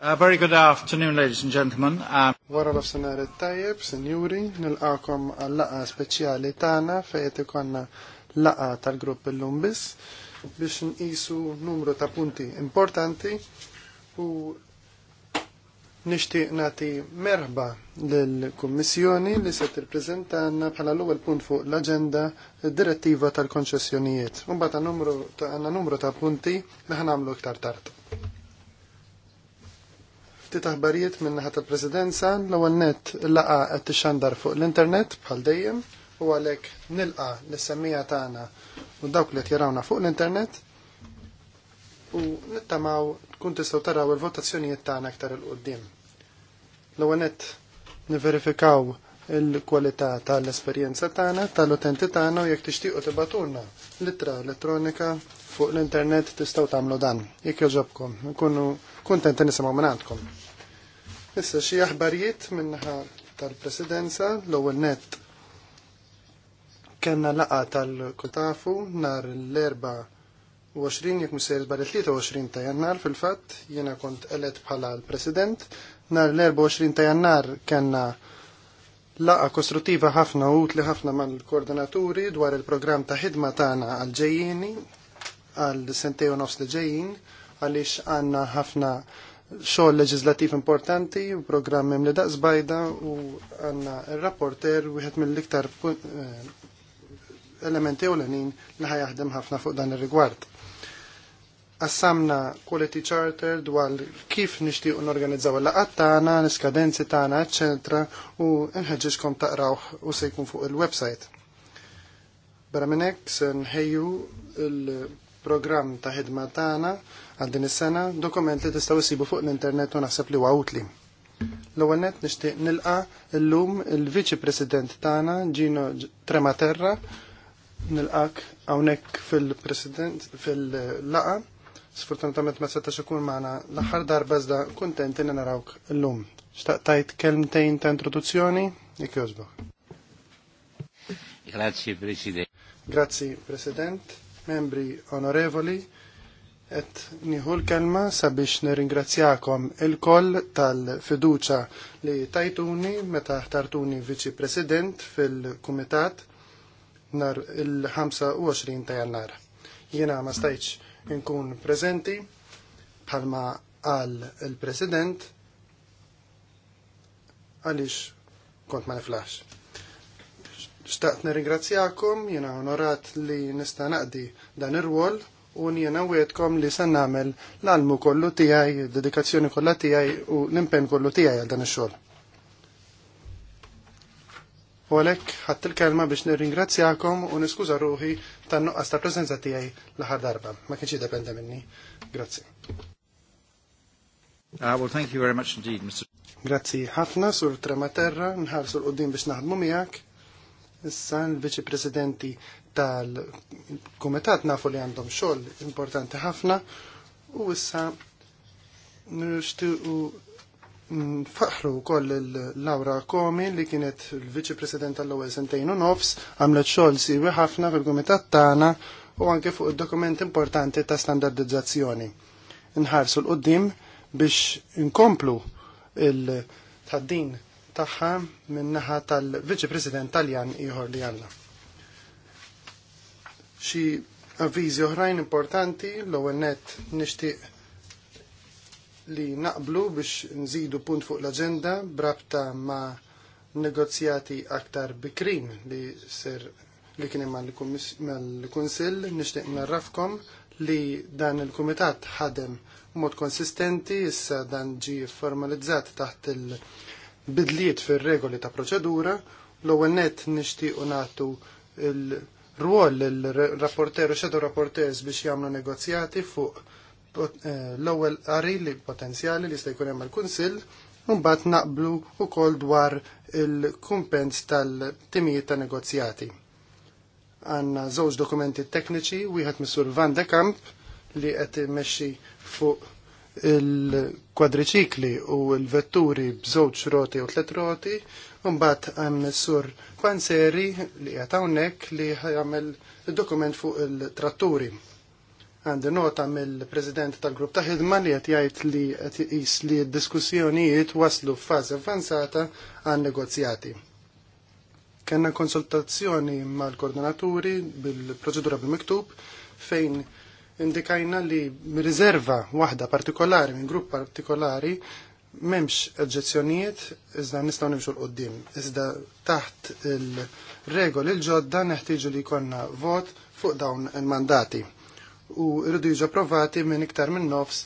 A uh, very good afternoon, ladies and gentlemen. Uh, Wara uh... l-ofsenar tajjeb, senjuri, nil-għakom laqa speċjali tana fejet ikonna laqa tal-grupp l-lumbis biex nqisu numru ta' punti importanti u nishtiq nati merħba l-Kommissjoni li se tippreżentanna bħala l-ewwel punt fuq l-aġenda direttiva tal-konċessjonijiet. Mbagħad għandna numru ta' punti li ħanamlu iktar tard ftit aħbarijiet minn il presidenza l-ewwel net laqa qed tixandar fuq l-internet bħal dejjem u għalhekk nilqa l-semmija tagħna u dawk li qed jarawna fuq l-internet u nittamaw tkun tistgħu taraw il-votazzjonijiet tagħna aktar il qudiem L-ewwel net niverifikaw il-kwalità tal-esperjenza tagħna tal-utenti tagħna u jekk tixtiequ tibatulna l-ittra elettronika fuq l-internet tistgħu tagħmlu dan. Jek jogħġobkom, nkunu kuntent nisimgħu minn għandkom. Issa xi aħbarijiet minnaħa tal-Presidenza l-ewwel net. Kenna laqa tal-Kotafu nar l-erba' 20 jekk mhux sejr 23 ta' Jannar fil-fatt jiena kont elet bħala l-President. Nar l-24 ta' Jannar kellna laqa kostruttiva ħafna u utli ħafna mal-koordinaturi dwar il-programm ta' ħidma tagħna għal ġejjieni għal sentej u nofs li ġejjin għaliex għandna ħafna xogħol leġislattiv importanti u programm li daqsbajda u għandna r-rapporter wieħed mill-iktar eh, elementi ewlenin li ħajaħdem ħafna fuq dan ir-rigward. Assamna quality charter dwar kif nixtiequ norganizzaw il-laqat tagħna, l-iskadenzi tagħna, eċċetra, u nħeġġixkom taqrawh u se jkun fuq il-website. Bara minnek hekk se nħejju il-programm ta' ħidma tagħna għal din is-sena, dokument li tistgħu issibu fuq l-internet u naħseb li utli. L-ewwel nett nixtieq nilqa llum il-Viċi President tagħna Gino Trematerra nilqak hawnhekk fil-President fil-laqa. Sfortunatament ma setax ikun magħna l-aħħar darba iżda kuntent li narawk llum. Xtaqtajt kelmtejn ta' introduzzjoni? Jekk jogħġbok. Grazie President. Grazie President, membri onorevoli Et nieħu l-kelma sabiex nirringrazzjakom il-koll tal-fiduċa li tajtuni meta ħtartuni viċi president fil-kumitat nar il-25 ta' jannar. Jiena ma stajċ nkun prezenti bħalma għal il-president għalix kont ma niflax. Xtaqt nirringrazzjakom, jiena onorat li nista' naqdi dan ir-rwol un njena wietkom li san namel l-almu kollu tijaj, dedikazzjoni kollha tijaj u l-impen kollu tijaj għal dan il-xol. U għalek ħatt il-kelma biex nirringrazzjakom u niskuza ruħi tan noqqas ta' prezenza tijaj l aħħar darba. Ma kienx dependa minni. Grazzi. Ah, well, thank you very much indeed, Mr. Grazzi ħafna sur Trematerra, nħarsu l-qoddim biex naħdmu miegħek. Issa l-Viċi Presidenti tal-Kumitat nafu li għandhom xogħol importanti ħafna u issa nixtiequ nfaħru koll il-Laura Komi li kienet il-Viċi President tal-ewwel sentejn u nofs, għamlet xogħol siwi ħafna fil-Kumitat tagħna u anke fuq id-dokument importanti ta' standardizzazzjoni. Nħarsu l-qoddim biex inkomplu il-taddin tagħha min-naħa tal-Viċi President Taljan ieħor li għandna xi avviżi oħrajn importanti l-ewwel net nixtieq li naqblu biex nżidu punt fuq l-aġenda brabta ma' negozjati aktar bikrin li ser li kien hemm mal-Kunsill nixtieq narrafkom li dan il-Kumitat ħadem mod konsistenti issa dan ġi formalizzat taħt il-bidliet fir-regoli ta' proċedura l-ewwel net nixtiequ nagħtu l rwol l-rapporter u xedu rapporters biex jagħmlu negozjati fuq eh, l-ewwel qari li potenzjali li jista' jkun hemm il-Kunsill mbagħad naqblu wkoll dwar il-kumpens tal-timijiet ta' negozjati. Għanna żewġ dokumenti tekniċi, wieħed missur Van de Kamp li qed imexxi fuq il-kwadriċikli u l-vetturi bżewġ roti u tlet roti, mbagħad hemm sur Panzeri li qed hawnhekk li jagħmel dokument fuq il-tratturi. Għandi nota mill-President tal-Grupp ta' ħidma li qed jgħid li qed iqis li d-diskussjonijiet waslu f'fażi avanzata għan negozjati. Kenna konsultazzjoni mal-koordinaturi bil-proċedura bil-miktub fejn indikajna li riserva waħda partikolari minn grupp partikolari memx oġġezzjonijiet, iżda nistgħu nimxu l-qoddim. Iżda taħt il-regoli l-ġodda neħtieġu li jkollna vot fuq dawn il-mandati. U rridu jiġu approvati minn iktar minn nofs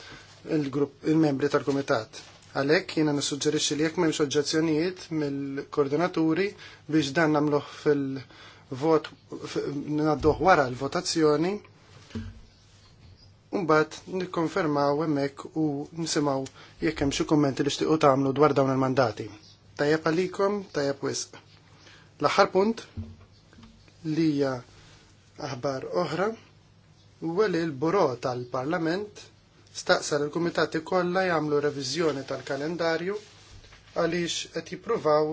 il-membri tal-Kumitat. Għalhekk jiena nissuġġerixxi li jekk m'hemmx oġġezzjonijiet mill-koordinaturi biex dan nagħmluh fil-vot ngħadduh wara l-votazzjoni Umbat nikkonfermaw hemmhekk u nisimgħu jekk hemm xi kummenti li xtiequ tagħmlu dwar dawn il-mandati. Tajjeb għalikom, tajjeb wisq. L-aħħar punt li hija aħbar oħra huwa li l-buro tal-Parlament staqsal il-kumitati kollha jagħmlu reviżjoni tal-kalendarju għaliex qed jippruvaw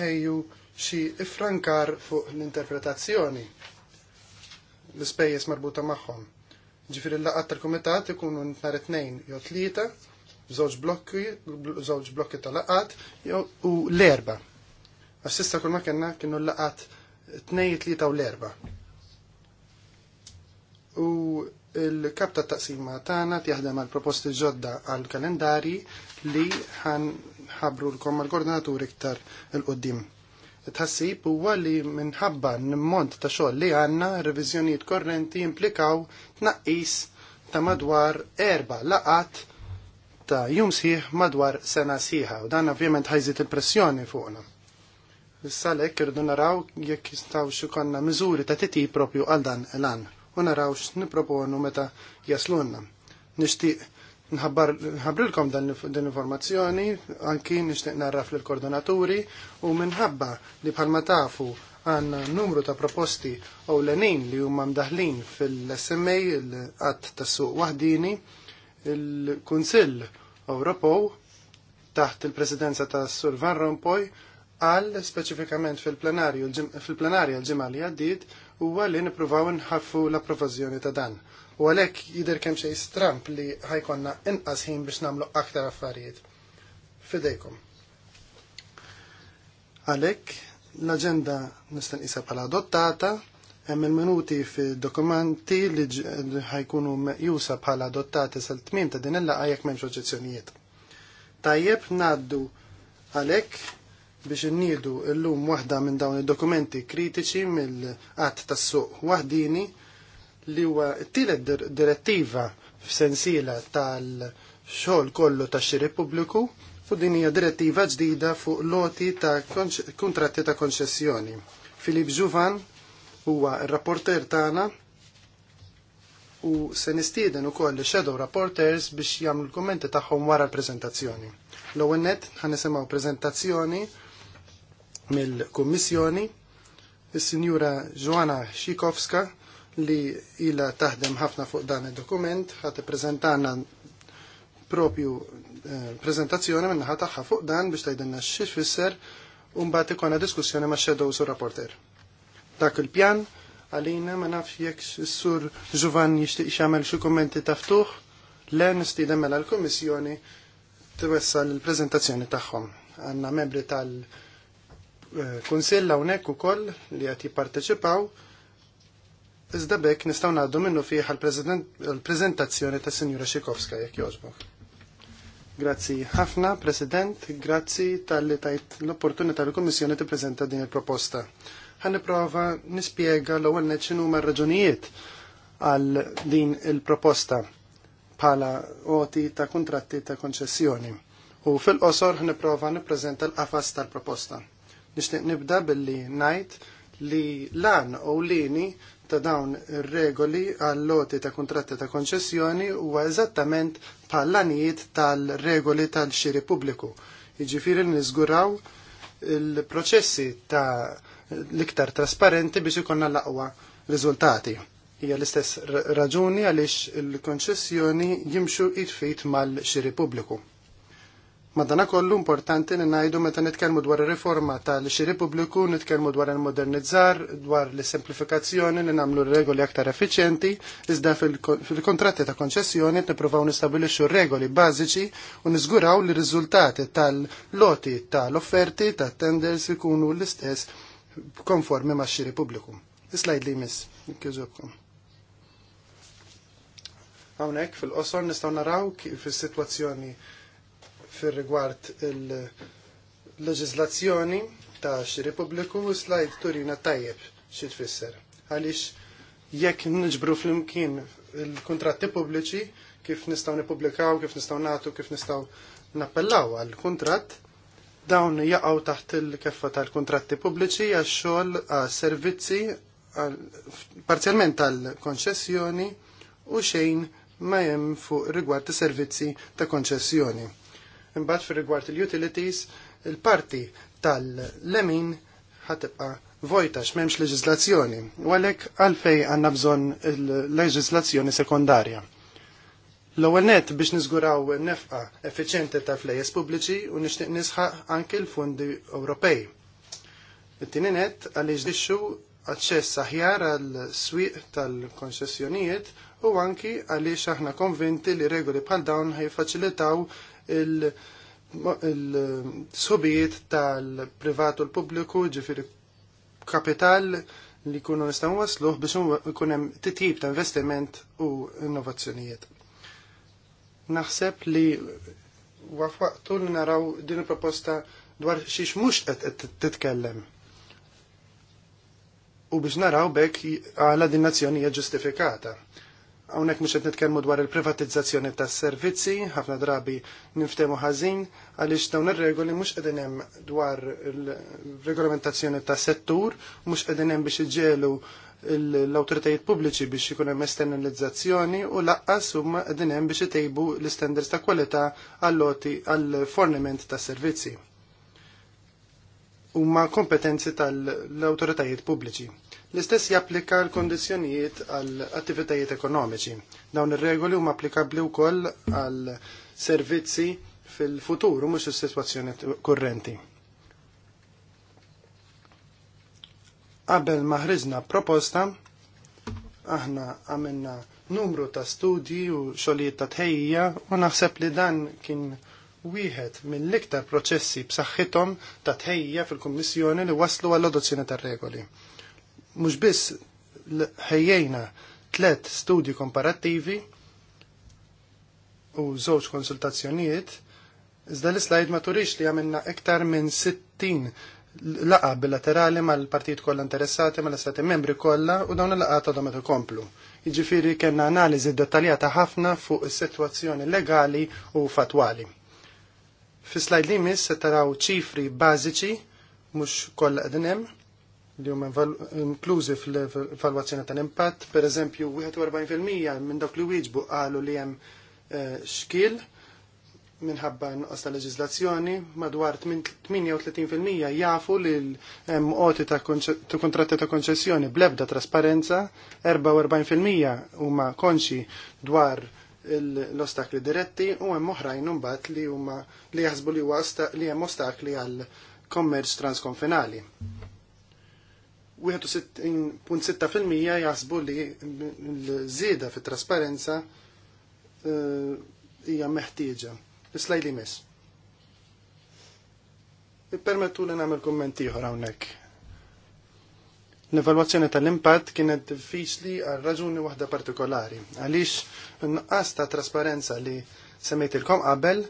ħejju xi ifrankar fuq l-interpretazzjoni l-ispejjeż marbuta magħhom. Ġifiri l-laqat tal-komitat ikunu nhar tnejn jew tlieta, żewġ blokki, żewġ blokki tal-laqat u l-erba. Assista kull ma kellna kienu l-laqat tnej, tlieta u l-erba. U il-kap ta' taqsima tagħna jaħdem għal proposti ġodda għal kalendari li ħan ħabru l-kom għal koordinaturi iktar il-qoddim tħassib huwa li minħabba n-mont ta' xogħol li għandna reviżjonijiet korrenti implikaw tnaqqis ta' madwar erba laqat ta' jum sħiħ madwar sena sħiħa u dan ovvjament ħajżit il-pressjoni fuqna. Issa lek irdu naraw jekk jistaw xikonna miżuri ta' titi propju għal dan l-an u naraw x'niproponu meta jaslunna. Nixtieq nħabrilkom dan l-informazzjoni, anki nishtiq narraf l-koordinaturi u minħabba li bħalma tafu għan numru ta' proposti u l-enin li huma mdaħlin fil-SMA l-qatt ta' suq wahdini, il-Kunsill Ewropew taħt il-presidenza ta' Sur Van Rompuy għal speċifikament fil-plenarju fil-plenarja l-ġimgħa li għaddiet huwa li nippruvaw nħaffu l-approvazzjoni ta' dan. U għalhekk jidher kemm xej stramp li ħajkonna inqas ħin biex nagħmlu aktar affarijiet. Fidejkom. Għalhekk l-aġenda nista'n isa bħala adottata, hemm il-minuti fi dokumenti li ħajkunu meqjusa bħala adottati sal tmim ta' din il għajek jekk m'hemmx oġġezzjonijiet. Tajjeb ngħaddu għalhekk biex innidu l-lum wahda minn dawn id-dokumenti kritiċi mill-qatt tas-suq wahdini li huwa t-tielet direttiva f'sensiela tal-xogħol kollu tax-xiri Repubbliku fu din hija direttiva ġdida fuq loti ta' kuntratti ta' konċessjoni. Filip Juvan huwa r-rapporter tagħna u se nistieden ukoll shadow rapporters biex jagħmlu l-kummenti tagħhom wara l-preżentazzjoni. L-ewwel nett ħanisimgħu preżentazzjoni mill-Kummissjoni is-Sinjura Joanna Xikowska li ila taħdem ħafna fuq dan il-dokument, ħat prezentana propju eh, prezentazzjoni minnaħa taħħa fuq dan biex tajdenna fisser un bat ikona diskussjoni ma' Shadows u rapporter. Dak il-pjan, għalina ma nafx jekk s-sur Ġuvan jishtiq xamel xie kommenti taftuħ, len stidem mela l-Komissjoni twessal l prezentazzjoni tagħhom. Għanna membri tal unek eh, hawnhekk ukoll li qed jipparteċipaw Iżda bekk nistgħu ngħaddu minnu fih għall-preżentazzjoni ta' Sinjura Xikowska jekk jogħġbok. Grazzi ħafna, President, grazzi tal-li tajt l-opportunità l-Kommissjoni tippreżenta din il-proposta. Ħan nipprova nispjega l-ewwel net x'inhu raġunijiet għal din il-proposta bħala oti ta' kuntratti ta' konċessjoni. U fil-qosor prova nippreżenta l-qafas tal-proposta. Nixtieq nibda billi ngħid li lan u lini ta' dawn ir-regoli għal loti ta' kontratti ta' konċessjoni huwa eżattament pallanijiet tal-regoli tal-xiri pubbliku. Jiġifieri niżguraw il-proċessi ta' l-iktar trasparenti biex ikonna l-aqwa riżultati. Hija l-istess raġuni għaliex il-konċessjoni jimxu jitfit fit mal-xiri pubbliku. Madana kollu importanti li najdu meta nitkellmu dwar ir-riforma tal-xiri pubbliku, nitkellmu dwar il-modernizzar, dwar l-semplifikazzjoni li nagħmlu regoli aktar effiċjenti, iżda fil-kontratti ta' konċessjoni niprofaw nistabilixxu regoli bażiċi u niżguraw li riżultati tal-loti tal-offerti tat-tenders ikunu l-istess konformi ma' xiri pubbliku. Slajd li jmiss, kieżobkom. Hawnhekk fil-qosor nistgħu naraw fis sitwazzjoni fir-rigward il-leġizlazzjoni ta' xi Repubbliku u slajd turina tajjeb xi tfisser. Għaliex jekk niġbru flimkien il-kontratti pubbliċi kif nistgħu nippubblikaw, kif nistgħu nagħtu, kif nistgħu nappellaw għall-kuntratt, dawn jaqgħu taħt il-keffa tal-kontratti pubbliċi għax-xogħol għas-servizzi parzjalment tal-konċessjoni u xejn ma hemm fuq rigward is-servizzi ta' konċessjoni. Imbagħad fir-rigward il-utilities, il-parti tal-lemin ħatibqa' vojta x'memx leġislazzjoni, u għalhekk għalfej għandna bżonn il-leġislazzjoni sekondarja. L-ewwel net biex niżguraw nefqa effiċjenti ta' flejjes pubbliċi u nixtieq nisħaq anke l fundi Ewropej. It-tieni net għaliex dixxu aċċess aħjar għal swieq tal-konċessjonijiet u anki għaliex aħna konvinti li regoli bħal dawn ħajfaċilitaw il-sobijiet tal-privatu l-pubbliku ġifiri kapital li kunu nistaw wasluħ biex kunem titjib ta' investiment u innovazzjonijiet. Naħseb li waqtu li naraw din proposta dwar xiex mux qed titkellem. U biex naraw bekk għala din nazzjonija ġustifikata hawnhekk mhux qed nitkellmu dwar il-privatizzazzjoni tas-servizzi, ħafna drabi niftemu ħażin għaliex dawn ir-regoli mhux qegħdin hemm dwar il-regolamentazzjoni ta' settur mhux qegħdin biex iġelu l-autoritajiet pubbliċi biex ikun hemm esternalizzazzjoni u laqqas huma qegħdin hemm biex jtejbu l istenders ta' kwalità għall-loti għall-forniment ta' servizzi. Huma kompetenzi tal-awtoritajiet pubbliċi. L-istess japplika l-kondizjonijiet għal attivitajiet ekonomiċi. Dawn ir-regoli huma applikabli wkoll għal servizzi fil-futur mhux is-sitwazzjoni kurrenti. Qabel ma ħriżna proposta, aħna għamilna numru ta' studji u xogħlijiet ta' tħejja u naħseb li dan kien wieħed mill-iktar proċessi b'saħħithom ta' tħejja fil-Kummissjoni li waslu għall-adozzjoni tar-regoli mhux biss ħejjena tlet studji komparattivi u żewġ konsultazzjonijiet, iżda l-slajd ma turix li għamilna iktar minn 60 laqa bilaterali mal-partit kollha interessati mal-istati membri kollha u dawn il-laqa ta' domet ikomplu. Jiġifieri kellna analiżi dettaljata ħafna fuq is-sitwazzjoni legali u fatwali. Fi slajd li jmiss se taraw ċifri bażiċi mhux kollha qegħdin hemm li huma inklużi fl-evalwazzjoni tal-impatt, pereżempju 41% minn dawk li wieġbu qalu li hemm eh, xkil minħabba nqas tal leġiżlazzjoni, madwar 38% jafu li hemm qoti ta' kontratti ta' konċessjoni blebda trasparenza, 44% huma konxi dwar l-ostakli diretti u hemm oħrajn imbagħad li huma li jaħsbu li huwa li hemm ostakli għal kommerċ transkonfinali. 61.6% jaħsbu li l zida fit trasparenza eh, hija meħtieġa. Isla li mis. Permettu li nagħmel kommenti ieħor hawnhekk. L-evalwazzjoni tal-impatt kienet diffiċli għal raġuni waħda partikolari. Għaliex n qas ta' trasparenza li il-kom qabel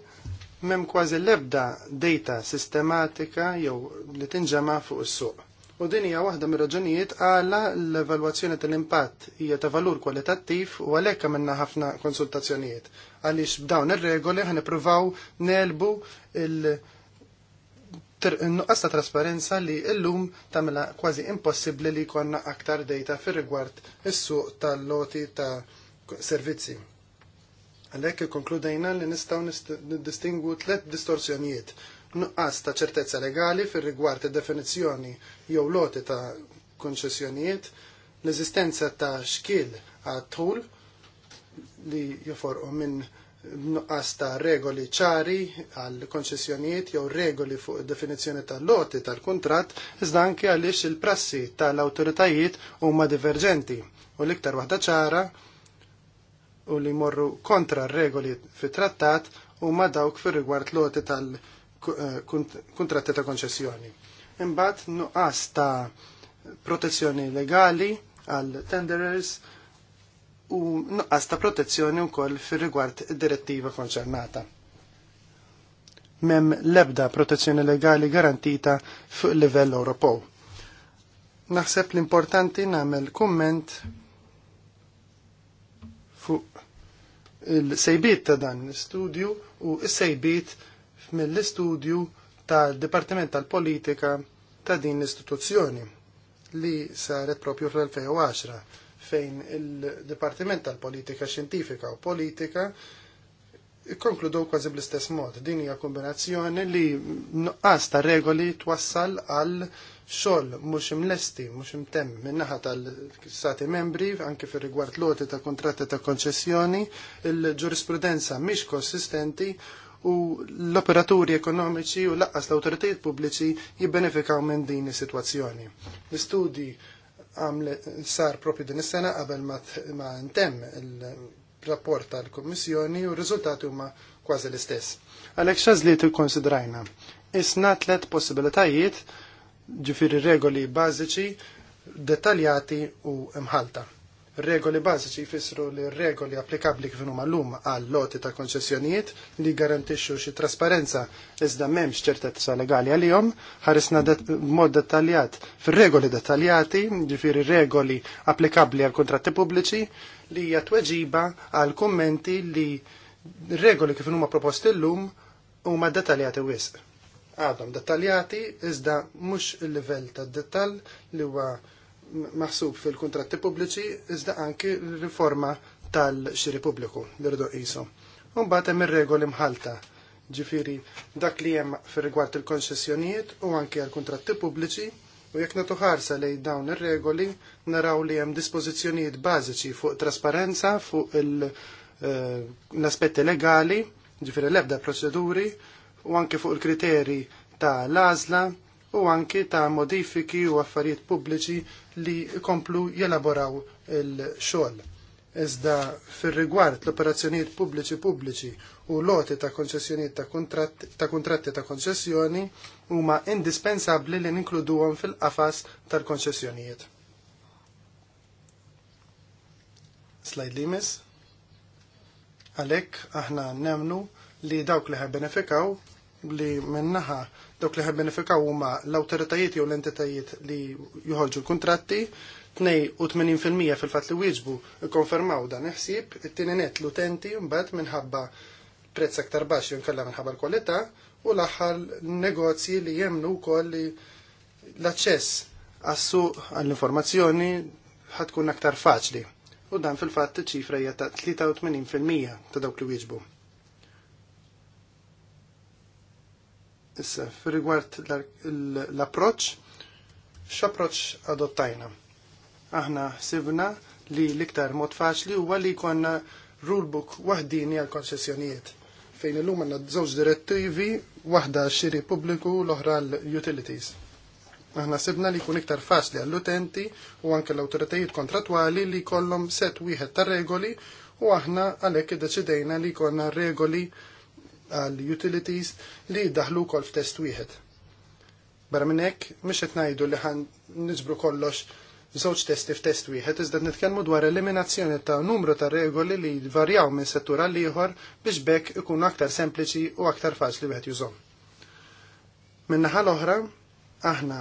m'hemm kważi l-ebda data sistematika jew li tinġama fuq is-suq U din hija waħda mir-raġunijiet għala l-evalwazzjoni tal-impatt hija ta' valur kwalitattiv u għalhekk għamilna ħafna konsultazzjonijiet. Għaliex b'dawn ir-regoli ħan ippruvaw nelbu il-nuqqas ta' trasparenza li llum tagħmilha kważi impossibbli li jkollna aktar dejta fir-rigward is-suq tal-loti ta' servizzi. Għalhekk ikkonkludejna li nistgħu distingu tliet distorsjonijiet nuqqas ta' ċertezza legali fir rigward id-definizzjoni jew loti ta' konċessjonijiet, l-eżistenza ta' xkil għat-tul li joforqu minn nuqqas ta' regoli ċari għal konċessjonijiet jew regoli fuq definizzjoni ta' loti tal-kontrat, iżda anke għaliex il-prassi tal-awtoritajiet huma diverġenti u l-iktar waħda ċara u li morru kontra regoli fit-trattat huma dawk fir rigward loti tal-kontrat kontratti eh, ta' konċessjoni. Imbagħad nuqqas ta' protezzjoni legali għal tenderers u nuqqas ta' protezzjoni wkoll fir-rigward id-direttiva konċernata. Mem lebda protezzjoni legali garantita fuq livell Ewropew. Naħseb l-importanti nagħmel kumment fuq il-sejbiet ta' dan l-studju u s-sejbiet mill-istudju tal-Dipartiment tal-Politika ta' din l-istituzzjoni li saret propju fl-2010 fejn il-Dipartiment tal-Politika Xjentifika u Politika konkludu kważi bl-istess mod. Din hija kombinazzjoni li nuqqas ta' regoli twassal għal xogħol mhux imlesti, mhux imtemm min-naħa tal-Stati membri anke fir rigward loti ta' kontratti ta' konċessjoni, il-ġurisprudenza mhix konsistenti u l-operaturi ekonomiċi u laqqas l-autoritajiet pubbliċi jibbenefikaw minn din is-sitwazzjoni. L-istudji għamle sar propju din is-sena qabel ma ntemm il-rapport tal-Kommissjoni u r-riżultati huma kważi l-istess. Għalhekk xażliet ikkonsidrajna. Isna tliet possibilitajiet ġifieri regoli bażiċi, dettaljati u mħalta. Regoli bażiċi jfissru li regoli applikabli kif huma llum għal loti ta' konċessjonijiet li garantixxu xi trasparenza iżda m'hemmx ċertezza legali għalihom, ħarisna b'mod dettaljat fir-regoli dettaljati, ġifieri regoli applikabbli għal kuntratti pubbliċi li hija tweġiba għal kummenti li regoli kif huma proposti llum huma dettaljati wisq għadhom dettaljati, iżda mhux il-livell tad dettall li huwa maħsub fil-kontratti pubbliċi iżda anki l riforma tal-xiri pubbliku li rridu qisu. Mbagħad hemm ir-regoli mħalta ġifiri dak li hemm fir-rigward il-konċessjonijiet u anki għal-kontratti pubbliċi u jekk nagħtu ħarsa lejn dawn ir-regoli naraw li hemm dispożizzjonijiet bażiċi fuq trasparenza, fuq eh, l-aspetti legali, ġifiri l-ebda proċeduri u anki fuq il kriterji ta' l-azla u anki ta' modifiki u affarijiet pubbliċi li komplu jelaboraw il-xogħol. Iżda fir-rigward l-operazzjonijiet pubbliċi pubbliċi u loti ta' konċessjonijiet ta' kuntratti, ta', kontratti ta konċessjoni huma indispensabbli li ninkluduhom fil-qafas tal-konċessjonijiet. Slide li miss. Għalhekk aħna nemnu li dawk li ħabbenefikaw li minnaħa dawk li ħabbenefikaw huma l-awtoritajiet jew l-entitajiet li joħolġu l-kuntratti, 82% fil-fat li wieġbu konfermaw dan il-ħsieb, it-tieni net l-utenti mbagħad minħabba prezz aktar baxx jew inkella minħabba l-kwalità u l-aħħar negozji li jemnu wkoll li l-aċċess għas-suq għall-informazzjoni ħatkun aktar faċli. U dan fil-fatt ċifra hija ta' 83% ta' dawk li wieġbu. Issa, rigward l-approċ, x'approċċ adottajna? Aħna sibna li l-iktar mod faċli huwa li konna rulebook waħdini għal konċessjonijiet fejn illum għandna żewġ direttivi, waħda xiri pubbliku l-oħra l-utilities. Aħna sibna li jkun iktar faċli għall-utenti u anke l-awtoritajiet kontratwali li jkollhom set wieħed ta' regoli u aħna għalhekk iddeċidejna li jkollna regoli għal utilities li daħlu kol f'test wieħed. Barra minn hekk mhux qed ngħidu li ħan niġbru kollox żewġ testi f'test wieħed iżda nitkellmu dwar eliminazzjoni ta' numru ta' regoli li varjaw minn settur għal ieħor biex bekk ikun aktar sempliċi u aktar faċli wieħed jużhom. Min-naħa l-oħra, aħna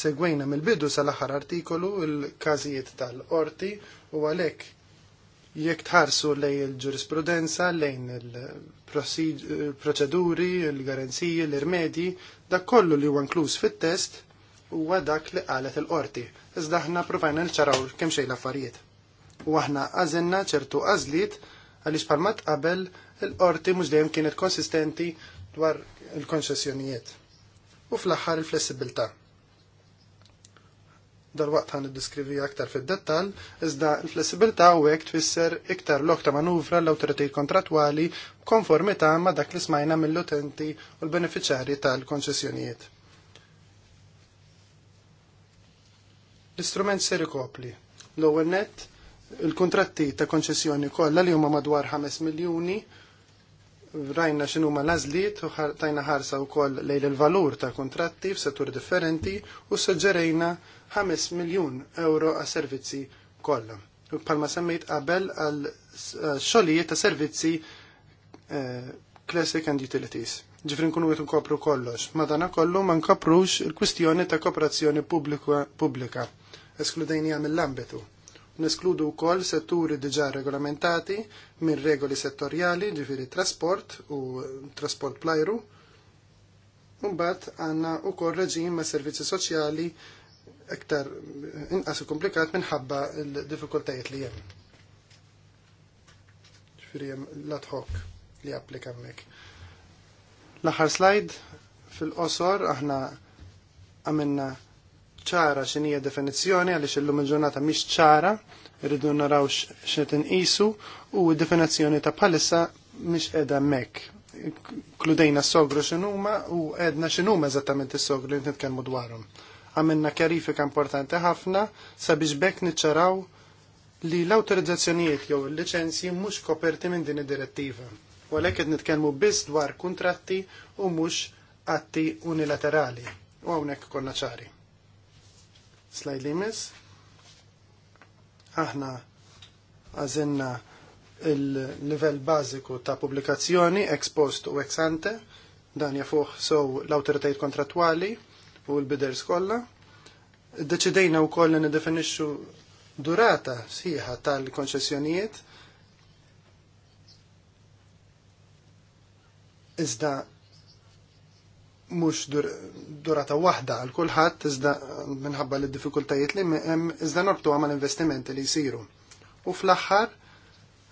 segwejna mill-bidu sal-aħħar artikolu il każijiet tal orti u għalhekk Jekk tħarsu lej il-ġurisprudenza, lejn il-proċeduri, il-garanziji, l-irmedji, dak kollu li huwa inkluż fit-test huwa dak li qalet il-qorti. Iżda aħna provajna nċaraw kemm xejn l-affarijiet. U aħna għażilna ċertu għażliet għaliex palmat tqabel il-qorti mhux dejjem kienet konsistenti dwar il-konċessjonijiet. U fl-aħħar il-flessibilta' dal-waqt għan id-diskrivi aktar fil-dettal, iżda l-flessibilità u għek tfisser iktar lokta manuvra l-autoritet kontratwali konformita ma dak li smajna mill-utenti u l-beneficjari tal-konċessjonijiet. L-istrument ser kopli. L-ewwel net, il-kontratti ta' konċessjoni kollha li huma madwar 5 miljuni rajna xinu ma lażliet u tajna ħarsa wkoll lejn il-valur ta' kontratti f'settur differenti u suġġerejna 5 miljun euro għas servizzi kollha. Palma semmejt qabel għal xogħlijiet ta' servizzi eh, classic and utilities. Ġifri nkunu għet nkopru kollox. Madana kollu ma nkoprux il-kwistjoni ta' kooperazzjoni pubblika, eskludejnija mill-ambitu. Neskludu wkoll setturi diġà regolamentati minn regoli settorjali, ġifiri trasport u trasport plajru. Mbagħad għandna wkoll reġim ma' servizzi soċjali iktar inqas komplikat minħabba l-diffikultajiet li hemm. Ġifiri jem l-ad hoc li applika hemmhekk. L-aħħar slide fil-qosor aħna għamilna ċara definizjoni definizzjoni għaliex illum il-ġurnata mhix ċara, irridu naraw x'qed isu u definizjoni definizzjoni ta' bħalissa mhix qiegħda hemmhekk. Kludejna s-sogru x'inhuma u edna x'inhuma eżattament is-sogru li nitkellmu dwarhom għamilna kjarifika importanti ħafna sabiex bekk niċċaraw li l-autorizzazzjonijiet jew il-liċenzji mhux koperti minn din id-direttiva. Walek qed nitkellmu biss dwar kuntratti u mhux atti unilaterali. U hawnhekk konna ċari. Slajd li miss. Aħna għażinna il-livell bażiku ta' pubblikazzjoni ex post u ex ante dan jafuħ sew l-awtoritajiet kontrattwali u l-biders kollha. Deċidejna wkoll li nidefinixxu durata sħiħa tal-konċessjonijiet. Iżda mhux dur durata waħda għal kulħadd iżda minħabba l diffikultajiet li hemm iżda norbtu mal-investimenti li jsiru. U fl-aħħar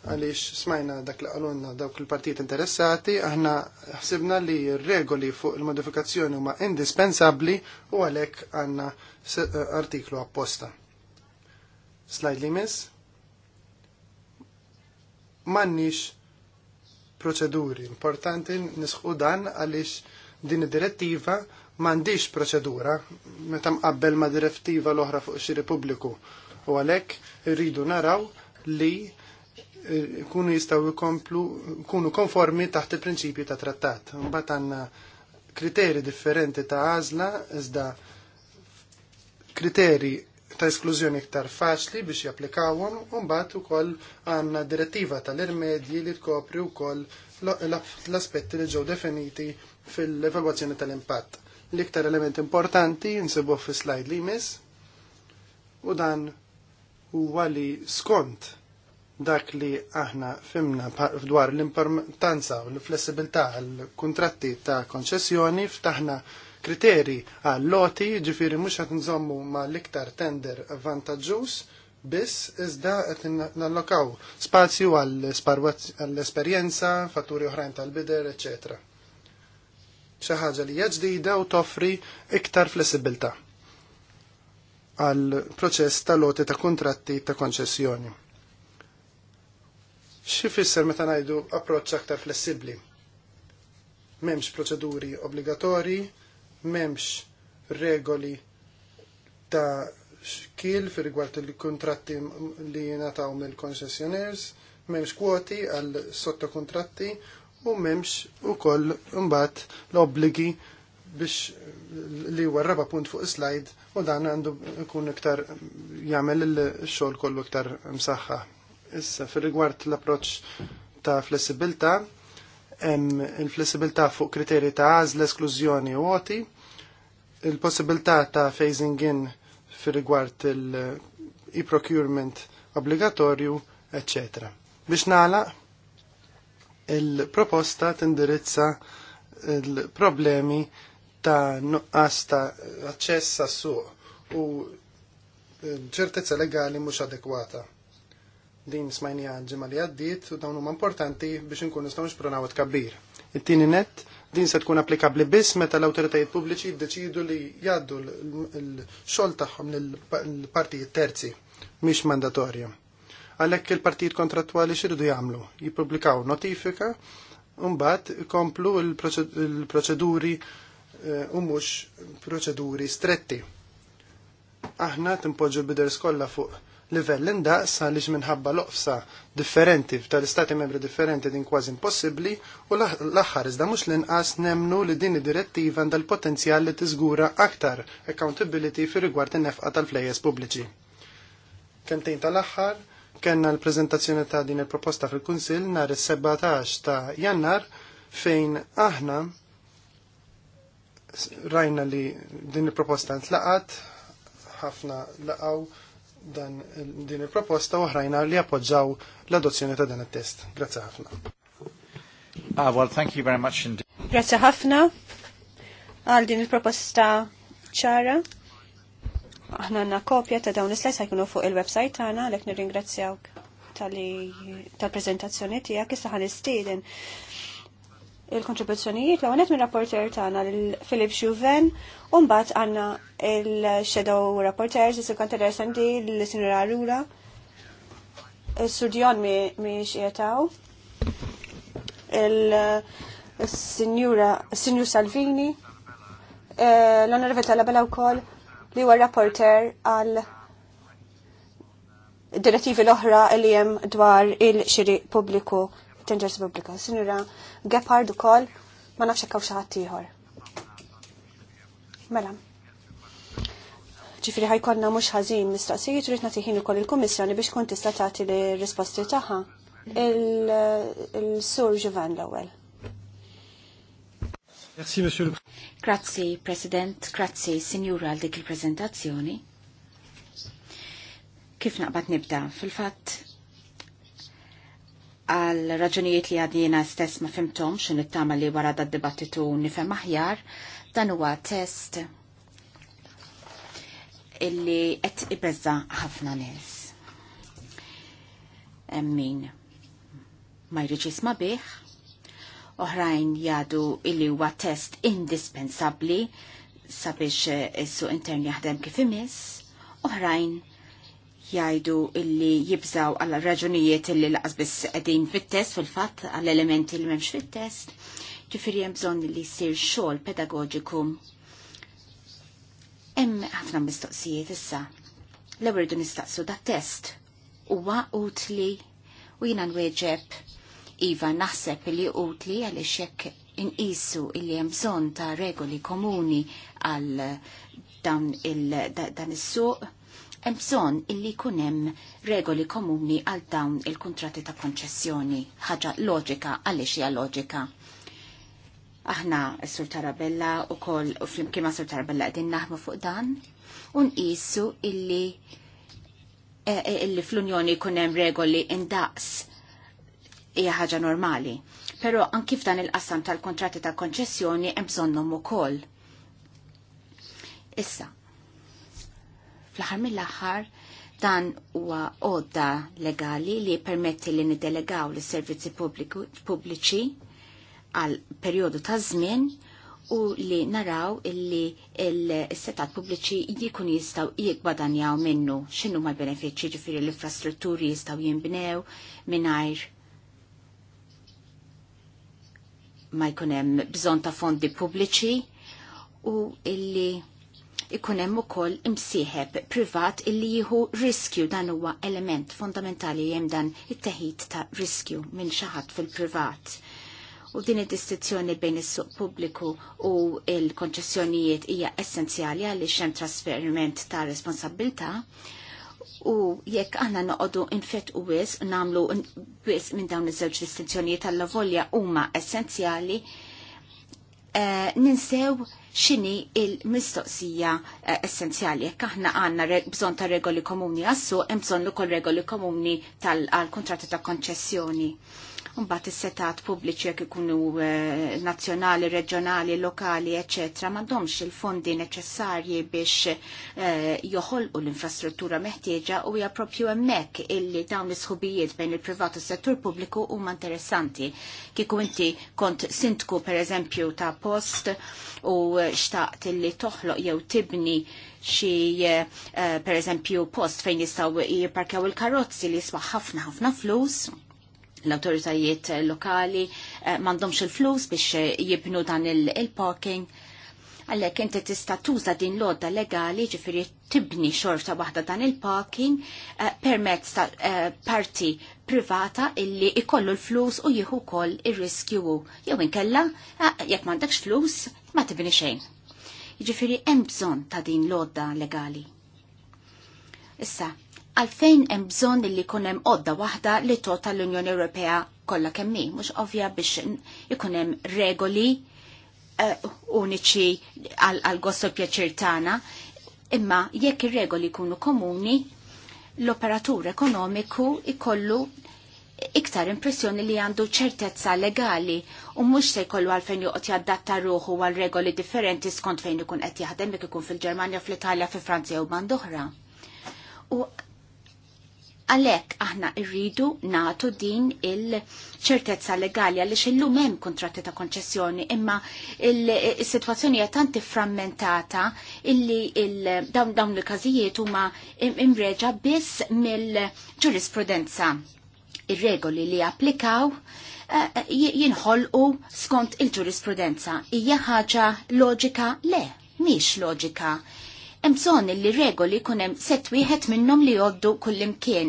għaliex smajna dak li għalunna dawk il-partijiet interessati, aħna ħsibna li regoli fuq il-modifikazzjoni huma indispensabbli u għalhekk għandna eh, artiklu apposta. Slide li mis? Mannix proċeduri importanti nisħu dan għaliex din id-direttiva m'għandix proċedura meta mqabbel ma' direttiva l-oħra fuq xi Republiku. u għalhekk irridu naraw li Eh, kunu jistaw ikomplu, kunu konformi taħt il-prinċipju ta' trattat. Mbagħad għandna kriteri differenti ta' għażla iżda kriteri ta' esklużjoni iktar faċli biex japplikawhom u mbagħad ukoll għandna direttiva tal-irmedji li tkopri wkoll l-aspetti li ġew definiti fil-evalwazzjoni tal-impatt. L-iktar element importanti nsibuh fi slide li jmiss u dan huwa li skont dak li aħna fimna dwar l-importanza u l-flessibilità għal-kontratti ta' konċessjoni ftaħna kriteri għal loti ġifiri mux għat nżommu ma l-iktar tender vantagġus biss iżda qed nallokaw spazju għall-esperjenza, fatturi oħrajn tal-bider, ecc. ċaħġa li hija ġdida u toffri iktar flessibilità għal proċess ta' loti ta' kontratti ta' konċessjoni Xi fisser meta ngħidu approċċ aktar flessibbli? M'hemmx proċeduri obbligatorji, m'hemmx regoli ta' xkil fi rigward il-kontratti li nataw mill-concessionaires, memx kwoti għal sottokontratti u memx u koll mbat l-obligi biex li huwa raba punt fuq slide u dan għandu ikun iktar jagħmel il-xogħol kollu iktar msaħħa. Issa, fil-rigward l-approċ ta' flessibilta, il-flessibilta fuq kriteri ta' għażla esklużjoni u għoti, il possibilta ta' phasing in fil-rigward il-e-procurement obbligatorju, etc. Biex nala, il-proposta tindirizza il-problemi ta' nuqqas ta' aċċess għas-suq u ċertezza legali mhux adekwata din smajnija ġemma li għaddit u dawn huma importanti biex nkun nistgħu nixpronaw tkabbir. It-tieni net din se tkun applikabbli biss meta l-awtoritajiet pubbliċi jiddeċidu li jgħaddu l-xogħol tagħhom lill-partijiet terzi mhix mandatorju. Għalhekk il-partijiet kontrattwali x'irdu jagħmlu, jippubblikaw notifika u mbagħad komplu l-proċeduri eh, u mhux proċeduri stretti. Aħna timpoġġu bider skolla fuq livell indaqs għaliex minħabba loqsa differenti tal-istati membri differenti din kważi impossibbli u l-aħħar iżda mhux l-inqas nemnu li din id-direttiva għandha l-potenzjal li tiżgura aktar accountability fir rigward in-nefqa tal-flejjes pubbliċi. Kemtejn tal-aħħar kellna l-preżentazzjoni ta' din il-proposta fil-Kunsill nhar is-17 ta' Jannar fejn aħna rajna li din il-proposta ntlaqat ħafna laqgħu dan din il-proposta u oħrajna li appoġġaw l-adozzjoni ta' dan it-test. Grazzi ħafna. Ah, well, thank you very much indeed. Grazzi ħafna għal din il-proposta ċara. Aħna għandna kopja ta' dawn is slajs ħajkunu fuq il-website tagħna għalhekk nirringrazzjawk tal-preżentazzjoni tiegħek issa ħanistieden il-kontribuzzjonijiet la għonet minn rapporter tagħna lil Filip Xuven u mbagħad għandna il-shadow rapporters is kont interessanti l-Sinura Rura. il sudjon mi xietaw Il-Sinjura Sinjur Salvini. l bella u wkoll li huwa rapporter għal direttivi l-oħra li jem dwar il-xiri pubbliku Changers Republika. Sinura u ukoll ma nafx hekk xi ħadd ieħor. Mela. Ġifieri ħajkonna mhux ħażin mistaqsijiet tiħin nagħtiħin ukoll il-Kummissjoni biex tkun tista' tagħti l-risposti tagħha. Il-Sur ġuvan l-ewwel. Merci, Monsieur le Grazzi, President, grazzi, Signora, għal dik il-prezentazzjoni. Kif naqbad nibda? Fil-fatt, għal raġunijiet li għadjina stess ma fimtom xin it-tama li wara da dibattitu nifem aħjar, dan huwa test illi qed ibeżza ħafna nies. Min ma jriġis ma' bih, oħrajn jadu illi huwa test indispensabbli sabiex is-suq intern jaħdem kif imiss, oħrajn jajdu illi jibżaw għal raġunijiet illi laqas biss qegħdin fit-test fil-fatt għal elementi li m'hemmx fit-test. Ġifieri hemm bżonn li jsir xogħol pedagogiku. Hemm ħafna mistoqsijiet issa. L-ewwel nistaqsu dat-test huwa utli u jiena nwieġeb Iva naħseb li utli għaliex hekk inqisu illi hemm bżonn ta' regoli komuni għal dan il-suq hemm bżonn illi jkun hemm regoli komuni għal dawn il-kuntratti ta' konċessjoni, ħaġa loġika għaliex hija loġika aħna s-Sur Tarabella u koll u flimkien ma' Sur Tarabella għedin naħmu fuq dan un issu illi e, e, illi fl-Unjoni kunem regoli indaqs hija ħaġa normali. Pero anki f'dan il-qassam tal-kontratti ta' konċessjoni hemm bżonnhom ukoll. Issa, fl-aħħar mill-aħħar dan huwa għodda legali li permetti li nidelegaw lis servizzi pubbliċi għal perjodu ta' żmien u li naraw illi il-setat pubbliċi jikun jistaw jikbadanjaw minnu x'inhu ma' benefiċċji ġifieri l-infrastrutturi jistaw jinbnew mingħajr ma jkun hemm bżonn ta' fondi pubbliċi u illi ikun hemm ukoll imsieħeb privat illi jieħu riskju dan huwa element fundamentali hemm dan it-teħid ta' riskju minn xi ħadd fil-privat. U din id-distinzjoni bejn is-suq pubbliku u l-konċessjonijiet hija essenzjali għaliex hemm trasferiment ta' responsabilità u jekk għanna noqodu infett u wis namlu wis minn dawn iż-żewġ distinzjonijiet tal-lavolja huma essenzjali Eh, ninsew xini il-mistoqsija eh, essenzjali. Jekk aħna għanna bżon ta' regoli komuni għassu, hemm bżon ukoll regoli komuni tal-kontratti ta' konċessjoni. Mbagħad is-setat pubbliċi jekk ikunu eh, nazzjonali, reġjonali, lokali, eċetera, m'għandhomx il-fondi neċessarji biex eh, joħolqu l-infrastruttura meħtieġa u hija proprju hemmhekk illi dawn is-sħubijiet bejn il-privat u settur pubbliku huma interessanti. Kieku inti kont sintku pereżempju ta' post u xtaqt illi toħloq jew tibni xi eh, pereżempju post fejn jistgħu jipparkjaw il-karozzi li jiswa ħafna ħafna flus l-autoritajiet lokali eh, mandomx il-flus biex eh, jibnu dan il-parking. Il Għallek inti tista tuża din lodda legali ġifiri tibni xorta waħda dan il-parking eh, permezz ta' parti privata illi ikollu l-flus u jieħu kol il riskju Jew inkella, jekk m'għandekx flus, ma tibni xejn. Ġifiri hemm bżonn ta' din lodda legali. Issa, għalfejn hemm bżonn li jkun hemm qodda waħda li tota l-Unjoni Ewropea kollha kemm hi, mhux ovvja biex ikun hemm regoli eh, uniċi għal gosto pjaċir tagħna, imma jekk ir-regoli jkunu komuni, l-operatur ekonomiku ikollu iktar impressjoni li għandu ċertezza legali u mhux se jkollu għalfejn joqgħod jaddatta ruħu għal regoli differenti skont fejn ikun qed jaħdem jekk ikun fil-Ġermanja, fl-Italja, fi Franzja u band oħra. U Għalek aħna irridu natu din il-ċertezza legali għalix illum hemm kontratti ta' konċessjoni imma il-sitwazzjoni hija tanti frammentata illi il dawn dawn il-każijiet huma imreġa biss mill-ġurisprudenza. Ir-regoli li applikaw eh, eh, jinħolqu skont il-ġurisprudenza. Hija ħaġa loġika? Le, mhix loġika hemm bżonn li regoli jkun hemm set wieħed minnhom li jgħoddu kullimkien.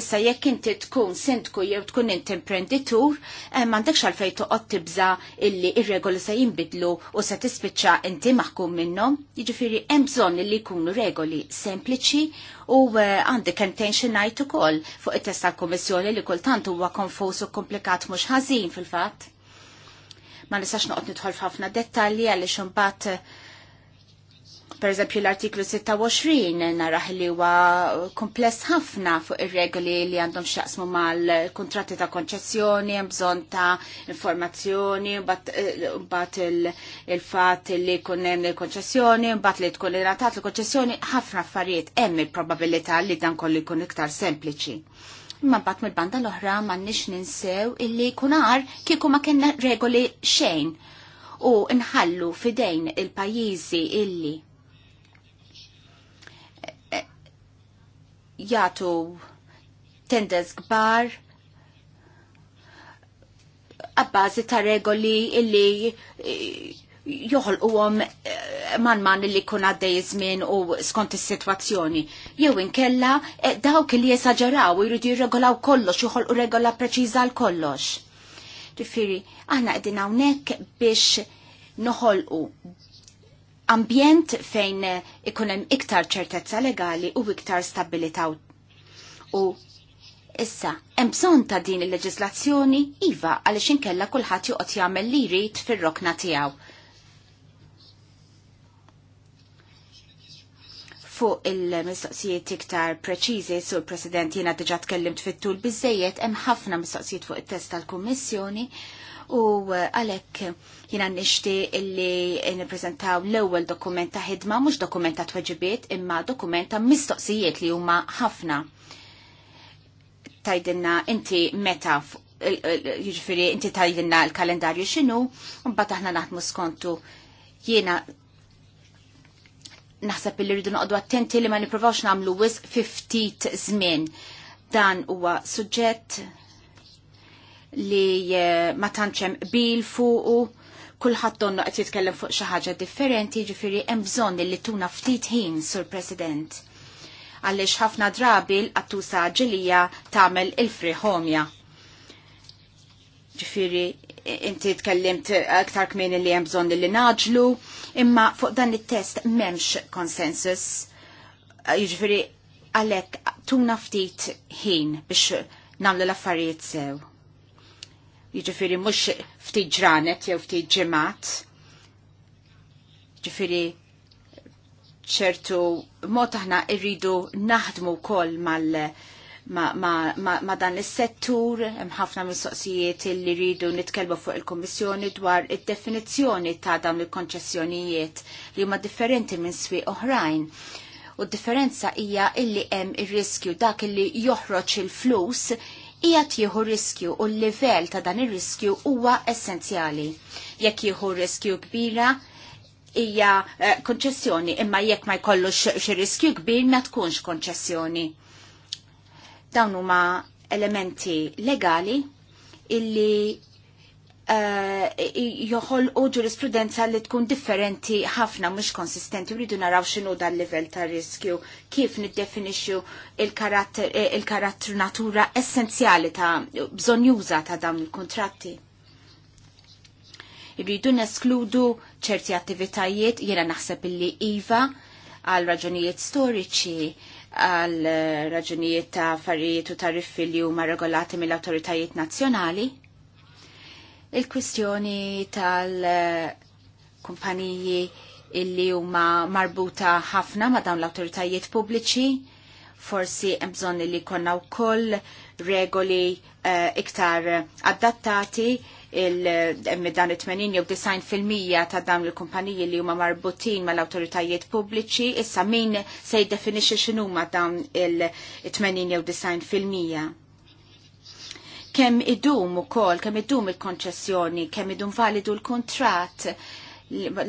Issa jekk inti tkun sindku jew tkun inti imprenditur, eh, m'għandekx għalfej toqgħod tibża illi ir-regoli se jinbidlu u se tispiċċa inti maħkum minnhom. Jiġifieri hemm bżonn li jkunu regoli sempliċi u eh, għandek kentejn xi ngħid ukoll fuq it testa tal-Kummissjoni li kultant huwa konfus u komplikat mhux ħażin fil-fatt. Ma nistax noqgħod nidħol f'ħafna dettalji għaliex imbagħad eh, per eżempju l-artiklu 26 narah li huwa kompless ħafna fuq ir-regoli li għandhom xaqsmu mal-kontratti ta' konċessjoni, hemm bżonn ta' informazzjoni, mbagħad eh, il-fatt li jkun hemm il-konċessjoni, mbagħad li tkun il-ratat il-konċessjoni, ħafna affarijiet hemm il-probabilità li dan kollu jkun iktar sempliċi. Imma mbagħad mill-banda l-oħra m'għandniex ninsew illi kunar kieku ma kienna regoli xejn u nħallu fidejn il-pajjiżi illi Jatu tendez kbar għabbażi ta' regoli illi eh, joħol u għom eh, man man illi kun għaddej zmin u skont is-sitwazzjoni. Jew inkella eh, dawk li jesaġeraw jridu jirregolaw kollox, joħol u regola preċiża l kollox. Ġifieri, aħna qegħdin hawnhekk biex noħolqu ambjent fejn ikun hemm iktar ċertezza legali u iktar stabilità u issa hemm bżonn ta' din il-leġislazzjoni iva għaliex inkella kulħadd joqgħod jagħmel li jrid fir-rokna tiegħu. fuq il-mistoqsijiet iktar preċiżi sur President jiena diġa' tkellimt fit-tul biżejjed hemm ħafna mistoqsijiet fuq it-test tal-Kummissjoni u uh, għalhekk jiena nixtieq illi nippreżentaw l-ewwel dokument ta' ħidma mhux dokument ta' tweġibiet imma dokument ta' mistoqsijiet li huma ħafna. Tajdinna inti meta jiġifieri inti tajdinna l-kalendarju x'inhu, mbagħad aħna naħdmu skontu jiena naħseb li rridu noqdu attenti li ma nipprovawx nagħmlu wis ftit żmien. Dan huwa suġġett li eh, ma tantx hemm bil fuqu kulħadd donnu qed jitkellem fuq xi ħaġa differenti, ġifieri hemm bżonn li tuna ftit ħin, Sur President. Għaliex ħafna drabi l-qattusa ġilija tagħmel il-friħomja. Ġifiri, inti tkellimt aktar kmini li hemm bżonn li naġlu, imma fuq dan it-test m'hemmx konsensus. Jiġifieri għalhekk tuna ftit ħin biex nagħmlu l-affarijiet sew. Jiġifieri mhux ftit ġranet jew ftit ġimgħat. Jiġifieri ċertu mod aħna rridu naħdmu wkoll mal- ma, ma, ma, ma dan is-settur, hemm ħafna mistoqsijiet li rridu nitkelbu fuq il-Kummissjoni dwar id-definizzjoni ta' dawn il-konċessjonijiet li huma differenti minn swieq oħrajn. U differenza hija illi hemm ir-riskju dak illi joħroġ il-flus hija tieħu riskju u l-livell ta' dan ir-riskju huwa essenzjali. Jekk jieħu riskju kbira, hija eh, konċessjoni, imma jekk ma jkollux xi riskju kbir ma tkunx konċessjoni Dawn huma elementi legali illi uh, eh, joħol u ġurisprudenza li tkun differenti ħafna mhux konsistenti rridu naraw x'inhu dal livell ta' riskju kif niddefinixxu il-karattru il natura essenzjali ta' bżonjuża ta' dawn il-kontratti. Irridu neskludu ċerti attivitajiet jiena naħseb illi iva għal raġunijiet storiċi għal raġunijiet ta' affarijiet u tariffi li huma regolati mill-awtoritajiet nazzjonali. Il-kwistjoni tal-kumpaniji illi huma marbuta ħafna ma' dawn l-awtoritajiet pubbliċi, forsi hemm bżonn li konna wkoll regoli uh, iktar adattati dan it-80 jew 90% ta' dawn il-kumpaniji li huma marbutin mal-awtoritajiet pubbliċi, issa min se jiddefinixxi x'inhuma dawn il-80 jew 90%. Kemm idum ukoll, kemm idum il-konċessjoni, kemm idum validu l-kuntratt,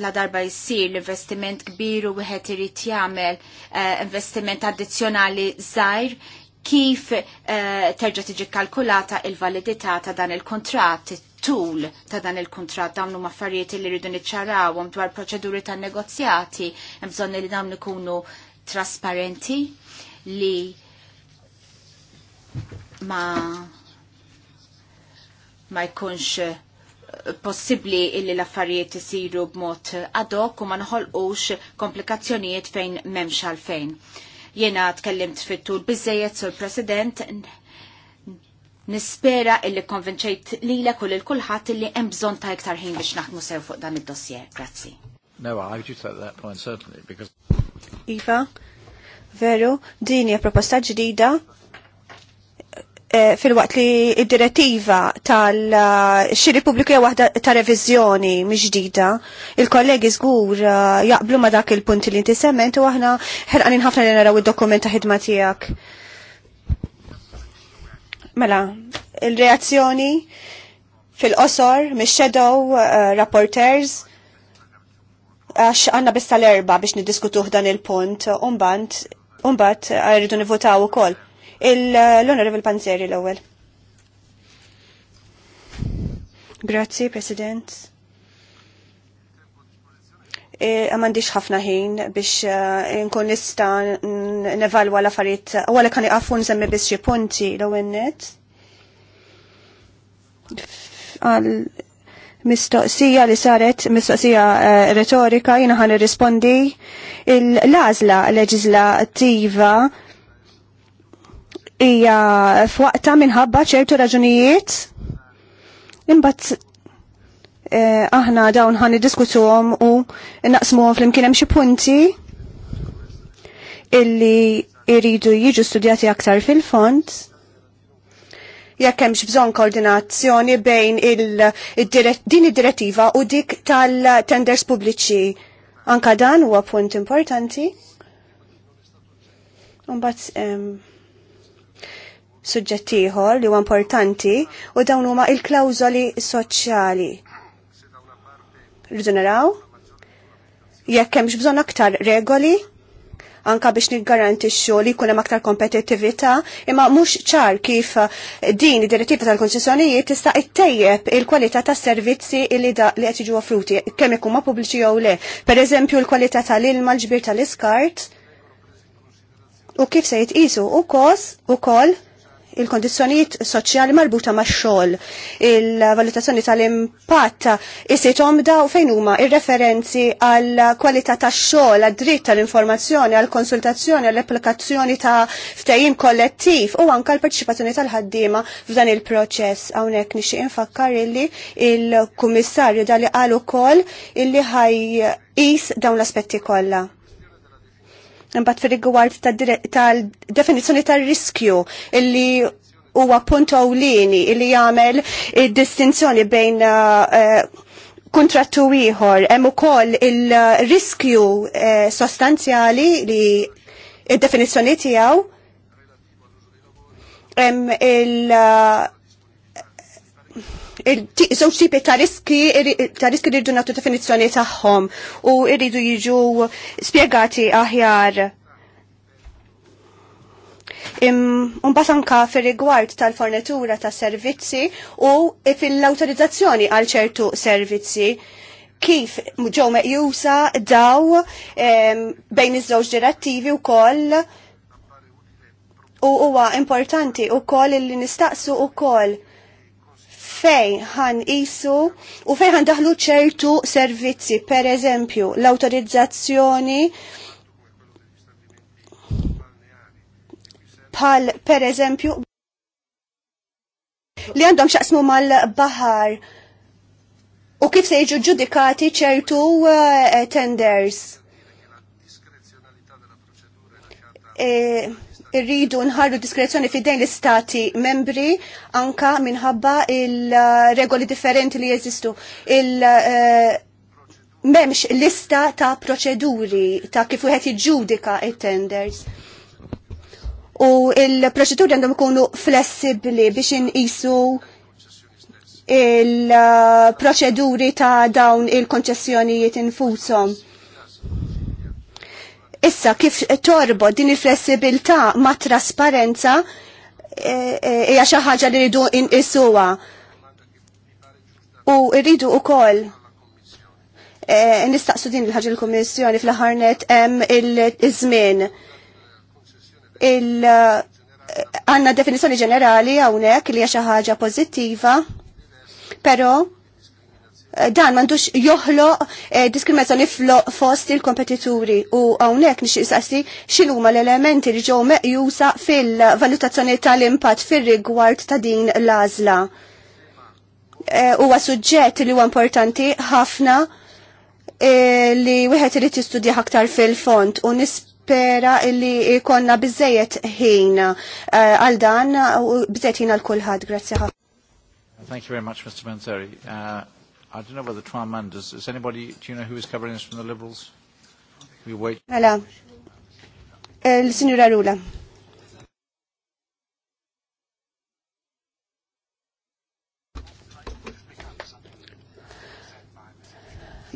la darba jissir l-investiment kbiru u wieħed irid jagħmel eh, investiment addizzjonali żgħir kif eh, terġa' tiġi kalkulata il-validità ta' dan il kuntratt tul ta' dan il-kontrat dawn huma affarijiet li rridu niċċarawhom dwar proċeduri ta' negozjati hemm bżonn li dawn ikunu trasparenti li ma ma jkunx eh, possibli illi l-affarijiet isiru b'mod ad hoc u ma nħolqux komplikazzjonijiet fejn m'hemmx għalfejn. Jiena tkellimt fit-tul biżejjed sur President Nispera illi konvinċejt li l kull il-kulħat illi hemm bżonn ta' iktar ħin biex naħmu sew fuq dan id-dossier. Grazzi. No, I would just take that point certainly because Iva, veru, din hija proposta ġdida eh, fil-waqt li id-direttiva tal-xiri pubbliku hija waħda ta' reviżjoni ġdida. Il-kollegi żgur eh, jaqblu ma' dak il-punti li inti semmentu u aħna ħerqanin ħafna li naraw id dokumenta ħidma tiegħek. Mela, il-reazzjoni fil-qosor, mis-shadow uh, rapporters, għax għanna bista l-erba biex nidiskutuħ dan il-punt, umbant, umbant għarridu nivotaw u koll. L-Honorable Panzeri l-ewel. Grazzi, President. E, m'għandix ħafna ħin biex e, nkun nista nevalwa l-affarijiet u kan iqafu nsemmi biss xi punti l innet. Għal mistoqsija li saret, mistoqsija e, retorika, jina ħan rispondi l-lazla leġislativa hija fwaqta minħabba ċertu raġunijiet. imbat Eh, aħna dawn diskutu għom u għom flimkien hemm xi punti illi iridu jiġu studjati aktar fil-fond jekk hemmx bżonn koordinazzjoni bejn din id-direttiva u dik tal-tenders pubbliċi. Anka dan huwa punt importanti. Mbagħad suġġett ieħor li huwa importanti u dawn huma il-klawżoli soċjali rridu jekk hemmx bżonn aktar regoli anka biex niggarantixxu li jkun hemm aktar kompetittività, imma mhux ċar kif din id-direttiva tal-konċessjonijiet tista' ittejjeb il-kwalità tas-servizzi li da li qed jiġu offruti kemm ikun ma pubbliċi jew le. Pereżempju l-kwalità tal-ilma l-ġbir tal-iskart u kif se jitqisu u ukoll il kondizjoniet soċjali marbuta ma' xogħol, il-valutazzjoni tal-impatt isir omda u fejn huma ir-referenzi għal kwalità tax-xogħol, għad dritt tal-informazzjoni, għal konsultazzjoni, għall applikazzjoni ta' ftehim kollettiv u anke l-parċipazzjoni tal-ħaddiema f'dan il-proċess. Hawnhekk nixtieq infakkar illi il-kummissarju dali qal ukoll illi ħaj qis dawn l-aspetti kollha. Mbatt fir-rigward tal-definizzjoni tar-riskju illi huwa punt ewlieni illi jagħmel id-distinzjoni bejn eh, kontrattu ieħor hemm ukoll il-riskju eh, sostanzjali li id-definizzjoni tiegħu hemm il- żewġ tipi ta' riski ta' riski rridu nagħtu definizzjoni tagħhom u rridu jiġu spjegati aħjar. Imbagħad anka fir-rigward tal-fornitura ta' servizzi u fil-awtorizzazzjoni għal ċertu servizzi kif ġew meqjusa daw bejn iż-żewġ direttivi wkoll u huwa importanti wkoll li nistaqsu wkoll fej ħan isu u fej ħan daħlu ċertu servizzi, per eżempju, l-autorizzazzjoni pal per eżempju li għandhom xaqsmu mal-bahar u kif se jiġu ġudikati ċertu uh, tenders. E, irridu nħarru diskrezzjoni fidejn l-istati membri anka minħabba il-regoli differenti li jeżistu. Il- eh, memx lista ta' proċeduri ta' kif wieħed ġudika il tenders U il-proċeduri għandhom ikunu flessibli biex inqisu il-proċeduri eh, ta' dawn il-konċessjonijiet infushom Issa kif torbo din il-flessibilità ma' trasparenza e, e, hija xi ħaġa li rridu inqisuha. U rridu wkoll e, nistaqsu din il-ħaġa l-Kummissjoni fl-aħħar net hemm il-żmien. Għanna għandna definizzjoni ġenerali hawnhekk li hija xi ħaġa pożittiva, però dan mandux joħloq eh, diskriminazzjoni fost il-kompetituri u hawnhekk nixtieq jisassi x'inhu l-elementi li ġew meqjusa fil-valutazzjoni tal-impatt fir-rigward ta' din l-għażla. Eh, huwa eh, suġġett li huwa importanti ħafna eh, li wieħed irid jistudja aktar fil-font u nispera li illi konna bizzejet ħin eh, għal dan u bizzejet ħin għal kulħadd. Grazzi ħafna. Thank you very much, Mr. Manzeri. Uh, I don't know whether Twan does. is anybody, do you know who is covering this from the Liberals? We wait. Hello. Mela. El sinjura Arula.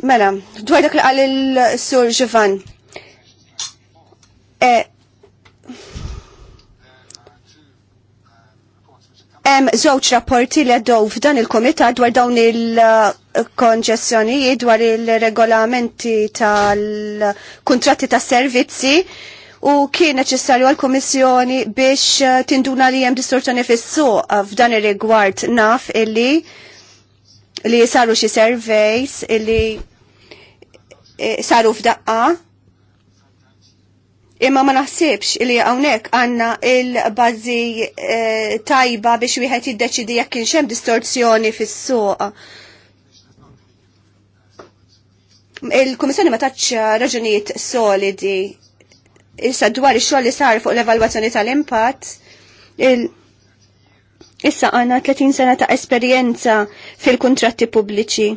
Mela, dwar dak li għal il-Sur Ġivan. Hemm żewġ rapporti li għaddew f'dan il-komitat dwar dawn il-konġessjonijiet dwar il-regolamenti tal-kuntratti ta' servizzi u kien neċessarju għal-Komissjoni biex tinduna li hemm distorsjoni fis-suq f'dan ir-rigward naf illi li saru xi surveys illi eh, saru f'daqqa Imma ma naħsibx li hawnhekk għandna il-bażi eh, tajba biex wieħed jiddeċidi jekk kienx hemm distorzjoni fis-suq. Il-Kummissjoni ma tatx raġunijiet solidi issa dwar ix-xogħol li sar fuq l-evalwazzjoni tal-impatt issa għandna 30 sena ta' esperjenza fil-kuntratti pubbliċi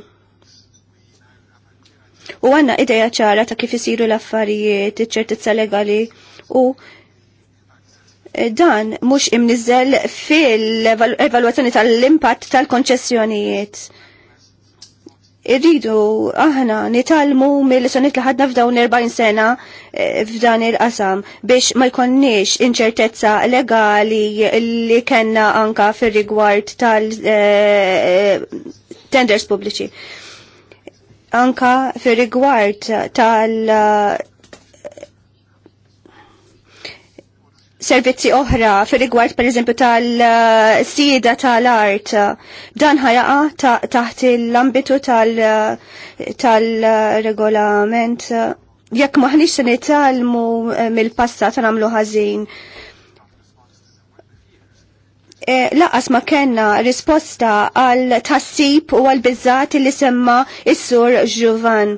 u għanna ideja ċara ta' kif isiru l-affarijiet, ċertizza legali u eh, dan mux imnizzel fil-evaluazzjoni tal-impatt tal-konċessjonijiet. Irridu aħna nitalmu mill sonit li ħadna f'dawn 40 sena eh, f'dan il-qasam biex ma jkonniex inċertezza legali li kenna anka fir-rigward tal- eh, tenders pubbliċi anka fir-rigward tal uh, servizzi oħra fi rigward per eżempju tal-sida uh, tal-art dan ħajaqa taħt l-ambitu tal-regolament uh, jekk maħniex se nitalmu mill-passat nagħmlu ħażin Eh, laqas ma kena risposta għal tassib u għal bizzat li semma is-sur Giovan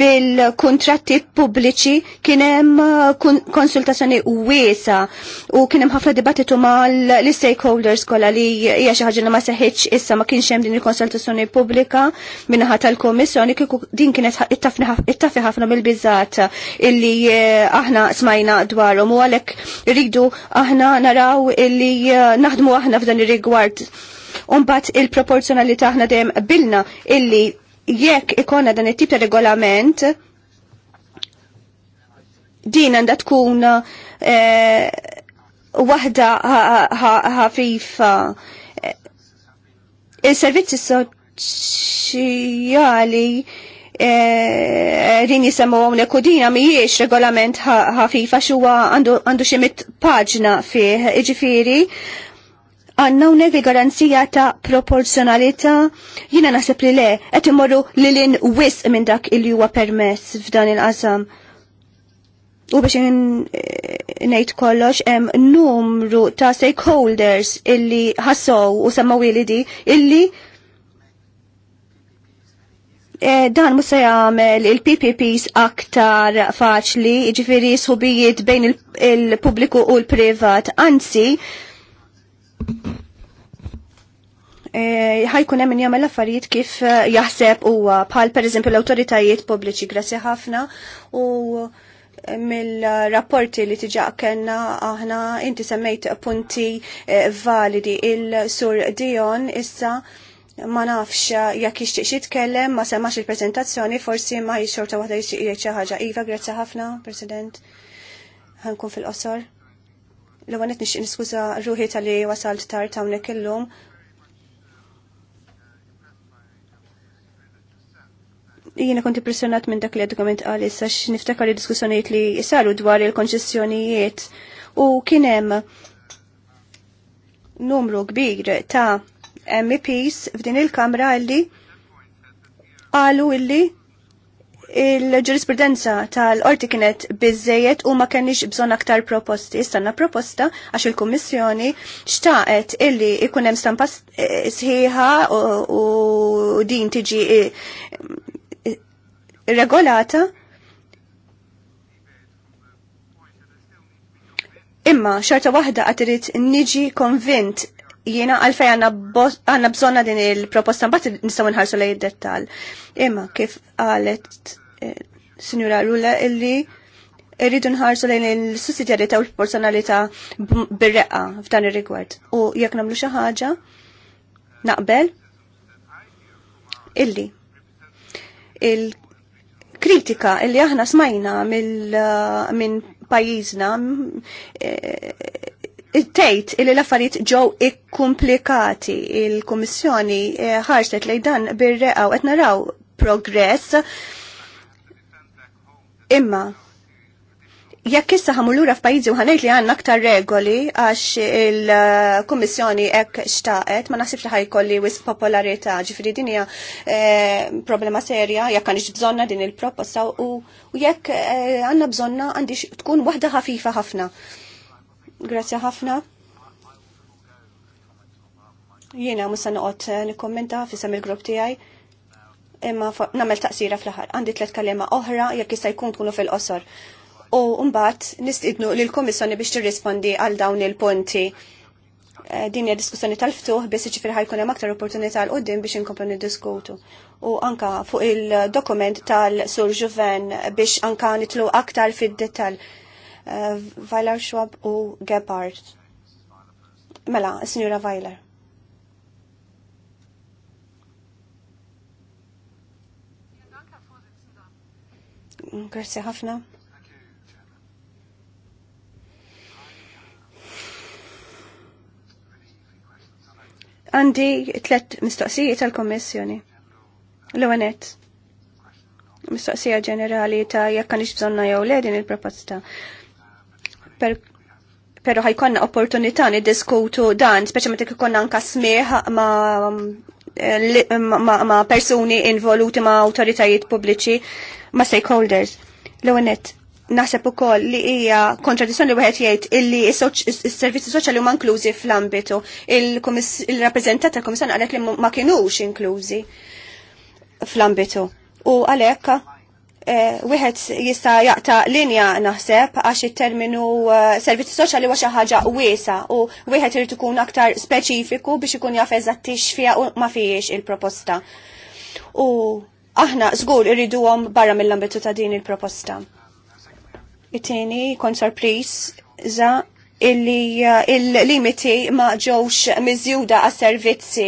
bil-kontratti pubbliċi kienem eh, konsultazzjoni wiesa u kienem ħafna dibattitu mal l-stakeholders kolla li hija xi ħaġa ma seħħitx issa ma kienx hemm din il-konsultazzjoni pubblika minnaħa tal kommissjoni kieku din kienet ittafi ħafna mill-biżat illi eh, aħna smajna dwarhom u għalhekk rridu aħna naraw illi naħdmu naħdmu aħna f'dan ir-rigward. Umbat il-proporzjonalità aħna dejjem bilna illi jekk ikonna dan it-tip ta' regolament din għandha tkun eh, waħda ħafifa. Il-servizzi soċjali rin eh, jisemmu għom l-ekudina regolament ħafifa xuwa għandu ximit paġna fih, iġifiri għanna unek garanzija ta' proporzjonalità jina nasib li le, et imorru li lin wis minn dak il huwa permess f'dan il-qasam. U biex eh, nejt kollox, em, numru ta' stakeholders illi ħassow u semma wilidi illi eh, dan musa jagħmel il-PPPs aktar faċli, ġifiri sħubijiet bejn il-pubbliku u l-privat, anzi, Eh, ħajkun hemm jagħmel affarijiet kif eh, jaħseb huwa bħal pereżempju l-awtoritajiet pubbliċi grazzi ħafna u eh, mill-rapporti li tiġa kellna aħna inti semmejt punti validi il-sur Dion issa ma nafx jekk jixtieq xi jitkellem ma semax il-preżentazzjoni forsi ma jixxorta waħda jixtieq jgħid xi ħaġa. Iva, grazzi ħafna, President. Ħankun fil-qosor l-għanet nix niskuza ruħi tal-li wasalt tar tawnek illum jiena konti impressjonat minn dak li għad għalis għax niftakar li diskussjonijiet li saru dwar il-konċessjonijiet u kienem numru kbir ta' MEPs f'din il-kamra li għalu illi il-ġurisprudenza tal-orti kienet bizzejiet u ma kenniex bżon aktar proposti. Istanna proposta għax il-Kummissjoni xtaqet illi ikunem stampa eh, sħiħa u din tiġi eh, regolata Imma xorta waħda għatirit niġi konvint jiena għalfej għanna bżonna din il-proposta mbagħad nistgħu nħarsu lej id-dettall. Imma kif qalet e, Rula illi irridu nħarsu lejn il-sussidjarità u l personalita bir-reqqa f'dan ir-rigward. U jekk nagħmlu xi ħaġa naqbel illi il kritika illi aħna smajna uh, minn pajjiżna eh, tgħid illi l-affarijiet ġew ikkumplikati il-Kummissjoni eh, ħarġet lejn dan bir-reqgħu qed naraw progress imma jekk issa ħamur lura f'pajjiżi u ħanejt li għandna aktar regoli għax il-Kummissjoni hekk xtaqet, ma naħsibx li ħajkolli wis popolarità, ġifieri din hija eh, problema serja jekk għandix bżonna din il-proposta u jekk eh, għandna bżonna għandix tkun waħda ħafifa ħafna. Grazzi ħafna. Jiena musa noqgħod eh, nikkommenta fisem il-grupp tiegħi imma namel taqsira fl-ħar. Għandi tlet kalema oħra jekk jista' jkun tkunu fil-qosor u mbagħad nistidnu lill komissjoni biex tirrispondi għal dawn il-punti. Eh, din hija diskussjoni tal-ftuħ biex ġifieri ħajkun hemm aktar opportunità għal qudiem biex inkomplu niddiskutu. U anka fuq il-dokument tal-Sur Juven biex anka nitlu aktar fid detall eh, Vajlar Schwab u Gebhardt. Mela, Signora Vajlar. Grazie ħafna. Għandi tlet mistoqsijiet tal-Kommissjoni. L-għanet, mistoqsija ġenerali ta' jekk għandix bżonna jew le din il-proposta. Per pero ħajkonna opportunità niddiskutu dan, speċjalment jekk ikonna anka smieħ ma' ma, ma persuni involuti ma' autoritajiet pubbliċi ma' stakeholders. L-għanet, naħseb ukoll li hija kontradizzjoni wieħed jgħid illi s-servizzi soċjali huma inklużi fl-ambitu. Il-rappreżentant tal-Kummissjoni qalet li ma kinux inklużi fl-ambitu. U għalhekk eh, wieħed jista' jaqta linja naħseb għax it-terminu eh, servizzi soċjali huwa xi ħaġa wiesa u wieħed irid ikun aktar speċifiku biex ikun jaf eżatt x'fija u ma fihiex il-proposta. U aħna żgur irriduhom barra mill-ambitu ta' din il-proposta. It-tieni kon sorpriża illi uh, il-limiti ma ġewx miżjuda għas servizzi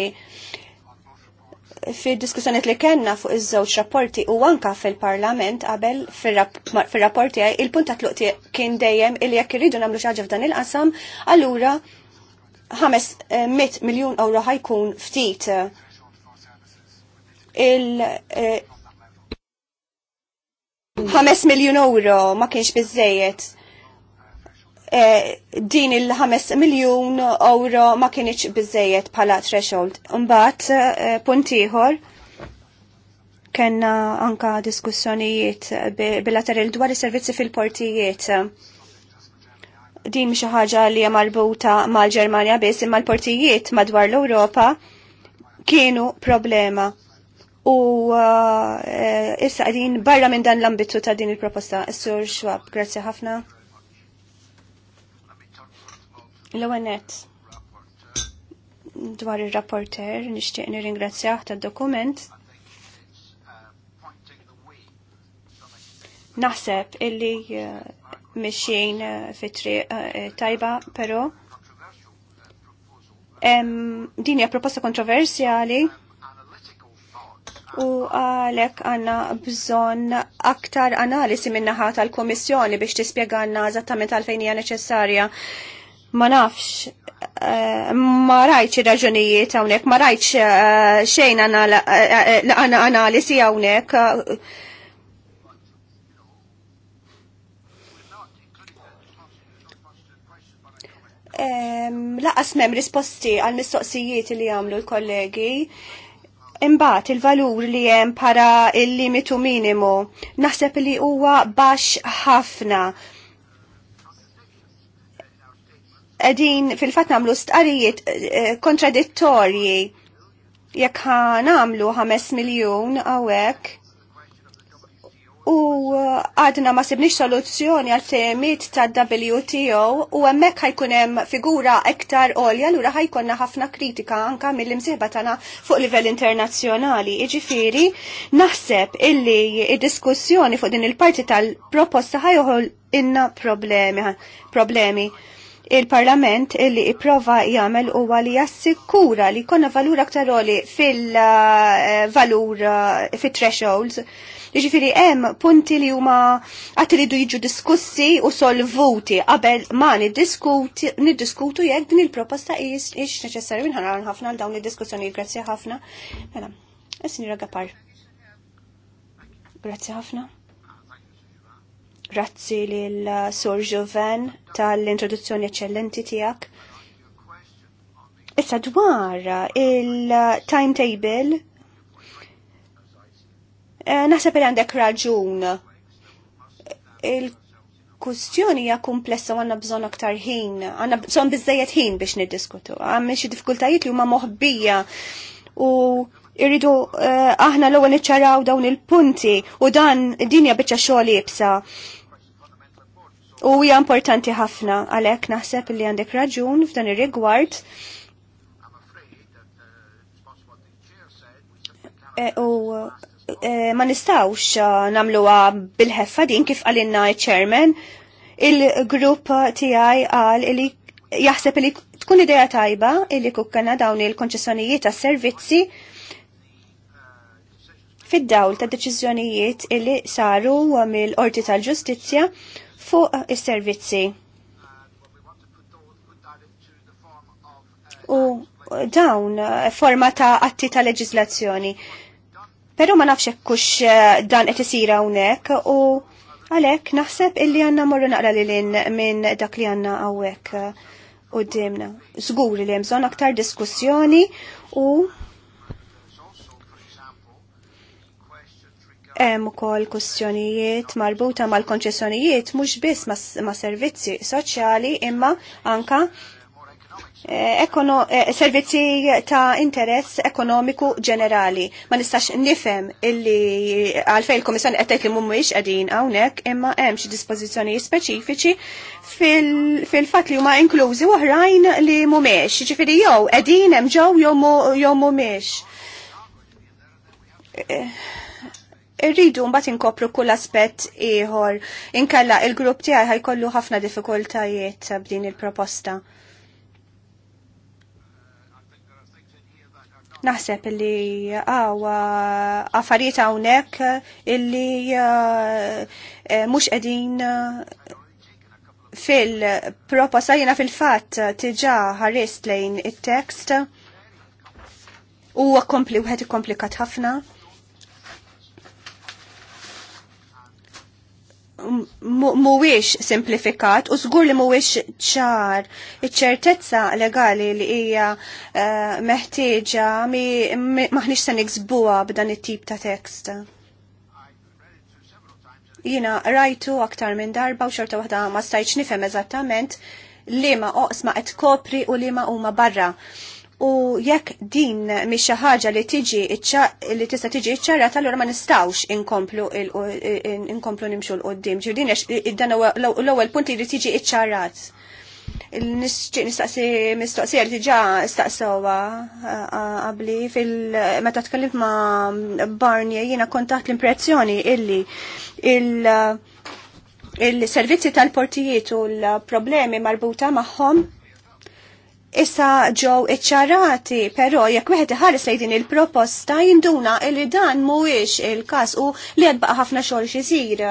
fi diskussjoniet li kellna fuq iż-żewġ rapporti u anka fil-Parlament qabel fir-rapporti il-punt ta' tluqti kien dejjem illi jekk irridu nagħmlu xi ħaġa f'dan il-qasam, allura 500 eh, miljun euro ħajkun ftit il eh, 5 miljon euro ma kienx bizzejiet. Eh, din il-5 miljon euro ma kienx bizzejiet pala threshold. Mbat, eh, puntiħor, kena anka diskussjonijiet bilaterali dwar is-servizzi fil-portijiet din xi ħaġa li hija marbuta mal-Ġermanja biss imma l-portijiet madwar l-Ewropa kienu problema u eh, issa għadin barra minn dan l-ambitu ta' din il-proposta. Sur Schwab, grazie ħafna. L-għanet dwar il-rapporter, nishtiq nir-ingrazzjaħ ta' dokument. Naħseb illi eh, mixin eh, fitri tajba, pero din hija proposta kontroversjali u għalek għanna bżon aktar analisi minnaħa tal-Komissjoni biex tispieganna zattament għalfejn hija neċessarja. Ma nafx, eh, ma rajċ raġunijiet hawnhekk, ma rajċ eh, xejn eh, analisi hawnhekk. laqas mem risposti għal mistoqsijiet li għamlu l-kollegi, Imbagħad il-valur li hemm para il-limitu minimu naħseb li huwa baxx ħafna. Qegħdin fil-fatt nagħmlu stqarijiet eh, eh, kontradittorji jekk namlu 5 miljun hawnhekk u uh, għadna ma sibniex soluzzjoni għal temit ta' WTO u hemmhekk ħajkunem figura figura iktar għolja lura ħajkonna ħafna kritika anka mill-imsieħba tagħna fuq livell internazzjonali. Iġifiri, naħseb illi id-diskussjoni fuq din il-parti tal-proposta ħajuħol inna problemi. problemi il-Parlament li iprova jagħmel huwa li jassikura li jkollna valur aktar roli fil-valur eh, fit-thresholds. Jiġifieri hemm punti li huma qatt iridu jiġu diskussi u solvuti qabel ma niddiskutu jekk din il-proposta hijiex neċessarju minħaran ħafna għal dawn id-diskussjonijiet. Grazzi ħafna. Mela, is-Sinjura eh, par. Grazzi ħafna. Grazzi lil uh, Sur Joven tal-introduzzjoni eccellenti tiegħek. Issa dwar uh, il-timetable uh, Naħseb li għandek raġun. Il-kustjoni hija komplessa għandna bżonn aktar ħin, għandna bżonn biżejjed ħin biex niddiskutu. Għamme xi diffikultajiet li huma moħbija u irridu aħna l-ewwel niċċaraw dawn il-punti u dan dinja biċċa xogħol jibsa. U hija importanti ħafna għalhekk naħseb li għandek raġun f'dan ir-rigward. Eh, u eh, ma nistgħux eh, nagħmluha bil-ħeffa din kif qalilna ċ-chairman. Il-grupp tiegħi qal li jaħseb li tkun idea tajba illi kukkana dawn il-konċessjonijiet tas-servizzi fid-dawl ta' deċiżjonijiet illi saru mill-Qorti tal-Ġustizzja fuq is-servizzi. U dawn eh, forma ta' atti ta' leġislazzjoni. Pero ma nafx kux eh, dan qed isir hawnhekk u għalhekk naħseb illi għandna morru naqra lil minn dak li għandna hawnhekk eh, qudiemna. Żgur li hemm bżonn aktar diskussjoni u Hemm ukoll kwistjonijiet marbuta mal-konċessjonijiet mhux biss ma' servizzi soċjali imma anka eh, eh, servizzi ta' interess ekonomiku ġenerali. Ma nistax nifhem illi għalfej il-Komissjoni qed tgħid li mhumiex qegħdin hawnhekk imma hemm xi dispożizzjonijiet speċifiċi fil-fatt li huma inklużi oħrajn li mhumiex. Ġifieri jew qegħdin hemm ġew jew mhumiex. Eh, irridu mbagħad inkopru kull aspett ieħor. Inkella il-grupp tiegħi ħajkollu ħafna diffikultajiet b'din il-proposta. Naħseb li għaw ah, affarijiet hawnhekk illi eh, eh, mhux qegħdin eh, fil-proposta jiena fil-fatt tiġa ħarist lejn it-tekst u għakompli u għet komplikat ħafna. mhuwiex simplifikat u żgur li mhuwiex ċar. Iċ-ċertezza legali li hija uh, meħtieġa maħniex se niksbuha b'dan it-tip ta' tekst. Jina rajtu aktar minn darba u xorta waħda ma stajċ nifhem eżattament li ma oqsma qed kopri u li ma huma barra U jekk din mhix xi ħaġa li tiġi li tista' tiġi iċċarrata allura ma nistgħux inkomplu inkomplu nimxu l qoddim Ġirdin dan l-ewwel punt li tiġi iċċarat. Nistaqsi mistoqsija li tiġa staqsowa qabli fil meta tkellimt ma' Barnier jiena kontaħt l-impressjoni illi il-servizzi tal-portijiet u l-problemi marbuta magħhom issa ġew iċċarati, però jekk wieħed iħares lejn din il-proposta jinduna li dan mhuwiex il-każ u li qed baqa' ħafna xogħol xisir.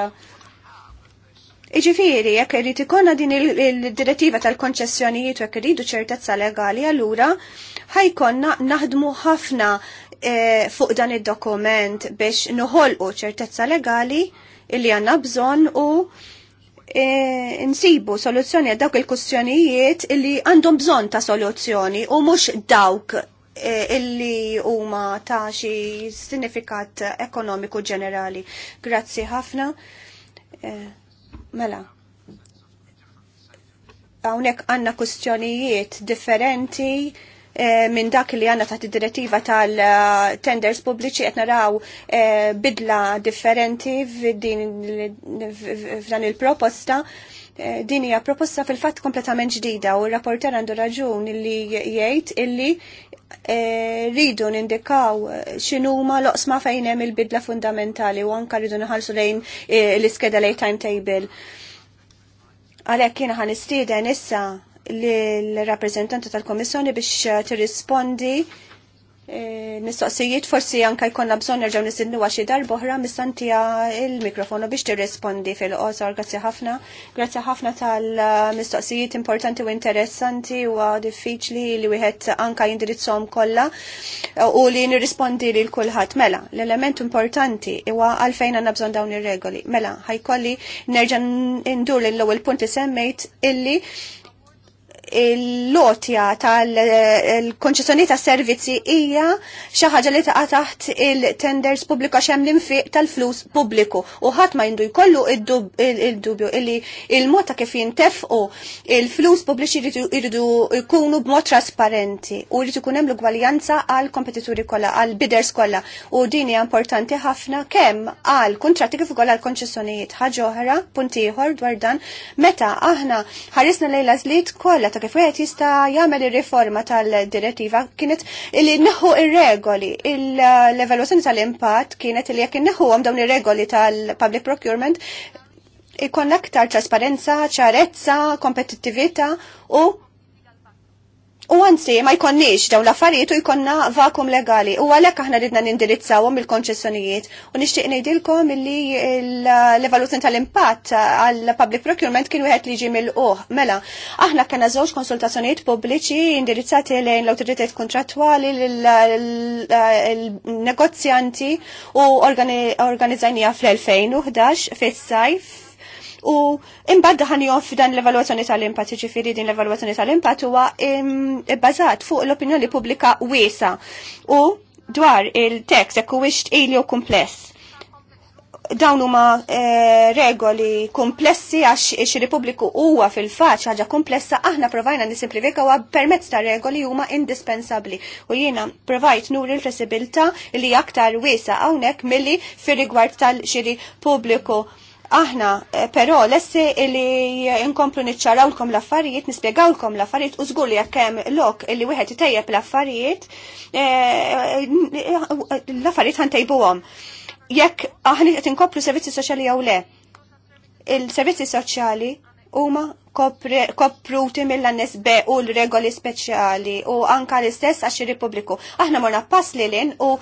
Iġifieri, jekk irid ikollna din il-direttiva tal-konċessjonijiet u jekk iridu ċertezza legali allura ħajkonna naħdmu ħafna eh, fuq dan id-dokument biex noħolqu ċertezza legali illi għandna bżonn u E, nsibu soluzzjoni għad dawk il-kustjonijiet illi għandhom bżon ta' soluzzjoni u mux dawk e, illi huma ta' xi sinifikat ekonomiku ġenerali. Grazzi ħafna. E, mela, għawnek għanna kustjonijiet differenti Eh, minn dak li għanna taħt direttiva tal-tenders pubbliċi qed naraw eh, bidla differenti f'dan il-proposta. Eh, din hija proposta fil-fatt kompletament ġdida u r-rapporter għandu raġun li jgħid illi rridu nindikaw x'inhuma loqsma fejn hemm il-bidla fundamentali u anke rridu naħalsu lejn l-iskeda lejn timetable. Għalhekk jiena ħanistieden issa l-rappresentanti tal-Komissjoni biex eh, tirrispondi eh, mistoqsijiet forsi anka jkonna bżon nerġaw nisinnu għaxi oħra mistantija il-mikrofonu biex tirrispondi fil-qosor. Grazzi ħafna. Grazzi ħafna tal-mistoqsijiet importanti u interessanti u diffiċli li wieħed anka jindirizzom kollha eh, u li nirrispondi lil kulħadd. Mela, l-element importanti huwa għalfejn għandna bżonn dawn ir-regoli. Mela, ħajkolli nerġa' ndur l-ewwel punt li semmejt illi il-lotja tal-konċessjoni ta' servizzi hija xi ħaġa li taqa' taħt il-tenders pubblika xemm l-infiq tal-flus pubbliku u ħadd ma jindu jkollu id-dubju illi il-mod ta' kif jintefqu il-flus pubbliċi jridu jkunu b'mod trasparenti u jridu jkun hemm l-ugwaljanza għal kompetituri kollha għal biders kollha u din hija importanti ħafna kemm għal kuntratti kif ukoll għal konċessjonijiet ħaġa oħra punt ieħor dwar dan meta aħna ħarisna lejla żlied kollha ta' kif wieħed jista' jagħmel ir-riforma tal-direttiva kienet illi neħu ir-regoli. l evalwazzjoni tal-impatt kienet li jekk inneħuhom dawn ir-regoli tal-public procurement ikon aktar trasparenza, ċarezza, kompetittività u U għanzi, ma jkonniġ, daw l-affarijiet u jkonna vakum legali. U għalek aħna ridna nindirizzawhom il-konċessjonijiet. U nixtieq ngħidilkom li l-evaluazzjoni tal-impatt għal public procurement kien wieħed li ġi mill uħ Mela, aħna kellna żewġ konsultazzjonijiet pubbliċi indirizzati lejn l autoritet kontrattwali l-negozjanti u organizzajnija fl-2011 fis-sajf u imbagħad daħanihom f'dan l-evalwazzjoni tal-impatt, ġifieri din l-evalwazzjoni tal-impatt huwa bbażat fuq l-opinjoni pubblika wiesa u dwar il-tekst jekk huwiex tqili u kumpless dawn huma eh, regoli komplessi għax ix-Repubbliku huwa fil-faċ ħaġa komplessa aħna provajna nisimplifikaw permezz ta' regoli huma indispensabbli u jiena provajt nur il-flessibilità li aktar wiesa hawnhekk milli fir rigward tal-xiri pubbliku Aħna eh, però lessi li inkomplu niċċarawlkom l-affarijiet, nispjegawlkom l-affarijiet u żgur li jekk hemm lok li wieħed itejjeb l-affarijiet, eh, l-affarijiet ħantejbuhom. Jekk aħna qed inkomplu servizzi soċjali jew le. Il-servizzi soċjali huma kopruti mill-annes be u l-regoli speċjali u anka l-istess għax il Aħna morna pass li l-in u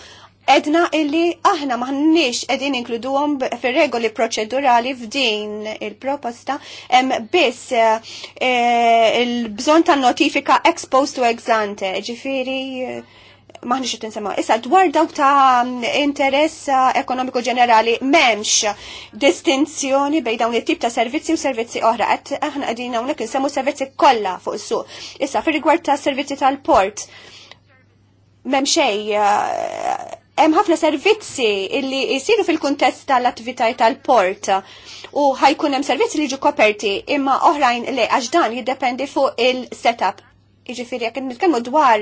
edna illi aħna maħnix edin inkluduhom fil-regoli proċedurali f'din il-proposta biss eh, il-bżon ta' notifika ex post u ex ante, ġifiri eh, maħnix sema. Issa dwar dawk ta' interess eh, ekonomiku ġenerali memx distinzjoni bej dawn it-tip ta' servizzi u servizzi oħra. Qed aħna qegħdin hawnhekk insemmu servizzi kollha fuq su. Issa fir-rigward ta' servizzi tal-port memxej hemm ħafna servizzi illi jsiru fil-kuntest tal-attivitaj tal-port u ħajkun hemm servizzi li jiġu koperti imma oħrajn li għax dan jiddependi fuq il-setup. Jiġifieri jekk nitkellmu dwar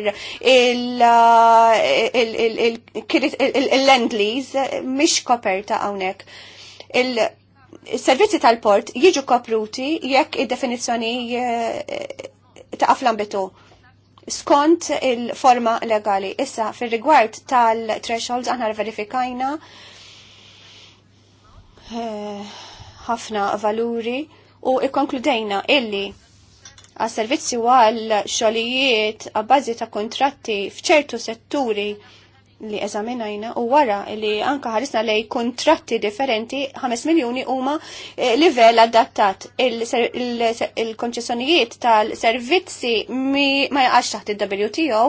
il-land uh, lease mhix koperta hawnhekk. Il-servizzi tal-port jiġu kopruti jekk id-definizzjoni uh, ta' bitu skont il-forma legali. Issa, fil rigward tal-thresholds, aħna verifikajna eh, ħafna eh, valuri u ikkonkludejna illi għas servizzi għal xolijiet għabbażi ta' kontratti fċertu setturi li eżaminajna u wara li anka ħarisna lej kontratti differenti 5 miljoni huma eh, livell adattat. Il-konċessjonijiet tal-servizzi ma jaqax taħt il-WTO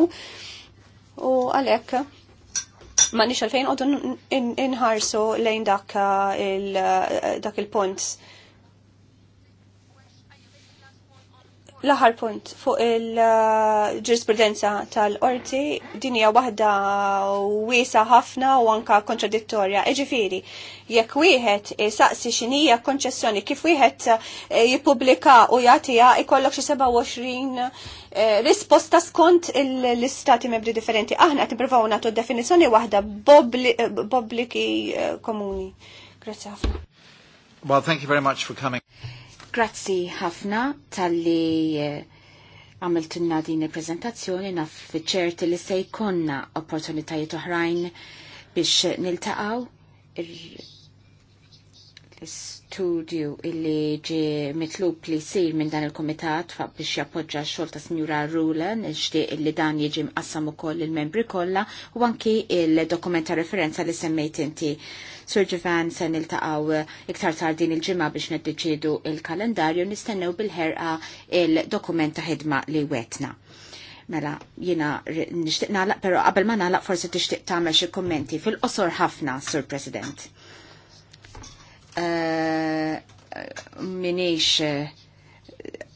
u għalek ma nix għalfejn għodun inħarsu lejn dak eh, eh, il-punt. L-aħar punt fuq il-ġurisprudenza tal-qorti din hija waħda wiesa ħafna u anka kontradittorja. Eġifieri, jekk wieħed saqsi xinija konċessjoni kif wieħed eh, jippubblika u jagħtiha ikollok xi 27 eh, risposta skont l-istati membri differenti. Aħna qed nippruvaw nagħtu definizzjoni waħda bobbliki eh, komuni. Grazzi ħafna. Well, thank you very much for coming. Grazzi ħafna tal-li eh, għamiltunna din il-prezentazzjoni naf ċerti li se jkonna opportunitajiet oħrajn biex niltaqaw l-studju illi ġi mitlub li sir minn dan il-komitat biex jappoġġa xol ta' Signora Rulen, xtieq illi dan jiġi mqassam ukoll il-membri kollha u anki il-dokumenta referenza li semmejt inti Sir Ġivan se niltaqgħu iktar tard din il-ġimgħa biex neddeċidu il-kalendarju nistennew bil-ħerqa il-dokument ta' ħidma li wetna. Mela, jina nixtieq nagħlaq, però qabel ma nagħlaq forsi tixtieq tagħmel xi kummenti fil-qosor ħafna, Sur President. Uh, minix eh,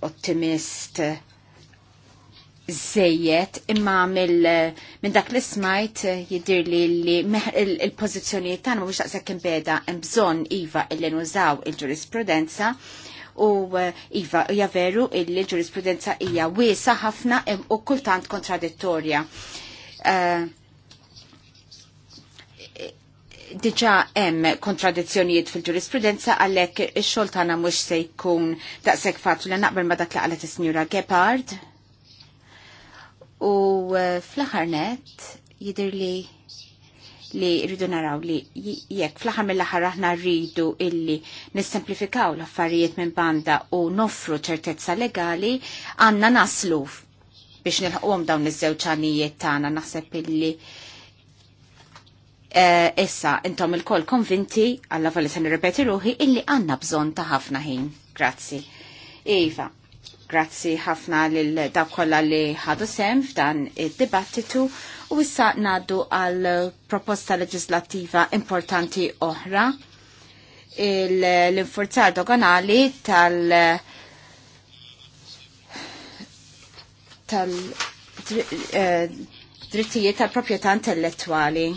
ottimist zejjet imma minn dak li smajt eh, jidir li li il-pozizjoni tan ma mux daqsek imbeda mbżon Iva illi nużaw il-ġurisprudenza u eh, Iva javeru illi ġurisprudenza hija wiesa ħafna u kultant kontradittorja. Eh, Diġa hemm kontradizzjonijiet fil-ġurisprudenza għalhekk ix-xogħol tagħna mhux se jkun daqshekk fatu li naqbel ma dak li qalet is-Sinjura Gepard U eh, fl-aħħar net jidir li li rridu naraw li jekk fl-aħħar mill-aħħar aħna rridu illi nissemplifikaw l-affarijiet minn banda u nofru ċertezza legali għandna naslu biex nilħqhom dawn iż-żewġ tagħna naħseb illi eh, issa intom il-koll konvinti għalla valli se nirrepeti ruħi illi għandna bżonn ta' ħafna ħin. Grazzi. Iva, Grazzi ħafna lil daw kollha li ħadu sem f'dan id-dibattitu u issa ngħaddu għal proposta leġislattiva importanti oħra l-infurzar doganali tal tal eh, drittijiet tal-proprjetà intellettwali.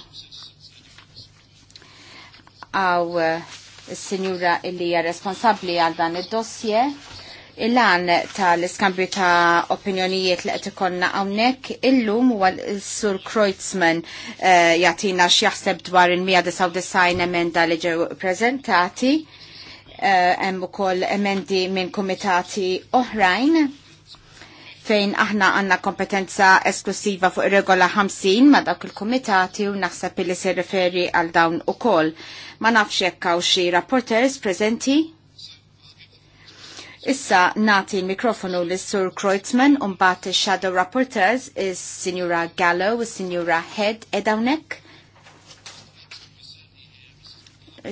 Għaw il eh, sinjura illi hija responsabbli għal dan id-dossier Il-lan tal-iskambju ta' opinjonijiet li qed ikollna hawnhekk illum huwa sur Kreutzmann uh, jagħtina x'jaħseb dwar il-199 emenda li ġew preżentati eh, hemm ukoll emendi minn komitati oħrajn fejn aħna għanna kompetenza esklusiva fuq regola 50 ma dawk il-komitati u naħseb li se referi għal dawn u Ma nafx hekk xi rapporters prezenti? Issa nati l-mikrofonu li sur Kreutzmann un-bat il-Shadow Rapporteurs, il-Signora Gallo, il-Signora Head, edawnek?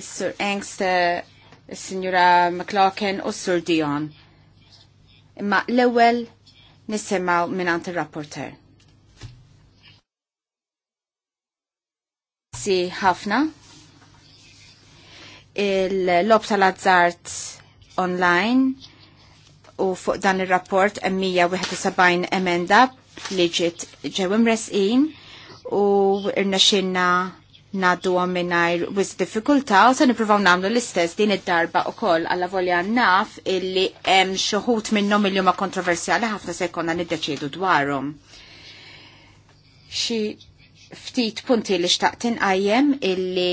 Sur Engst, il-Signora McLaughlin u Sur Dion. Imma l-ewel nisimaw minant il-rapporter. Si ħafna. Il-lob tal-azzart online u fuq dan il-rapport 171 emenda li ġiet ġew imresqin u rnexxinna naddu mingħajr wis diffikultà u se niprofaw namlu l-istess din id-darba u koll għalla volja naf illi hemm xoħut minnom il ma kontroversjali ħafna se jkollna niddeċidu dwarhom. Xi ftit punti li xtaqtin inqajjem illi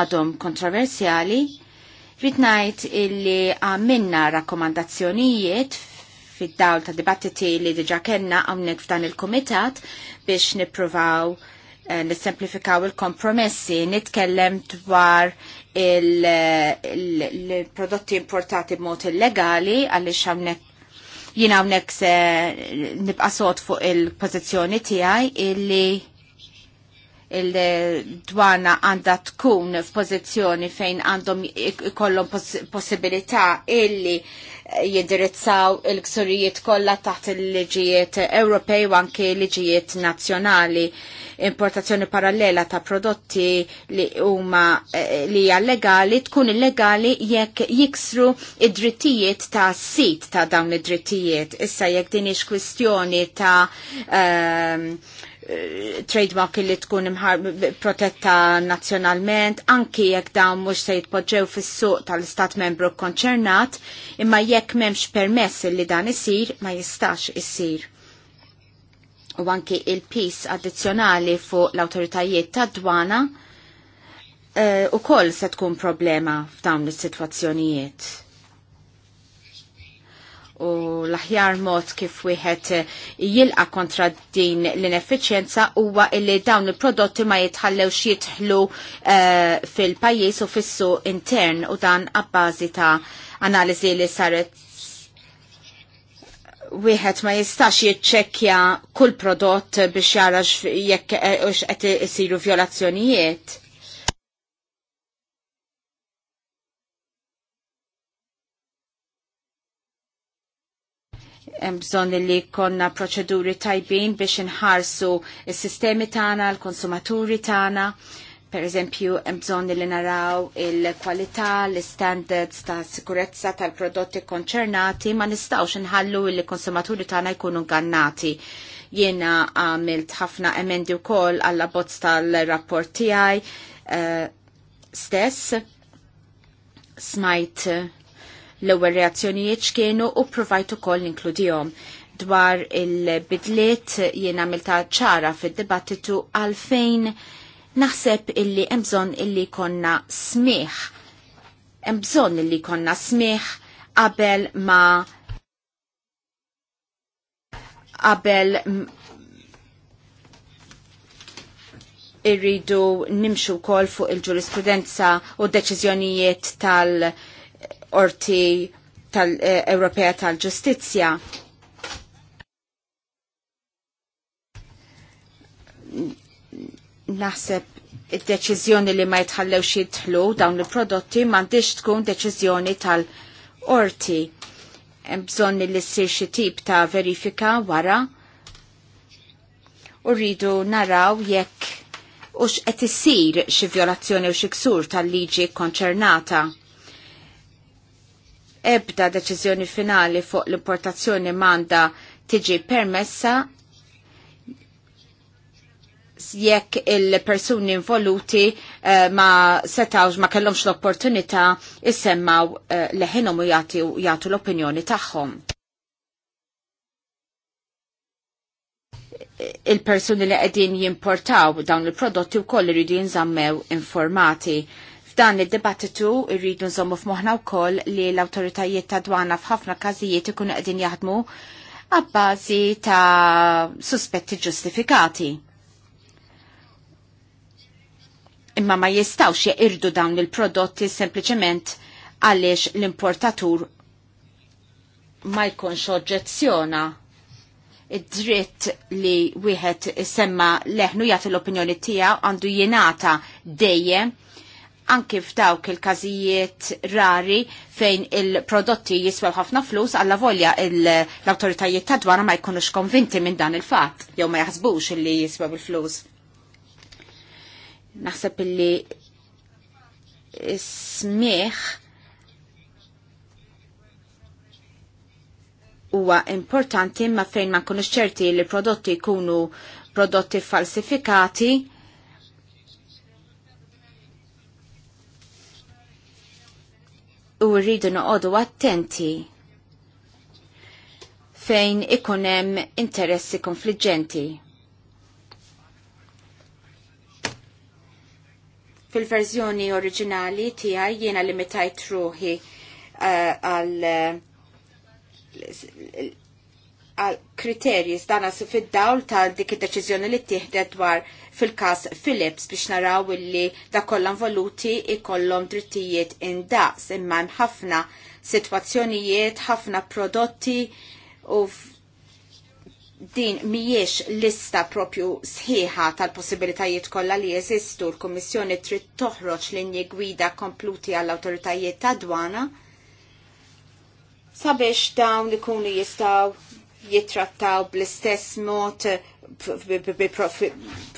għadhom kontroversjali Ritnajt illi għamilna rakkomandazzjonijiet fid-dawl ta' dibattiti li diġa kenna għamnek f'dan il-komitat biex nipruvaw nisemplifikaw eh, nissemplifikaw il-kompromessi, nitkellem dwar il-prodotti importati b'mod illegali għaliex għamnek jina għamnek se nibqa sot fuq il-pozizjoni tijaj illi il-dwana għanda tkun f'pożizzjoni fejn għandhom ikollhom possibilità illi jiddirizzaw il-ksurijiet kollha taħt il-liġijiet Ewropej u anke liġijiet nazzjonali importazzjoni parallela ta' prodotti li huma eh, li hija legali tkun illegali jekk jiksru id-drittijiet ta' sit ta' dawn id-drittijiet. Issa jekk din kwistjoni ta' um, Eh, trademark li tkun protetta nazjonalment, anki jekk dawn mhux se jitpoġġew fis-suq tal-istat membru konċernat, imma jekk m'hemmx permess li dan isir ma jistax isir. U anki il-pis addizzjonali fuq l-awtoritajiet tad dwana uh, eh, u koll se tkun problema f'dawn is-sitwazzjonijiet u l-aħjar mod kif wieħed jilqa kontra din l-ineffiċjenza huwa illi dawn il-prodotti ma jitħallewx jitħlu uh, fil-pajjiż u fissu intern u dan abbażi ta' analiżi li saret wieħed ma jistax jiċċekkja kull prodott biex jara jekk eh, qed isiru violazzjonijiet bżon li konna proċeduri tajbin biex nħarsu il-sistemi tana, l-konsumaturi tana, per eżempju, bżon li naraw il-kwalità, l-standards ta' sikurezza tal-prodotti konċernati, ma nistawx nħallu li konsumaturi tana jkunu gannati. Jena għamilt ħafna emendi u kol għalla bozz tal-rapport tijaj uh, eh, stess, smajt uh, L-ewwel reazzjonijiet x'kienu u provajt ukoll ninkludihom dwar il-bidliet jiena għamilta ċara fid-dibattitu għalfejn naħseb illi emżon illi konna smiħ. Emżon illi konna smiħ qabel ma qabel irridu nimxu kol fuq il-ġurisprudenza u deċiżjonijiet tal- orti tal-Ewropea tal-Ġustizzja. Naħseb id-deċiżjoni li ma jitħallewx jidħlu dawn il-prodotti m'għandix tkun deċiżjoni tal-orti. Hemm bżonn li ssir xi tip ta' verifika wara u rridu naraw jekk u x'qed issir xi violazzjoni u xi ksur tal-liġi konċernata ebda deċiżjoni finali fuq l-importazzjoni manda tiġi permessa jekk il-persuni involuti eh, ma setawx ma kellhomx l-opportunità jissemmaw eh, leħinhom u jagħtu l-opinjoni tagħhom. Il-persuni li qegħdin jimportaw dawn il-prodotti wkoll iridu jinżammew informati F'dan il-dibattitu irridu nżommu f'moħna wkoll li l-awtoritajiet ta' dwana f'ħafna każijiet ikunu qegħdin jaħdmu għabbażi ta' suspetti ġustifikati. Imma ma jistawx jirdu dawn il-prodotti sempliċement għaliex l-importatur ma jkunx oġġezzjona id-dritt li wieħed semma leħnu jagħti l-opinjoni tiegħu għandu jingħata dejjem anki f'dawk il-każijiet rari fejn il-prodotti jiswew ħafna flus għalla volja l-autoritajiet ta' dwar ma jkunux konvinti minn dan il-fatt jew ma jaħsbux illi jiswew il-flus. Naħseb illi smieħ huwa importanti ma fejn ma nkunux ċerti li prodotti jkunu prodotti falsifikati u rridu noqodu attenti fejn ikunem interessi konfliġenti. Fil-verżjoni oriġinali tiegħi jiena limitajt ruħi eh, għal uh, għal kriterji dana su fid-dawl tal dik id-deċiżjoni li tiħdet dwar fil-każ Philips biex naraw illi da voluti involuti ikollhom drittijiet indaqs imma hemm ħafna sitwazzjonijiet, ħafna prodotti u din miex lista propju sħiħa tal-possibilitajiet kollha li jeżistu l-Kummissjoni trid toħroġ linji gwida kompluti għall-awtoritajiet ta' dwana sabiex dawn ikunu jistaw jittrattaw bl-istess mod eh,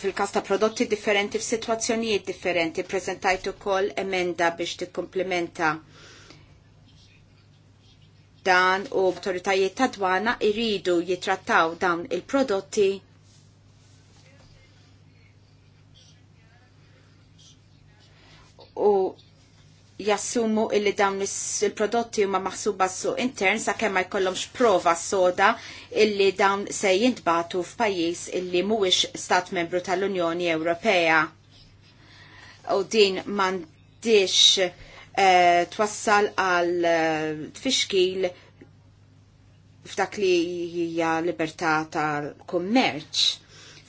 fil-kas ta' prodotti differenti f'sitwazzjonijiet differenti. Prezentajt ukoll emenda biex tikkomplementa dan u autoritajiet ta' dwana iridu jitrattaw dawn il-prodotti u jassumu illi dawn il-prodotti huma maħsuba su intern sa kemm ma jkollhomx prova soda illi dawn se jintbatu f'pajjiż illi mhuwiex stat membru tal-Unjoni Ewropea. U din m'għandix eh, twassal għal eh, tfixkil f'dak li hija libertà tal-kummerċ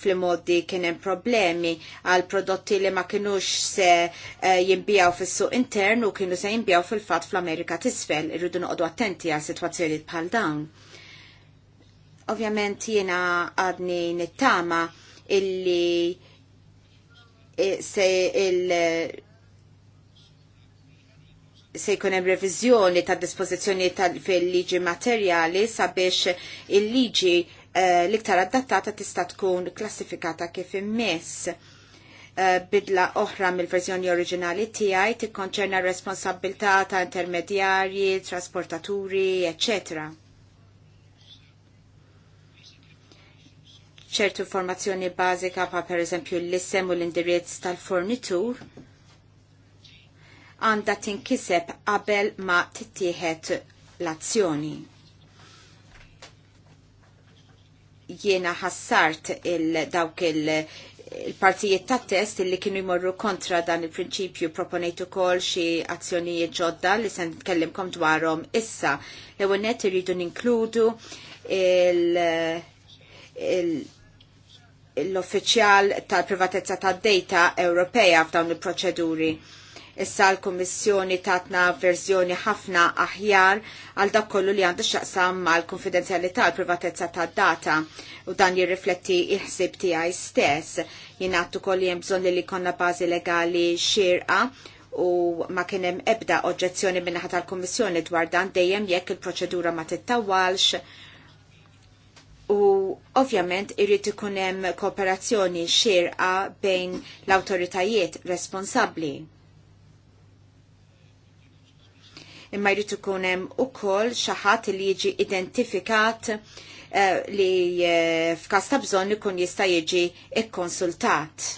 fl-modi kien hemm problemi għal prodotti li ma kinux se eh, jinbijaw fis-suq intern u kienu se jimbijaw fil-fatt fl-Amerika t'isfel, irridu noqogħdu attenti għal sitwazzjoni bħal dawn. Ovvjament jiena għadni nittama illi eh, se il- se jkun hemm reviżjoni ta' dispożizzjoni fil-liġi materjali sabiex il-liġi Eh, l-iktar adattata tista' tkun klassifikata kif immiss eh, bidla oħra mill-verżjoni oriġinali tiegħi tikkonċerna r responsabilità ta' intermedjarji, trasportaturi, etc. ċertu informazzjoni bażika pa' per eżempju l-isem u l-indirizz tal-fornitur għandha tinkiseb qabel ma tittieħed l-azzjoni. jiena ħassart il-dawk il- il-partijiet ta' test illi kienu jmorru kontra dan il-prinċipju proponejtu kol xie azzjonijiet ġodda li sen tkellimkom dwarom issa. l ewwel net irridu ninkludu l-offiċjal tal-privatezza tad data Ewropea f'dawn il-proċeduri Issa l-Kommissjoni tatna verżjoni ħafna aħjar għal dak kollu li għandu xaqsam mal-konfidenzjalità l privatezza tad data u dan jirrifletti il-ħsib tiegħi stess. Jien għattu kolli hemm bżonn li jkollna bażi legali xirqa u ma kien hemm ebda oġġezzjoni minnaħa tal-Kummissjoni dwar dan dejjem jekk il-proċedura ma tittawalx u ovvjament irrid ikun hemm kooperazzjoni xirqa bejn l-awtoritajiet responsabbli. imma jrid ikun hemm ukoll xi ħadd li jiġi identifikat uh, li uh, f'każ ta' bżonn ikun jista' jiġi ikkonsultat.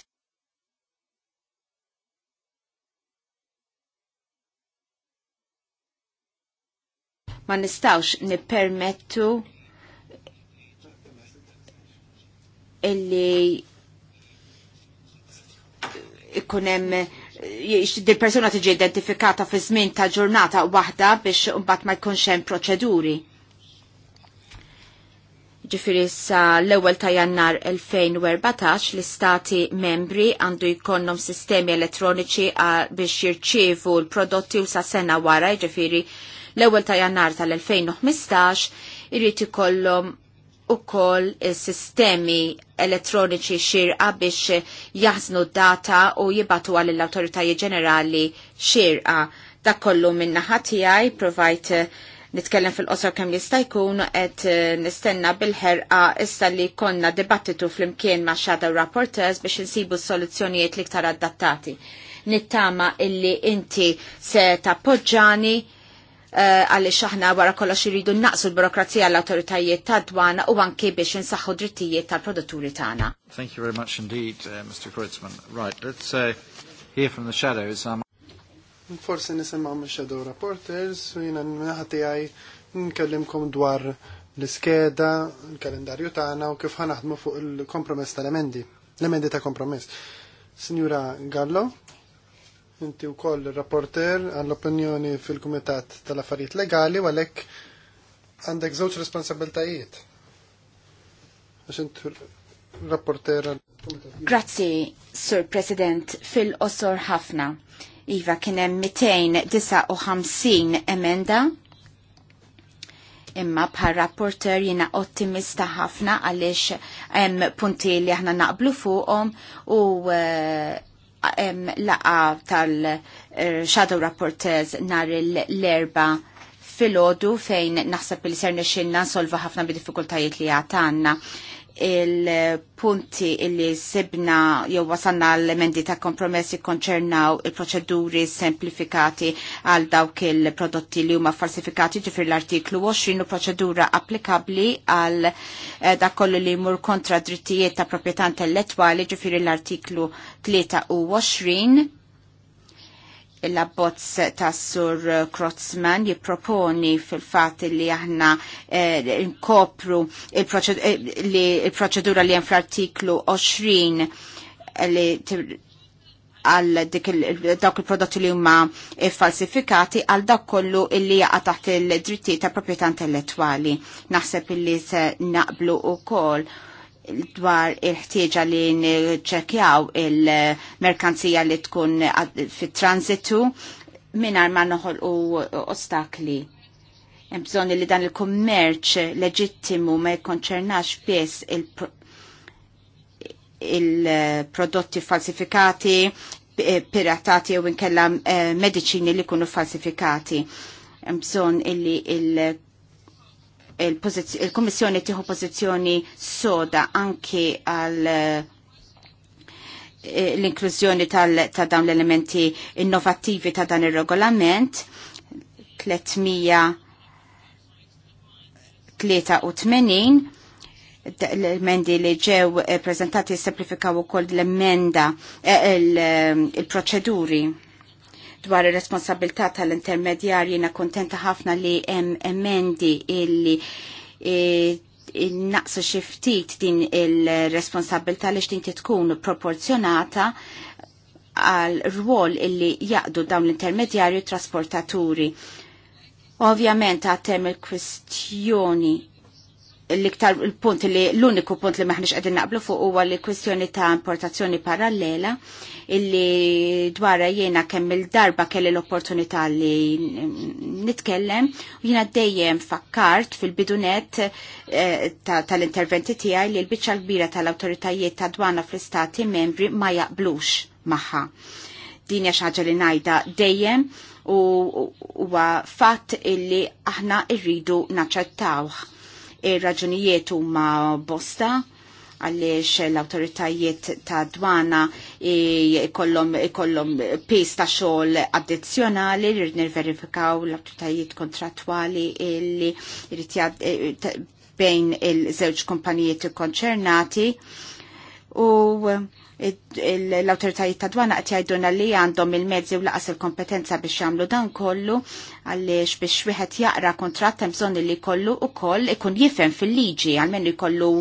Ma nistawx nippermettu illi ikunem hemm di persuna tiġi identifikata fi żmien ta' ġurnata waħda biex mbagħad ma jkunx hemm proċeduri. Ġifieri sa l-ewwel ta' Jannar 2014 l-istati membri għandu jkollhom sistemi elettroniċi biex jirċievu l-prodotti u sa sena wara, ġifieri l-ewwel ta' Jannar tal-2015 irid ikollhom u kol sistemi elettroniċi xirqa biex jaznu data u jibatu għal l autoritaji ġenerali xirqa. Dak kollu minna ħatijaj, provajt eh, nitkellem fil-qosor kemm jista' jkun qed eh, nistenna bil-ħerqa issa li konna dibattitu fl-imkien ma' xada rapporteurs biex insibu s-soluzzjonijiet liktar adattati. Nittama illi inti se tappoġġani Eh, għalli xaħna wara kollox iridu naqsu l-burokrazija l-autoritajiet ta' dwana u anke biex insaħħu drittijiet tal-produtturi tagħna. Thank you very much indeed, uh, Mr. Kreutzmann. Right, let's uh, hear from the shadows. Um... Forse nisimgħu mix-shadow reporters, jiena naħati għaj nkellimkom dwar l-iskeda, l-kalendarju tagħna u kif ħanaħdmu fuq il-kompromess tal-emendi, l-emendi ta' kompromess. Signora Gallo, inti wkoll rapporter għall-opinjoni fil-Kumitat tal-Affarijiet Legali u għalhekk għandek żewġ responsabiltajiet. Għax int rapporter Grazzi, Sur President, fil-qosor ħafna. Iva kien hemm 259 emenda imma bħal rapporter jina ottimista ħafna għalix hemm punti li aħna naqblu fuqhom u uh, laqa tal-Shadow Rapporteurs nar l-erba fil-ħodu fejn naħseb li ser nexxinna solva ħafna bi diffikultajiet li għatanna il-punti illi sibna jew wasanna l-emendi ta' kompromessi konċernaw il-proċeduri semplifikati għal dawk il-prodotti li huma falsifikati ġifir l-artiklu 20 u proċedura applikabli għal eh, dak kollu li jmur kontra drittijiet ta' proprjetà intellettwali ġifir l-artiklu 23 l-abbozz ta' Sur Krotzman jipproponi fil-fat li aħna eh, nkopru eh, il-proċedura li hemm fl-artiklu 20 li għal dawk il-prodotti li huma falsifikati għal dak kollu illi jaqa' taħt il-drittijiet ta' proprjetà intellettwali. Naħseb illi se naqblu wkoll dwar il-ħtieġa li nċekjaw il-merkanzija li tkun fit-transitu minar ma noħol u ostakli. Bżon li dan il-kummerċ leġittimu ma jkonċernax biss il-prodotti il falsifikati, piratati u inkella eh, medicini li kunu falsifikati. Bżon illi il- il-Komissjoni tiħu tieħu pożizzjoni soda anki għal eh, l-inklużjoni ta' dawn l-elementi innovattivi ta' dan ir-regolament 383 l-emendi li ġew prezentati semplifikaw ukoll l-emenda il-proċeduri dwar ir-responsabilità tal-intermedjarji na kontenta ħafna li hemm emendi illi e, naqsu xi ftit din il-responsabilità li xtinti tkun proporzjonata għal rwol illi jaqdu dawn l-intermedjarju trasportaturi. Ovvjament għatem il-kwistjoni l-iktar il-punt li l-uniku punt li maħniex għedin naqblu fuq huwa li kwestjoni ta' importazzjoni parallela illi dwarra jiena kemm il-darba kelli l-opportunità li nitkellem u jiena dejjem fakkart fil-bidunet eh, tal-interventi tiegħi li l-biċċa kbira tal-awtoritajiet ta' dwana fl-istati membri ma jaqblux magħha. Din hija xi ħaġa li ngħidha dejjem u huwa fatt illi aħna rridu naċċettawh Ir-raġunijiet huma bosta għaliex l-autoritajiet ta' dwana ikollhom ikollhom pis ta' xogħol addizzjonali li nirverifikaw l-autoritajiet kontrattwali li jrid eh, bejn il-żewġ kumpanijiet konċernati u l-autoritajiet ta' dwana qed jgħiduna li għandhom il-mezzi u laqas il-kompetenza biex jagħmlu dan kollu għaliex biex wieħed jaqra kontratt hemm bżonn li kollu ukoll ikun jifhem fil-liġi għalmen jkollu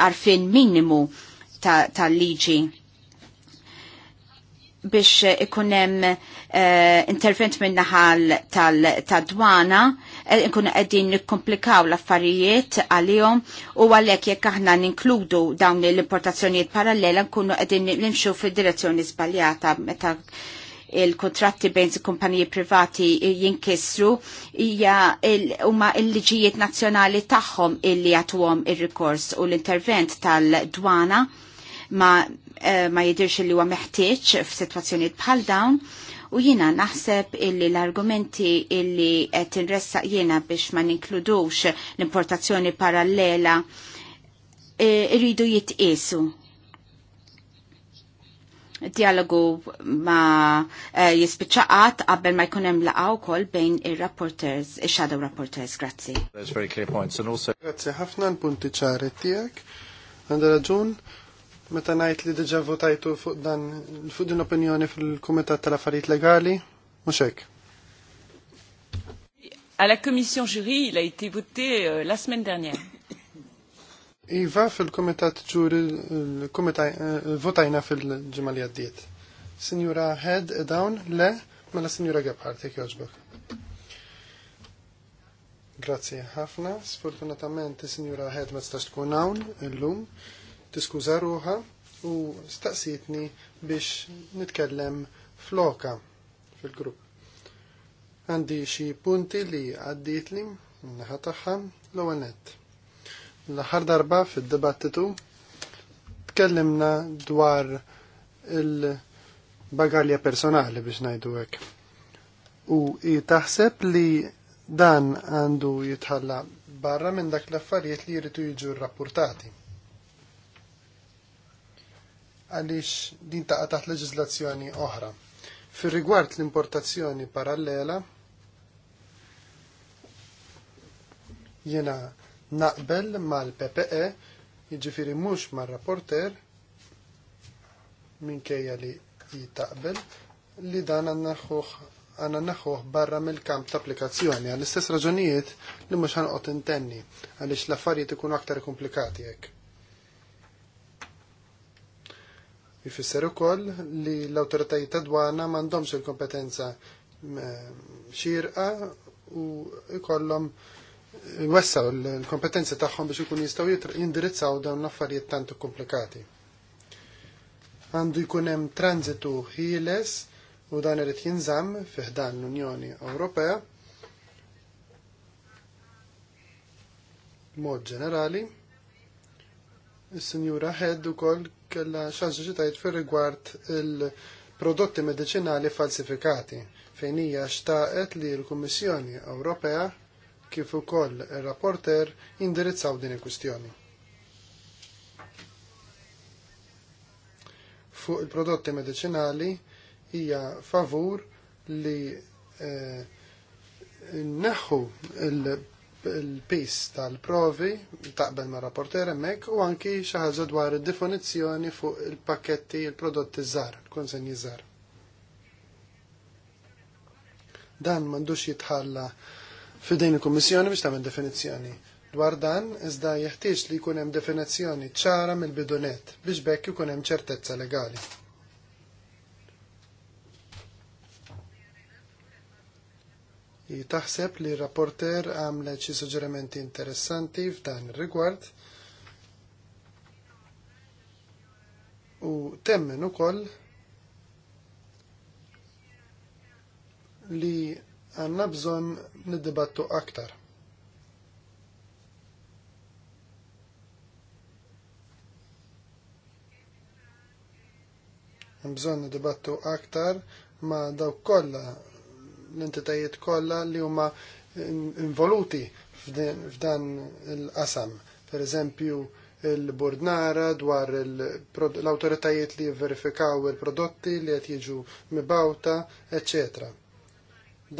għarfien minimu tal-liġi biex ikunem uh, intervent minnaħal tal-dwana, tal ikun eh, għedin nikkomplikaw l-affarijiet għalihom u għalek jekk aħna ninkludu dawn l-importazzjonijiet parallela nkunu għedin nimxu fil-direzzjoni zbaljata meta il-kontratti bejn kumpaniji privati jinkissru hija huma l-liġijiet nazzjonali tagħhom illi jagħtuhom ir-rikors u l-intervent tal-dwana ma, eh, ma jidirx li huwa meħtieġ f'sitwazzjonijiet bħal dawn u jina naħseb illi l-argumenti illi qed inressaq jiena biex ma ninkludux l-importazzjoni parallela eh, irridu jitqisu dialogu ma eh, jispiċċaqat qabel ma jkun hemm laqgħa wkoll bejn ir rapporters ix shadow rapporters, grazzi. That's very clear points. And also... Grazzi ħafna l-punti ċari tiegħek Għandha raġun Meta najt li diġà votajtu fuq dan fuq din opinjoni fil-Kumitat tal-Affarijiet Legali, mhux hekk. À la commission jury, il a été voté euh, la semaine dernière. Iva fil-Kumitat ġuri, eh, votajna fil-ġimma li għaddiet. Signora Head eh, dawn le, mela Signora Gebhardt, jek joġbok. Grazie ħafna, Sfortunatamente Signora Head ma tistax tkun hawn illum. lum tiskuża ruħa u staqsitni biex nitkellem floka fil-grupp. Għandi xi punti li n naħa tagħha l-għanet. L-aħħar darba fid-dibattitu tkellimna dwar il-bagalja personali biex ngħidu hekk. U taħseb li dan għandu jitħalla barra minn dak l-affarijiet li jridu jiġu rrappurtati għaliex din taqa' taħt leġizlazzjoni oħra. Fir-rigward l-importazzjoni parallela jena naqbel mal-PPE, jiġifieri mhux mar-rapporter minkejja li jitaqbel li dan għanna naħuħ barra mill-kamp ta' applikazzjoni għall-istess raġunijiet li mhux ħanqot intenni għaliex l-affarijiet ikunu aktar komplikati hekk. Jfisser ukoll li l-awtoritajiet ta' dwana m'għandhomx il-kompetenza xirqa u jkollhom wessaw l kompetenza tagħhom biex ikun jistgħu jindirizzaw dawn l-affarijiet tant komplikati. Għandu jkun hemm transitu ħieles u dan irid jinżamm fih dan l-Unjoni Ewropea mod ġenerali. Is-Sinjura Head ukoll kella xanġiġitajt fil rigward il-prodotti medicinali falsifikati fejn hija xtaqet li l-Kummissjoni Ewropea kif ukoll ir-rapporter indirizzaw din il-kwistjoni. Fuq il-prodotti medicinali hija favur li eh, neħu il il-pis tal-provi, taqbel ma' rapporter emmek, u anki xaħġa dwar il-definizzjoni fuq il-pakketti il-prodotti zar, konsegni zar. Dan mandux jitħalla fidejn il-Kommissjoni biex tagħmel definizzjoni. Dwar dan, iżda jeħtieġ li jkun hemm definizzjoni ċara mill-bidunet biex bekk ikun hemm ċertezza legali. li taħseb li rapporter għamlet xi suġġerimenti interessanti f'dan ir-rigward u temmen ukoll li għanna bżonn niddibattu aktar. Bżonn niddibattu aktar ma' dawk kollha l-entitajiet kollha li huma involuti f'dan il-qasam. Per eżempju, il-burdnara dwar l-autoritajiet li verifikaw il-prodotti li qed jiġu mibawta, eccetera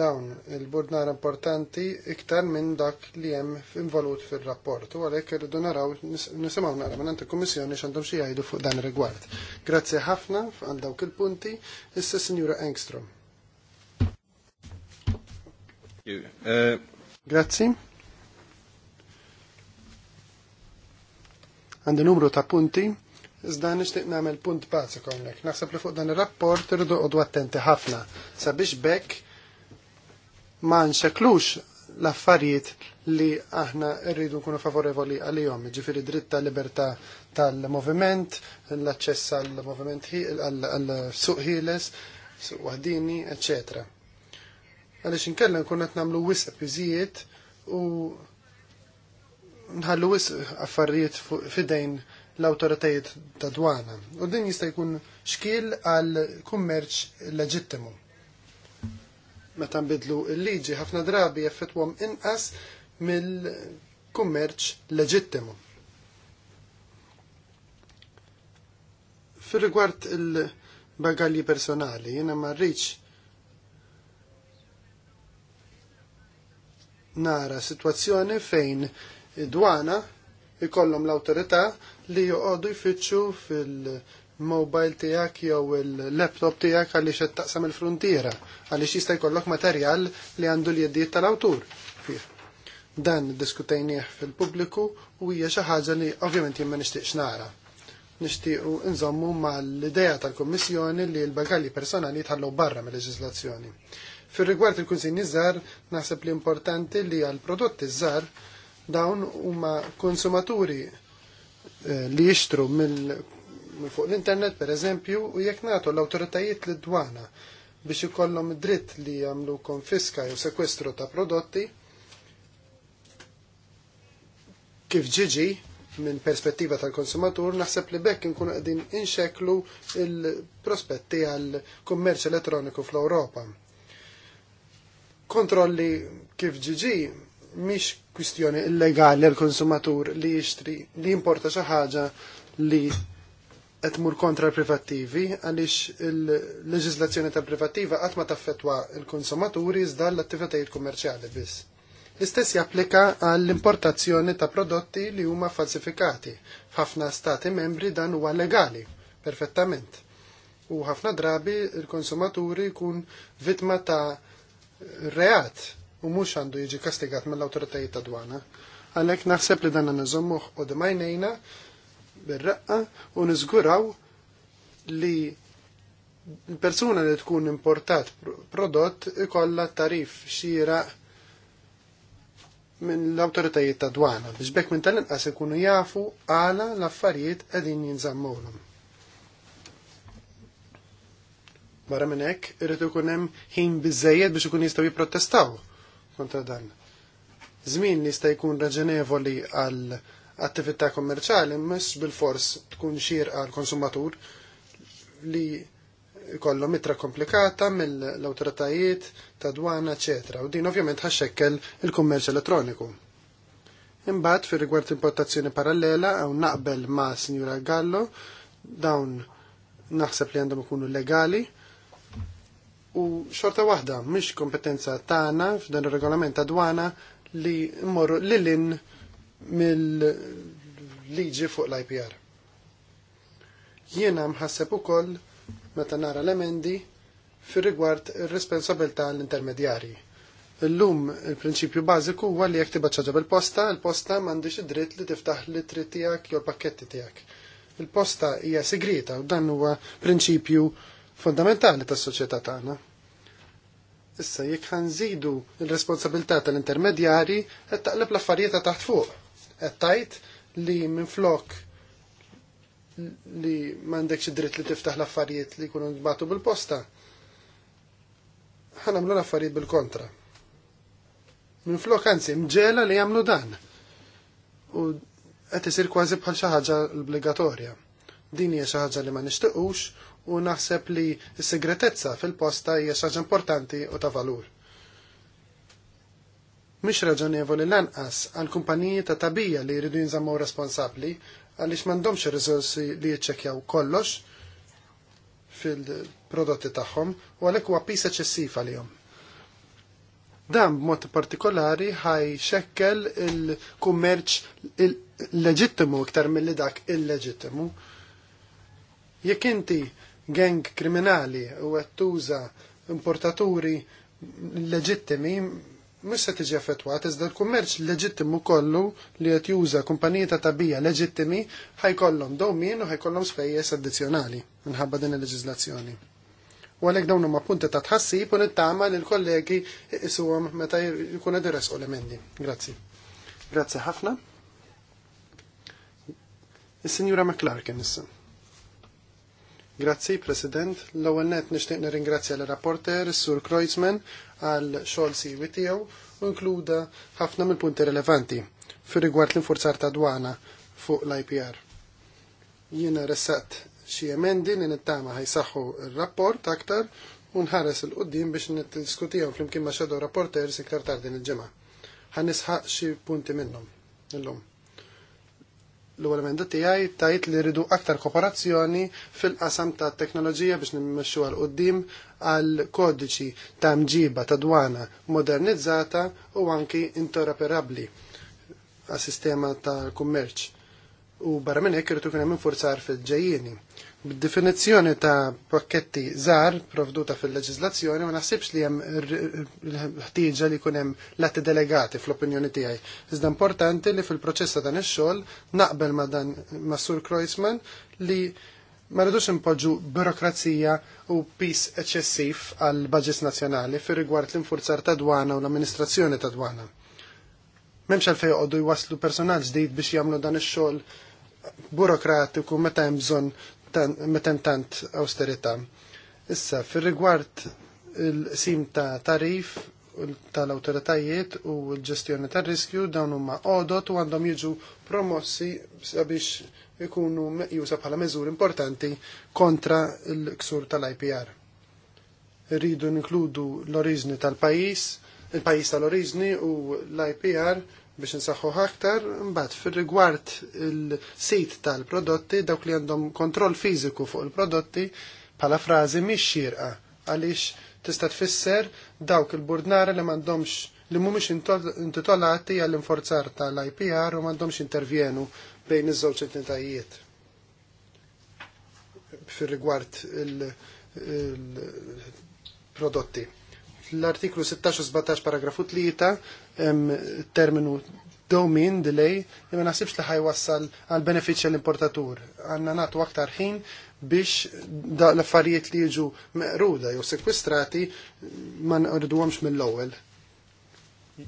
dawn il bordnara importanti iktar minn dak li hemm involut fil-rapport. U għalhekk irridu naraw nisimgħu nara minn għanta kummissjoni x'għandhom xi jgħidu fuq dan il rigward Grazzi ħafna għal dawk il-punti, issa Signora Engstrom. Uh, Grazzi. Għandi numru ta' punti, iżda nixtieq nagħmel punt bażik hawnhekk. Naħseb li fuq dan ir-rapport irridu qogħdu attenti ħafna sabiex bekk ma xeklux l-affarijiet li aħna rridu nkunu favorevoli għalihom, ġifiri dritta libertà tal-moviment, l-aċċess għall-moviment għal suq ħieles, suq waħdini, eccetera għaliex inkella nkun qed nagħmlu wisq u nħallu wisq affarijiet fidejn l-awtoritajiet ta' dwana. U din jista' jkun xkiel għal kummerċ leġittimu. Meta nbidlu l-liġi ħafna drabi jaffetwhom inqas mill-kummerċ leġittimu. Fil-rigward il- bagalji personali, jena marriċ nara situazzjoni fejn dwana ikollhom l-awtorità li joqogħdu jfittxu fil-mobile tiegħek jew il-laptop tiegħek għaliex qed taqsam il-fruntiera għaliex jista' jkollok materjal li għandu l-jeddiet tal-awtur fih. Dan diskutejnieh fil-pubbliku u hija xi ħaġa li ovvjament jien ma nixtieqx nara. Nixtiequ nżommu mal-idea tal-Kummissjoni li l-bagalji personali jitħallu barra mill-leġiżlazzjoni fil rigward il-kunsinni żar naħseb li importanti li għal prodotti żgħar dawn huma konsumaturi eh, li jixtru mill fuq l-internet per eżempju u jekk nagħtu l-awtoritajiet li dwana biex ikollhom dritt li jagħmlu konfiska jew sekwestru ta' prodotti kif ġiġi minn perspettiva tal-konsumatur, naħseb li bekk nkunu qegħdin inxeklu il-prospetti għal kummerċ elettroniku fl-Ewropa kontrolli kif ġiġi mhix kwistjoni illegali għal konsumatur li jixtri li importa xi ħaġa li qed mur kontra l-privattivi għaliex il-leġiżlazzjoni tal-privattiva qatt ma taffetwa l-konsumaturi iżda l-attivitajiet kummerċjali biss. L-istess japplika għall-importazzjoni ta' prodotti li huma falsifikati. F'ħafna stati membri dan huwa legali, perfettament. U ħafna drabi l-konsumaturi jkun vittma ta' reat u mhux għandu jiġi kastigat mill-awtoritajiet ta' dwana. Għalhekk naħseb li danna niżommuh u d-majnejna bir-raqqa u niżguraw li persuna li tkun importat prodott ikolla tarif xira minn l-autoritajiet ta' dwana biex bekk minn tal-inqas ikunu jafu għala l-affarijiet qegħdin um Barra minn hekk irid ikun hemm ħin biżejjed biex ikun jistgħu jipprotestaw kontra dan. Żmien li jista' jkun raġenevoli għal attività kommerċali mhux bil-fors tkun xir għal konsumatur li jkollhom mitra komplikata mill-awtoritajiet ta' dwana, eċetera. U din ovvjament ħaxxekkel il-kummerċ elettroniku. Imbagħad fir rigward importazzjoni parallela hawn naqbel ma' Sinjura Gallo dawn naħseb li għandhom ikunu legali u xorta waħda mish kompetenza tagħna f'dan ir-regolament ta' dwana li mmorru lilin mill-liġi fuq l-IPR. Jiena mħasseb ukoll meta nara l-emendi fir rigward ir-responsabilità l-intermedjarji. Illum il-prinċipju bażiku huwa li jekk tibgħat ċaġa bil-posta, il-posta m'għandix id-dritt li tiftaħ li trid tiegħek jew l-pakketti tiegħek. Il-posta hija segreta u dan huwa prinċipju fundamentali tas-soċjetà tagħna. Issa jekk ħanżidu l-responsabilità tal-intermedjari qed taqleb l-affarijiet ta' taħt fuq. Qed tajt li minflok li m'għandekx id-dritt li tiftaħ l-affarijiet li jkunu nbatu bil-posta. Ħanamlu l-affarijiet bil-kontra. Minflok anzi mġela li jagħmlu dan. U qed isir kważi bħal xi ħaġa obbligatorja. Din hija xi ħaġa li ma nixtiequx u naħseb li s-segretezza fil-posta hija xaġa importanti u ta' valur. Mhix raġonevoli lanqas għal kumpaniji ta' tabija li jridu jinżammu responsabbli għaliex m'għandhomx ir-riżorsi li jiċċekkjaw kollox fil-prodotti tagħhom u għalhekk huwa pis eċessiv għalihom. Dan b'mod partikolari ħaj xekkel il-kummerċ leġittimu iktar mill dak il-leġittimu. Jekk inti gang kriminali u għattuża importaturi leġittimi mis se tiġi effettwat iżda l-kummerċ leġittimu kollu li qed juża kumpanija ta' tabija leġittimi ħajkollhom domin u ħajkollhom spejjeż addizzjonali minħabba din il leġizlazzjoni u għalek dawnu ma punti ta' tħassib u nittama li l-kollegi isuhom meta jkun adres u l-emendi. Grazzi. Grazzi ħafna. Il-Sinjura McClarkin issa. Grazzi, President. L-ewwel net nixtieq nirringrazzja l-rapporter Sur Kreuzman għal xogħol siwi tiegħu u nkluda ħafna mill-punti rilevanti fir rigward l-infurzar ta' dwana fuq l-IPR. Jiena ressaqt xi emendi li nittama ħajsaħħu r-rapport aktar u nħares il qudiem biex niddiskutihom flimkien ma' Shadow Rapporter iktar tard din il-ġimgħa. Ħanisħaq xi punti minnhom illum l-ewwel emenda tiegħi tajt li rridu aktar kooperazzjoni fil-qasam ta' teknoloġija biex nimmexxu għal qoddim għal kodiċi ta' mġiba ta' dwana modernizzata u anki interoperabbli għas sistema ta' kummerċ. U barra minn hekk irid ikun hemm infurzar fil-ġejjieni. Bid-definizzjoni ta' pakketti żgħar provduta fil leġizlazzjoni ma naħsibx li hemm ħtieġa li jkun hemm lati delegati fl-opinjoni tiegħi. Iżda importanti li fil-proċess ta' dan ix-xogħol naqbel ma' dan ma' Sur li ma rridux impoġġu burokrazija u pis eċessiv għal baġis nazzjonali fir rigward l-infurzar ta' dwana u l-amministrazzjoni ta' dwana. Memx għalfej joqogħdu jwaslu personal ġdid biex jagħmlu dan ix-xogħol burokratiku meta hemm bżonn tant austerita. Issa, fil-rigward il-sim ta' tarif tal-autoritajiet u l-ġestjoni tar riskju dawn huma qodot u għandhom jiġu promossi sabiex ikunu meqjusa bħala meżur importanti kontra l-ksur tal-IPR. Rridu nkludu l oriżni tal-pajis, il-pajis tal oriżni u l-IPR biex nsaħħu aktar, mbagħad fir-rigward il-sit tal-prodotti dawk li għandhom kontroll fiżiku fuq il-prodotti bħala frażi mhix xierqa għaliex tista' tfisser dawk il-burdnara li m'għandhomx li mhumiex intitolati għall-inforzar tal-IPR u m'għandhomx intervjenu bejn iż-żewġ entitajiet fir-rigward il-prodotti. L-artiklu 16 u 17 paragrafu 3 terminu domin delay li ma naħsibx li ħajwassal għal benefiċċja l-importatur. Għanna nagħtu aktar ħin biex l-affarijiet li jiġu meqruda jew sekwistrati ma nqrduhomx mill-ewwel.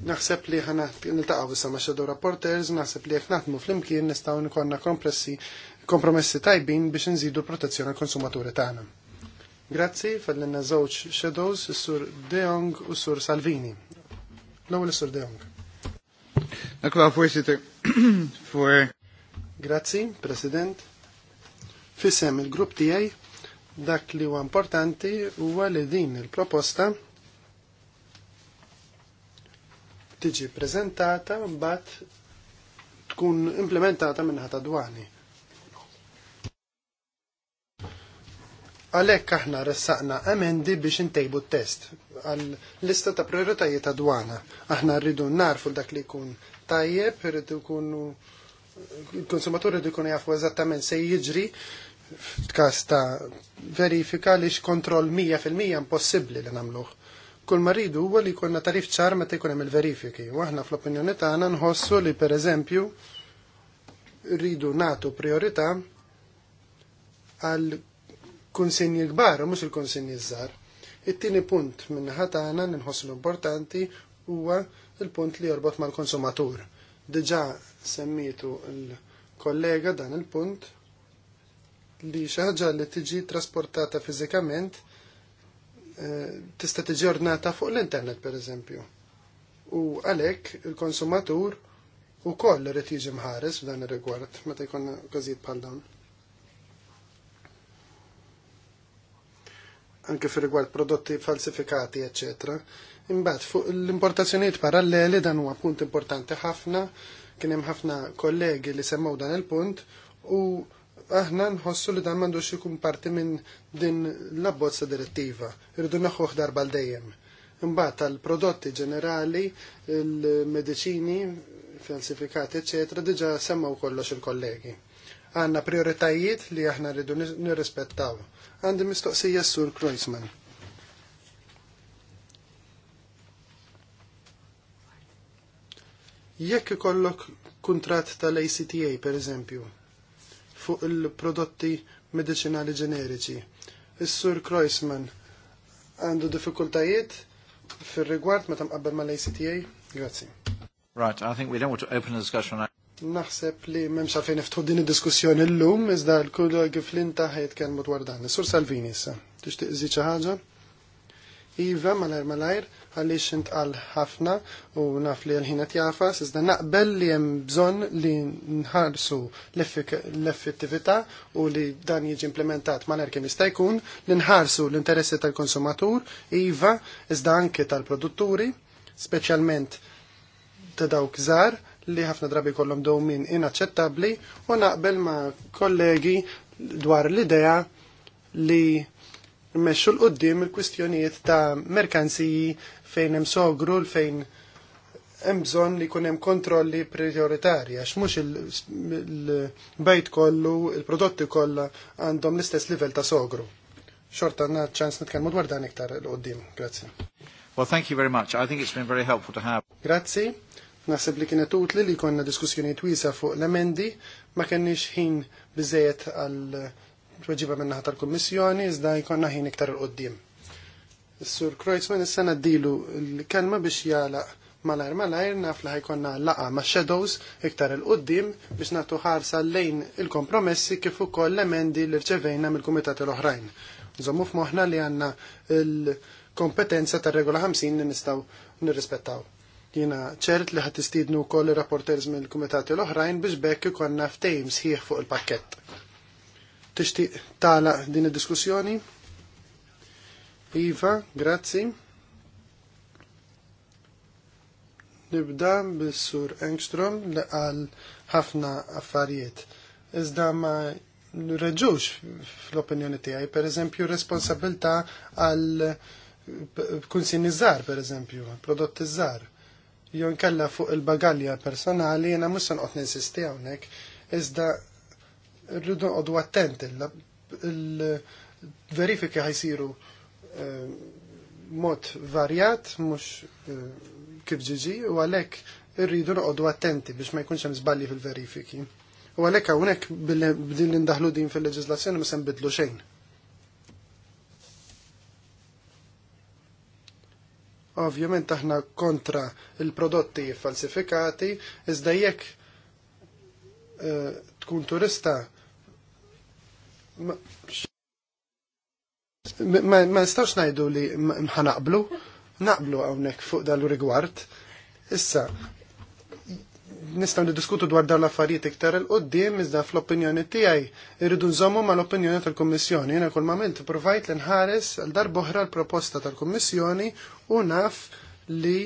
Naħseb li ħana niltaqgħu issa ma' Shadow Reporters, naħseb li jekk naħdmu flimkien nistgħu nkollna kompressi kompromessi tajbin biex nżidu protezzjoni għal-konsumaturi tagħna. Grazzi, fallinna żewġ Shadows, is-Sur Deong u s-Sur Salvini. L-ewwel is-Sur De Jong. Nakwa forsi for. Grazzi, President. Fisem il-grupp tiegħi dak li huwa importanti huwa li din il-proposta tiġi prezentata mbagħad tkun implementata minn ħata dwani. Għalhekk aħna ressaqna emendi biex intejbu t-test Għal lista ta' prioritajiet ta' dwana. Aħna rridu narfu dak li jkun tajjeb, rridu jkunu il-konsumaturi rridu jkunu jafu eżattament se jiġri f'każ ta' verifika li x'kontroll 100% impossibbli li nagħmluh kull rridu huwa li jkollna tarif ċar meta jkun hemm il-verifiki. U aħna fl-opinjoni tagħna nħossu li pereżempju rridu nagħtu priorità għal konsenji kbar u mhux il konsenji żgħar. It-tieni punt minn ħatana li nħossu importanti huwa il-punt li jorbot mal-konsumatur. Diġà semmitu l-kollega dan il-punt li xi ħaġa li tiġi trasportata fiżikament eh, tista' tiġi ordnata fuq l-internet pereżempju. U għalhekk il-konsumatur ukoll irid jiġi mħares f'dan ir-rigward meta jkun każijiet bħal dawn. anke fi rigward prodotti falsifikati, eccetera. Imbagħad fuq l-importazzjonijiet paralleli dan huwa punt importanti ħafna, kien hemm ħafna kollegi li semmew dan il-punt u aħna nħossu li dan m'għandux ikun parti minn din l-abbozza direttiva. Irridu naħuh darba l dejjem. Imbagħad tal-prodotti ġenerali, il-mediċini, falsifikati, eċetera, diġà semmew kollox il-kollegi. Għandna prioritajiet li aħna rridu nirrispettaw għandi mistoqsija s-sur Kreuzmann. Jekk kollok kontrat tal-ACTA, per eżempju, fuq il-prodotti medicinali ġeneriċi, s sur Kreuzmann għandu diffikultajiet fil-rigward ma tamqabbel mal-ACTA? Grazie. Right, I think we don't want to open a discussion. on that. Naħseb li memx għalfejn iftħu din id-diskussjoni l-lum, iżda l-kull għiflin taħħajt kien mutwar dan. Sur Salvini issa, tixtieq iżid xi ħaġa? Iva, malajr malajr, għaliex intqal ħafna u naf li l-ħinet jafas, iżda naqbel li hemm bżonn li nħarsu l-effettività u li dan jiġi implementat malajr kemm jista' jkun, li nħarsu l-interessi tal-konsumatur, iva, iżda anke tal-produtturi, speċjalment ta' dawk żgħar li ħafna drabi kollom dowmin inaċċettabbli u naqbel ma' kollegi dwar l-idea li mmexxu l qudiem il-kwistjonijiet ta' merkanziji fejn hemm sogru l fejn hemm bżonn li jkun hemm kontrolli prioritarji għax mhux il-bejt kollu, il-prodotti kollha għandhom l-istess livell ta' sogru. Xorta għandna ċans nitkellmu dwar dan iktar l qoddim Grazzi. Well, thank you very much. I think it's been very helpful to have. Grazzi Naħseb li kienet utli li konna diskussjoni twisa fuq l-emendi, ma kenniex ħin biżejet għal tweġiba minna tal-Kommissjoni, iżda jkonna ħin iktar il-qoddim. Sur Kreuzman is-sena dilu l-kelma biex jala malajr malajr naf li ħajkonna laqa ma' shadows iktar il-qoddim biex natu ħarsa lejn il-kompromessi kif ukoll l-emendi li rċevejna mill-kumitat l-oħrajn. Nżommu f'moħħna li għandna il-kompetenza tar-regola 50 li nistgħu nirrispettaw. Jiena ċert li ħat istidnu koll rapporters mill kumitati l-oħrajn biex bekk ikonna ftejm sħiħ fuq il-pakket. Tixtieq tala din id-diskussjoni? Iva, grazzi. Nibda bis-sur Engstrom li qal ħafna affarijiet. Iżda ma reġux fl-opinjoni tiegħi, pereżempju responsabilta għal kunsin iżżar, pereżempju, prodotti iż-żar jo nkella fuq il-bagalja personali jiena mhux se noqgħod ninsisti hawnhekk iżda rridu noqogħdu attenti il-verifiki ħajsiru eh, mod varjat mhux eh, kif ġiġi u għalhekk irridu noqogħdu attenti biex ma jkunx hemm żbalji fil-verifiki. U għalhekk hawnhekk billi indaħlu din fil leġislazzjoni ma se nbidlu xejn. Ovvjament aħna kontra il-prodotti falsifikati, iżda jekk eh, tkun turista ma, nistax najdu li mħanaqblu, naqblu hawnhekk fuq dal rigward. Issa, nistgħu niddiskutu dwar dawn l-affarijiet iktar il qoddim iżda fl-opinjoni tiegħi irridu nżommu mal-opinjoni tal-Kummissjoni. Jiena kull moment provajt li nħares għal darb'oħra l-proposta tal-Kummissjoni u naf li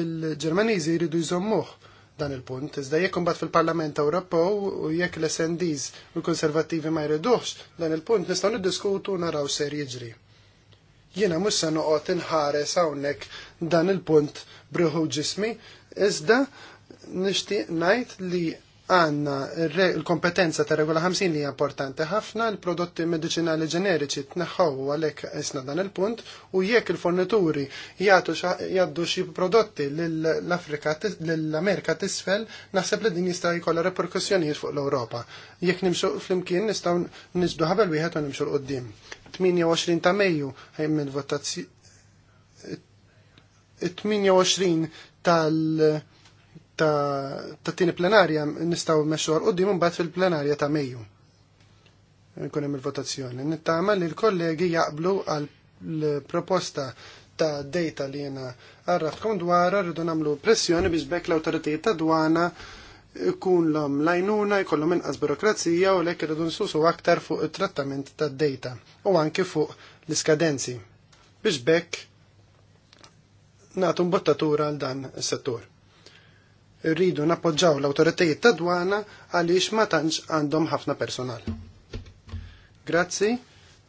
l-Ġermaniżi jridu jżommuh dan il-punt. Iżda jekk imbagħad fil-Parlament Ewropew u jekk l-SNDs u l-Konservattivi ma jridux dan il-punt nistgħu niddiskutu naraw ser jiġri. Jiena mhux se noqgħod inħares hawnhekk dan il-punt briħu ġismi, iżda nixtieq ngħid li għanna l-kompetenza ta' regola 50 li importanti ħafna il prodotti medicinali ġeneriċi tneħħu għalek isna dan il-punt u jekk il-fornituri jgħaddu xi prodotti l-Afrika l-Amerika tisfel naħseb li din jista' jkollha reperkussjonijiet fuq l-Ewropa. Jekk nimxu flimkien nistgħu niġdu ħabel wieħed u nimxu l qoddim 28 ta' Mejju ħejm il-votazzjoni 28 tal- ta' tieni plenarja nistgħu mmexxu għal qudiem bat fil-plenarja ta' Mejju. Nkun hemm il-votazzjoni. Nittama li l-kollegi jaqblu għal proposta ta' data li jena għarrafkom dwar rridu nagħmlu pressjoni biex bekk l-awtoritajiet ta' dwana kun l-om lajnuna, jkollhom inqas burokrazija u lek rridu nsusu aktar fuq it-trattament tad data u anke fuq l-iskadenzi biex bekk nagħtu bottatura għal dan il settur rridu nappoġġaw l awtoritajiet ta' dwana għaliex ma tantx għandhom ħafna personal. Grazzi,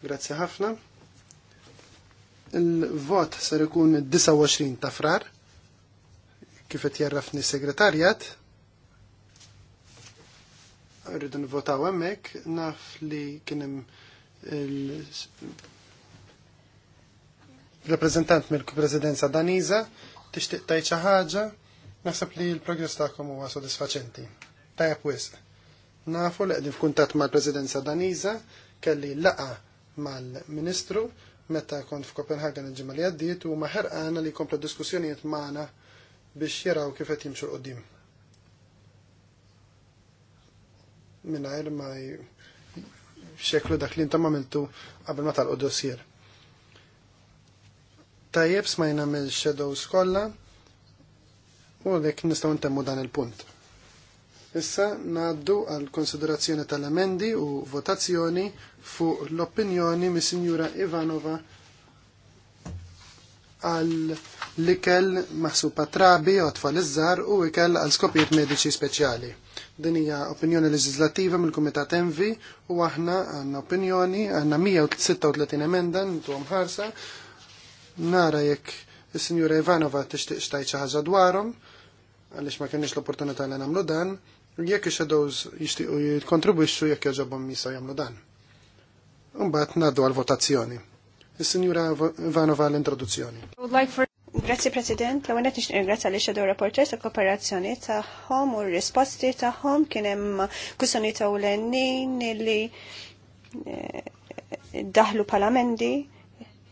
grazzi ħafna. Il-vot ser ikun 29 ta' frar, kif qed jarrafni segretarjat. Rridu nivvotaw hemmhekk, naf li kien hemm il-rappreżentant mill-Presidenza Daniża tixtieq tgħid xi ħaġa Naħseb li l-progress tagħkom huwa sodisfaċenti. Tajab wisq. Nafu li qegħdin ma' mal-Presidenza Daniża kelli laqa mal-Ministru meta kont f'Kopenhagen il ġimma li għaddiet u għana li jkomplu diskussjonijiet magħna biex jaraw kif qed jimxu l-qudiem. Mingħajr ma xeklu dak li intom għamiltu qabel ma talqu dossier. Tajjeb smajna mill-shadows kollha U għalhekk nistgħu ntemmu dan il-punt. Issa naddu għal konsiderazzjoni tal-emendi u votazzjoni fuq l-opinjoni mis sinjura Ivanova għal l-ikel maħsu trabi u tfal iżżar u ikel għal skopijiet mediċi speċjali. Din hija opinjoni leġislativa mill-Kumitat Envi u aħna għandna opinjoni għandna 136 emenda ntuhom ħarsa nara jekk is-Sinjura Ivanova tixtieq xi ħaġa dwarhom għalix ma kienx l-opportunità li namlu dan, jekk ix-shadows jixtiequ jikkontribwixxu jekk jogħġobhom jistgħu jagħmlu dan. Mbagħad ngħaddu għal-votazzjoni. Is-Sinjura Ivanova l-introduzzjoni. Grazie President, l għanet nix ingrazza li xedu rapporter ta' kooperazzjoni ta' hom u risposti ta' hom kienem kusoni ta' u ulennin li eh, daħlu palamendi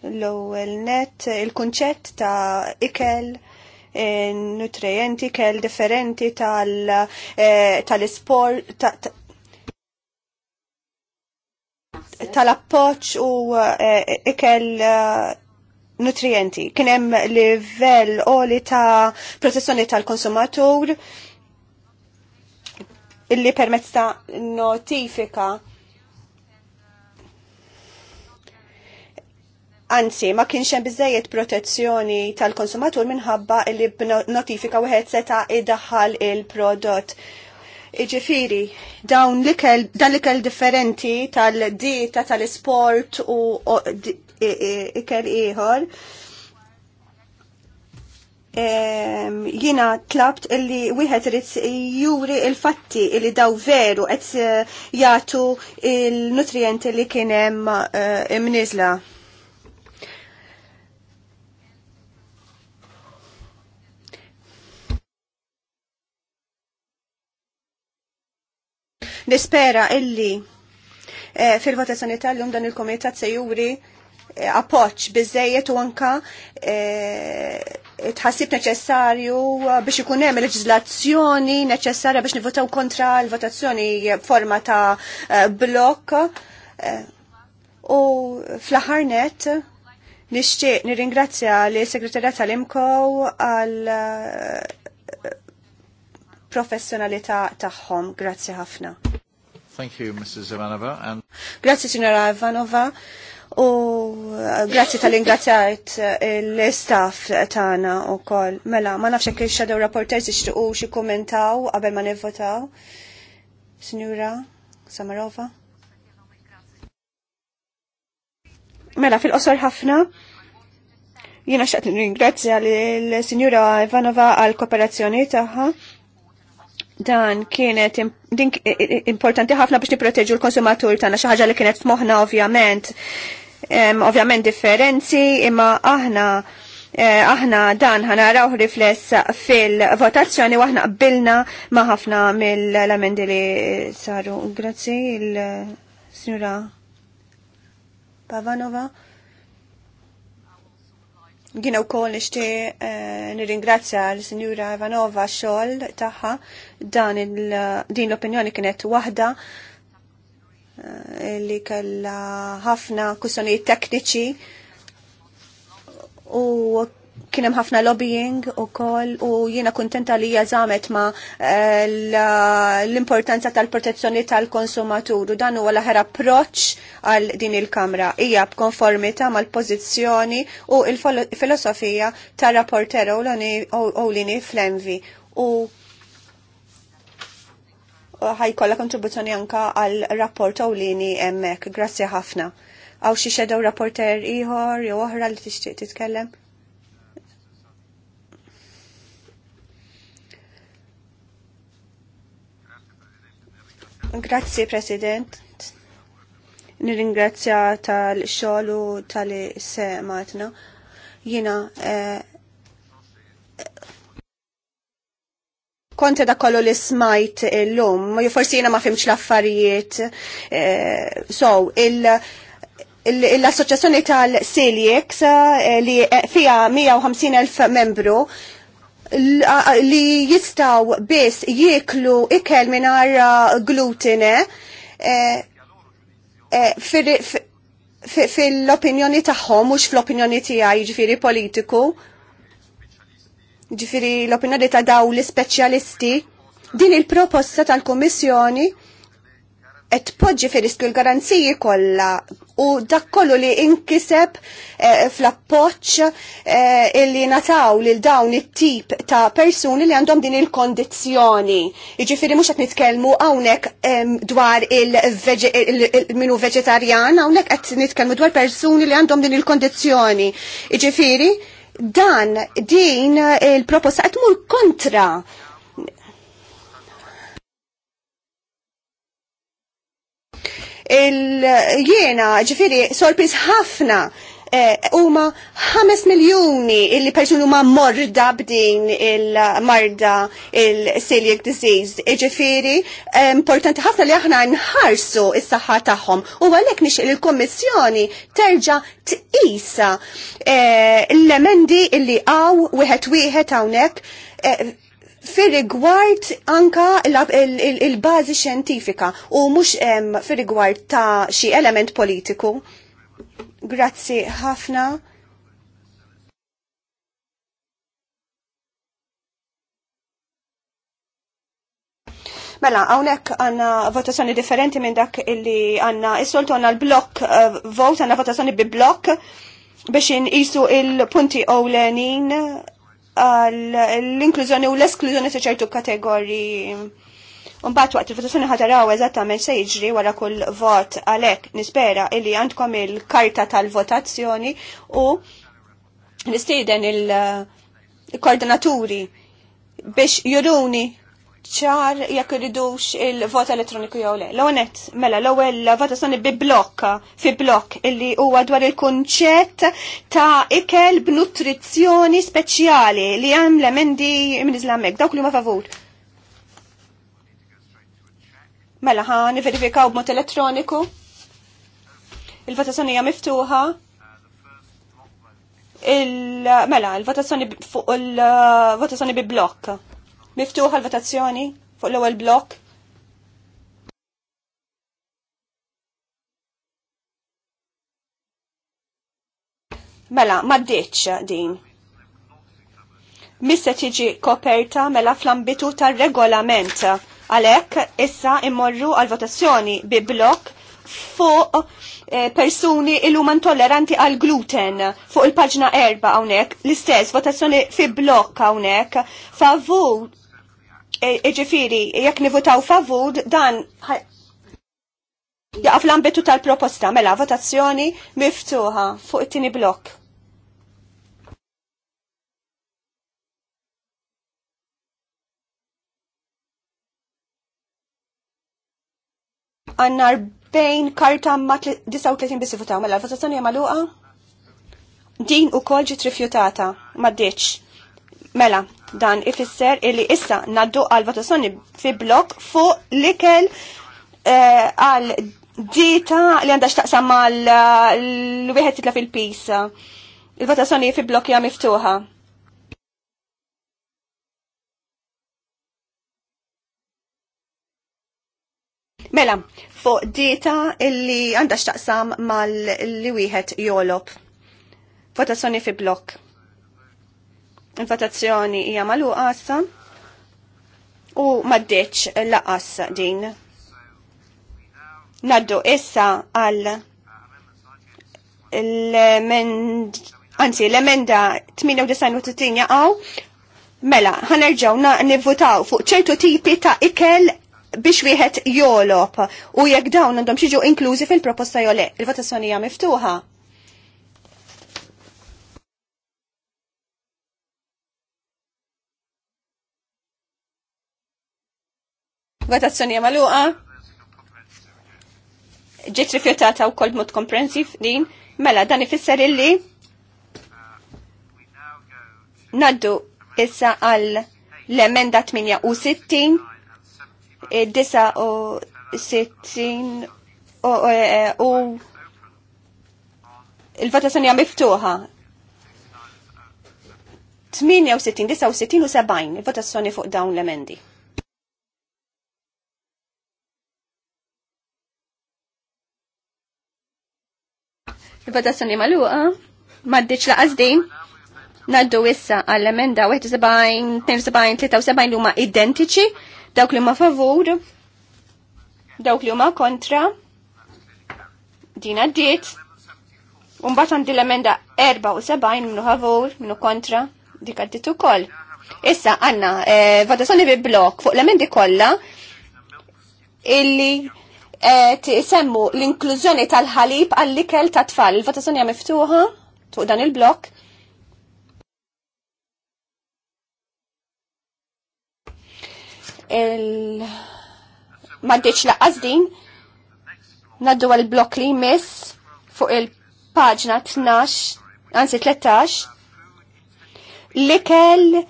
l il net il kunċet ta' ikel Eh, nutrienti kell differenti eh, tal-ispor tal-appoċ u eh, ikel nutrienti. Kienem livell oli ta' protezzjoni tal-konsumatur illi permezz ta' notifika Anzi, ma kienx hemm biżejjed protezzjoni tal-konsumatur minħabba li b'notifika wieħed seta' idaħħal il-prodott. Iġifiri, dawn l-ikel, dan l-ikel differenti tal-dieta, tal-sport u ikel ieħor. Ehm, Jina tlabt illi wieħed irid juri il-fatti illi daw veru qed eh, jagħtu il-nutrienti li kien hemm eh, imniżla. Uh, Nispera illi eh, fil-votazzjoni tal-lum dan il-komitat se juri eh, appoċ bizzejiet u anka eh, tħassib neċessarju biex ikun hemm leġiżlazzjoni neċessarja biex nivvotaw kontra l-votazzjoni forma ta' blok. U fl-aħħar net nixtieq nirringrazzja li segretarja tal imkow għal professjonalità tagħhom. Grazzi ħafna. Thank you, Mrs. Ivanova. And... Grazzi, Signora Ivanova. U uh, grazzi tal-ingrazzjajt uh, l-staff tagħna wkoll. Mela, ma nafx hekk il-shadow rapporters ixtiqu xi kommentaw qabel ma nivvotaw. Signora Samarova. Mela, fil-qosor ħafna jiena xaqt l-ingrazzja l-Sinjura Ivanova għal kooperazzjoni tagħha dan kienet importanti ħafna biex niproteġu l-konsumatur tagħna xi ħaġa li kienet f'moħħna ovvjament. Ovvjament differenzi, imma aħna eh, aħna dan ħanaraw rifless fil-votazzjoni u aħna qbilna ma' ħafna mill-lamendi li saru. Grazzi il-Sinjura Pavanova. Gina u kol nishti eh, nir-ingrazzja l-Sinjura Ivanova xol taħħa dan din l-opinjoni kienet wahda eh, li kalla ħafna kussonijiet tekniċi u kienem ħafna lobbying u kol u jiena kontenta li jazamet ma eh, l-importanza tal-protezzjoni tal-konsumatur u dan huwa l-aħħar approċċ għal din il-kamra hija b'konformità mal-pożizzjoni u il-filosofija tar-rapporter Owlini Flemvi u ħajkolla kontribuzzjoni anka għal rapport Owlini emmek. Grazzi ħafna. Għaw xi xedaw rapporter ieħor jew oħra li tixtieq titkellem? Grazzi, President. Nirringrazzja tal-xogħol u tal-sematna. Jiena eh, konta da kollu li smajt l-lum, forsi jina ma fimx laffarijiet. Eh, so, l associazzjoni tal-Siljex eh, li fija 150.000 membru li jistaw biss jieklu ikel minar uh, glutine eh, eh, fil-opinjoni tagħhom mhux fl-opinjoni tiegħi ġifieri politiku. Ġifieri l-opinjoni ta' daw l-ispeċjalisti din il-proposta tal-Kummissjoni qed tpoġġi fil riskju l-garanziji kollha u dak kollu li inkiseb eh, fl-appoċ eh, illi nataw lil dawn it-tip ta' persuni li għandhom din il-kondizzjoni. Iġifiri mux għet nitkelmu għawnek dwar il-minu il vegetarjan, għawnek għet nitkelmu dwar persuni li għandhom din il-kondizzjoni. Iġifiri dan din il-proposta għet mur kontra Il-jena ġifiri sorpris ħafna eh, huma e, 5 miljoni illi persuni huma morda b'din il-marda il-celiac disease. Iġifieri e, eh, importanti ħafna li aħna nħarsu is-saħħa tagħhom u għalhekk nix il-Kummissjoni terġa' tqisa e, l-emendi illi għaw wieħed wieħed hawnhekk fir-rigward anka il-bażi xjentifika u mhux fir-rigward ta' xi element politiku. Grazzi ħafna. Mela, għawnek għanna votazzjoni differenti minn dak illi għanna is-soltu għanna l-blok eh, vot, għanna votazzjoni bi blok biex inqisu il-punti ewlenin l-inklużjoni u l-esklużjoni ta' ċertu kategoriji. Unbat waqt il-votazzjoni ħataraw eżattament se jiġri wara kull vot għalhekk nispera illi għandkom il-karta tal-votazzjoni u nistieden il-koordinaturi biex juruni ċar jekk iridux il-vot elettroniku jew le. L-onet, mela, l-ewwel votazzjoni bi blokk fi blokk illi huwa dwar il-kunċett ta' ikel b'nutrizzjoni speċjali li hemm l-emendi minn Islamek, dawk li ma favur. Mela, ħa niverifikaw b'mod elettroniku. Il-votazzjoni hija miftuħa. Il mela, il-votazzjoni fuq il-votazzjoni bi blokk Miftuħa l-votazzjoni fuq l-ewwel blok. Mela, ma ddeċ din. Missa tiġi koperta mela fl-ambitu tar-regolament. Għalhekk issa immorru għal votazzjoni bi blok fuq eh, persuni il-huma intolleranti għal gluten fuq il-paġna erba' hawnhekk, l-istess votazzjoni fi blokk hawnhekk favur Iġifiri, e, e e jekk nivutaw favur, dan jaqaf l-ambitu tal-proposta, mela votazzjoni miftuħa fuq it-tini blok. Għanna 40 karta ma 39 bis mela votazzjoni jamaluqa? Din u kolġi trifjutata, ma d-deċ. Mela, dan ifisser illi issa naddu għal votazzjoni fi blok fuq l-ikel eh, għal dita dieta li għandha x'taqsam mal eh, l-wieħed titla fil pis Il-votazzjoni fi blok hija miftuħa. Mela, fuq dieta illi għandha x'taqsam mal li wieħed jolob. Votazzjoni fi blok. Il-votazzjoni hija magħluqa u maddeċ laqas din. Naddu issa għal l-emend, anzi l-emenda 98 jaqaw, mela, ħanerġaw nivvutaw fuq ċertu tipi ta' ikel biex wieħed jolop u jekk dawn għandhom xiġu inklużi fil-proposta jolek. il-votazzjoni hija miftuħa. Votazzjoni maluqa. Ġiet rifjutata wkoll mod komprensiv din, mela dan ifisser illi naddu issa għal l-emenda 68, 69 eh, eh, eh, u il-votazzjoni miftuħa. 68, 69 u 70 votazzjoni fuq dawn l-emendi. Il-votazzjoni maluqa, maddiċ la din, naddu issa għall-emenda 71, 72, 73 l huma identiċi, dawk li huma favur, dawk li huma kontra, din għaddiet, Umbat għandi l-emenda 74 minnu favur, minnu kontra, dik għaddit ukoll. Issa għanna, eh, soni bi blok fuq l-emendi kollha illi semmu l-inklużjoni tal-ħalib għall-ikel ta' tfal. Il-votazzjoni miftuħa fuq dan il-blok. Il... Maddiċ laqqas din. Naddu għal-blok li jmiss fuq il-paġna 12, anzi 13. L-ikel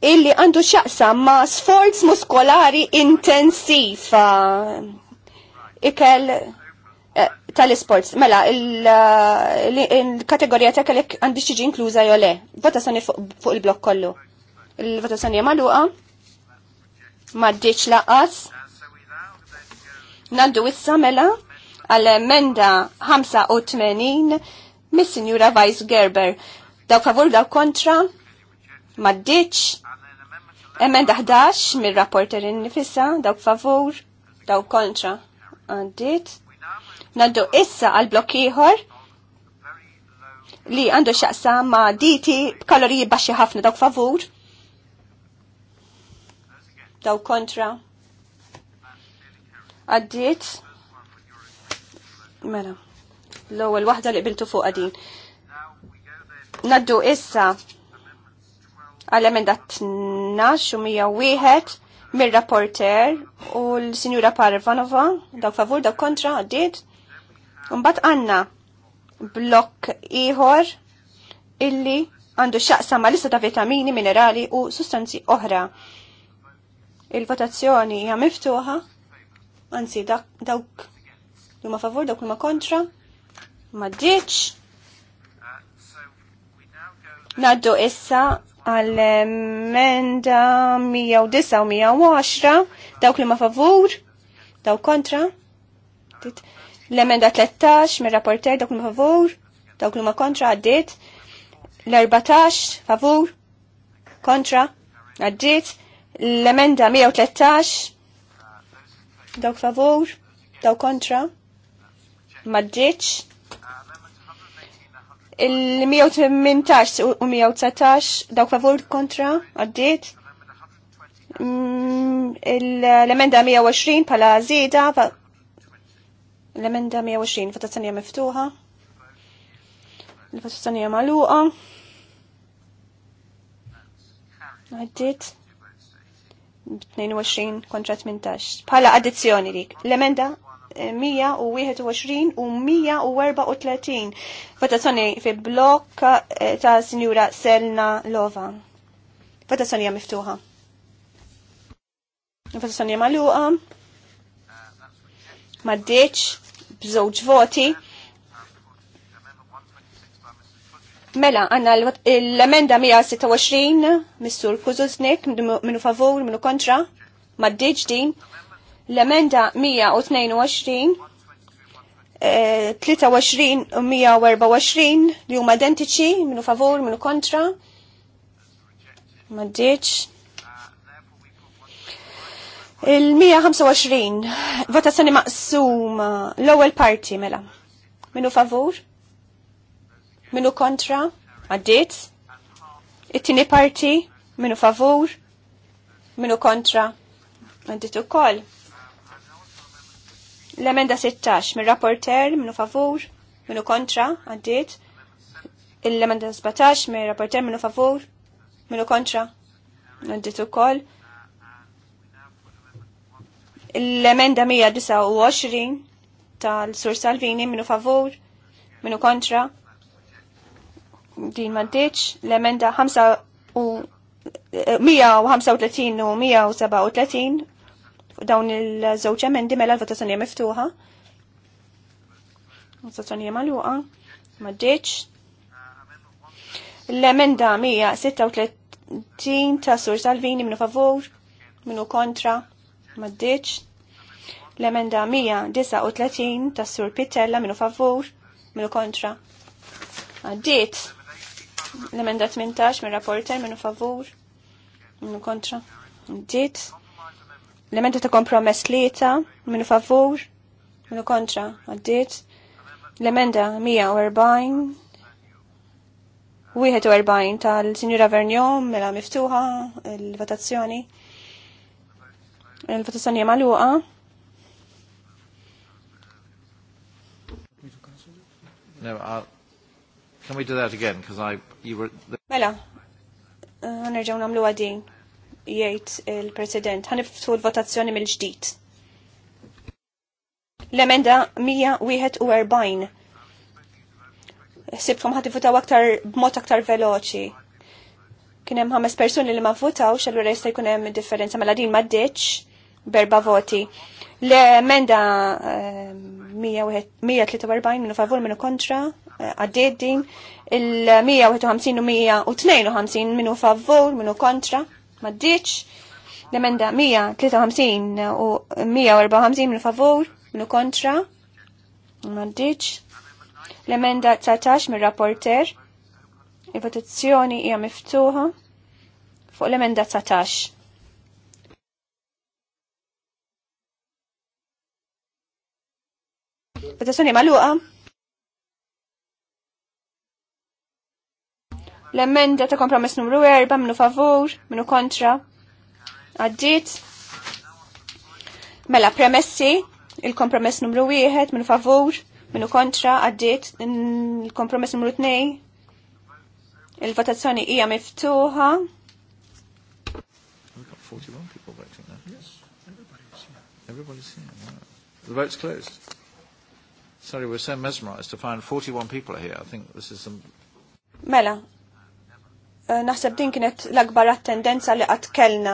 illi għandu xaqsam ma sforz muskolari intensiv ikel eh, tal-sports. Mela, eh, il-kategorija ta' kellek għandi xieġi inkluza jo le. Votazzjoni fuq il-blok kollu. Il-votazzjoni magħluqa? Maddiċ laqas. Nandu issa mela għal-emenda 85 mis-Sinjura Vice Gerber. Daw favur, daw kontra maddiċ, Emenda daħdax mir rapporter nifissa, dawk favur, dawk kontra. għandit. Naddu issa għal blok ieħor li għandu xaqsa ma' diti b'kaloriji baxxi ħafna dawk favur. Dawk kontra. Għaddit. Mela. L-ewwel waħda li qbiltu fuq għadin. Naddu issa Għal emenda 12 u 101 mir-rapporter u l-Sinjura Parvanova, Dawk favur, dawk kontra, għaddit. Umbat għanna blok iħor illi għandu xaqsa ma lista ta' vitamini, minerali u sustanzi oħra. Il-votazzjoni hija miftuħa, anzi dawk li ma favur, dawk li ma kontra, ma ddiċ. Naddu issa għal emenda 109 u 110, dawk li ma favur, dawk kontra. L-emenda 13 mir rapporter dawk li ma favur, dawk li ma kontra għaddit. L-14 favur, kontra, għaddit. L-emenda 113, dawk favur, dawk kontra, maddiċ. Il-118 u 119 dawk favur kontra għaddiet. Mm, l-emenda 120 pala zida. L-emenda 120 votazzjonija miftuħa. Il-votazzjonija maluqa. Għaddit. 22 kontra 18. Pala addizzjoni dik. L-emenda 121 u 134. Votazzjoni fi blok eh, ta' Sinjura Selna Lova. Votazzjoni hija miftuħa. Votazzjoni hija magħluqa. Maddiċ bżewġ voti. Mela, għanna l-emenda 126, missur Kuzuznik, minnu favur, minnu kontra, maddiġ din, L-emenda 122 23 u 124 eh, li huma identiċi minu favur, minu kontra. Maddiċ. Il-125, votazzjoni maqsuma, l-ewwel parti mela. Minu favur? Minu kontra? Għaddiet? It-tieni parti? Minu favur? Minu kontra? Għaddiet ukoll. L-emenda 16 minn rapporter minnu favur, minnu kontra, għaddit. L-emenda 17 minn rapporter minnu favur, minnu kontra, u ukoll. L-emenda 129 tal-Sur Salvini minnu favur, minnu kontra, din maddiċ. L-emenda 5 u 135 eh, u 137 dawn il-żewġ emendi mela l-votazzjoni miftuħa. Votazzjoni magħluqa. Ma ġietx. L-emenda 136 ta' Sur Salvini minnu favur, minnu kontra, ma ġietx. L-emenda 139 ta' Sur Pitella minnu favur, minu kontra. Għaddiet. L-emenda 18 minn rapporter minnu favur, minnu kontra. Għaddiet l ta' kompromess tlieta, minu favur, minu kontra, għaddit. L-emenda 140, 41 tal-Sinjura Vernjom, mela miftuħa, il-votazzjoni. Il-votazzjoni maluqa. No, I'll... Can we do that again? Because I... You were... Mela, eh, għanerġaw namlu għadin jgħid il-President. Ħaniftu l-votazzjoni mill-ġdid. L-emenda 141. Sibkom ħati votaw aktar b'mod aktar veloċi. Kien hemm ħames persuni li ma votawx, allura jista' jkun hemm differenza mela din ma berba voti. L-emenda 143 eh, minu favur minu kontra, eh, għaddeddin. din, il-151 u 152 minu favur minu kontra, ddiċ. l-emenda 153 u 154 minn favur, minn kontra, ddiċ. l-emenda 19 minn rapporter, il-votazzjoni hija miftuħa fuq l-emenda 19. Votazzjoni maluqa? l emmenda ta' kompromess numru 4, minu favur, minu kontra. Għaddit. Mela, premessi, il-kompromess numru 1, minu favur, minu kontra, għaddit. Il-kompromess numru 2, il-votazzjoni hija miftuħa. The vote's closed. Sorry, we're so mesmerized to find 41 people are here. I think this is some... Mela, Eh, naħseb din kienet l-akbar tendenza li għat kellna.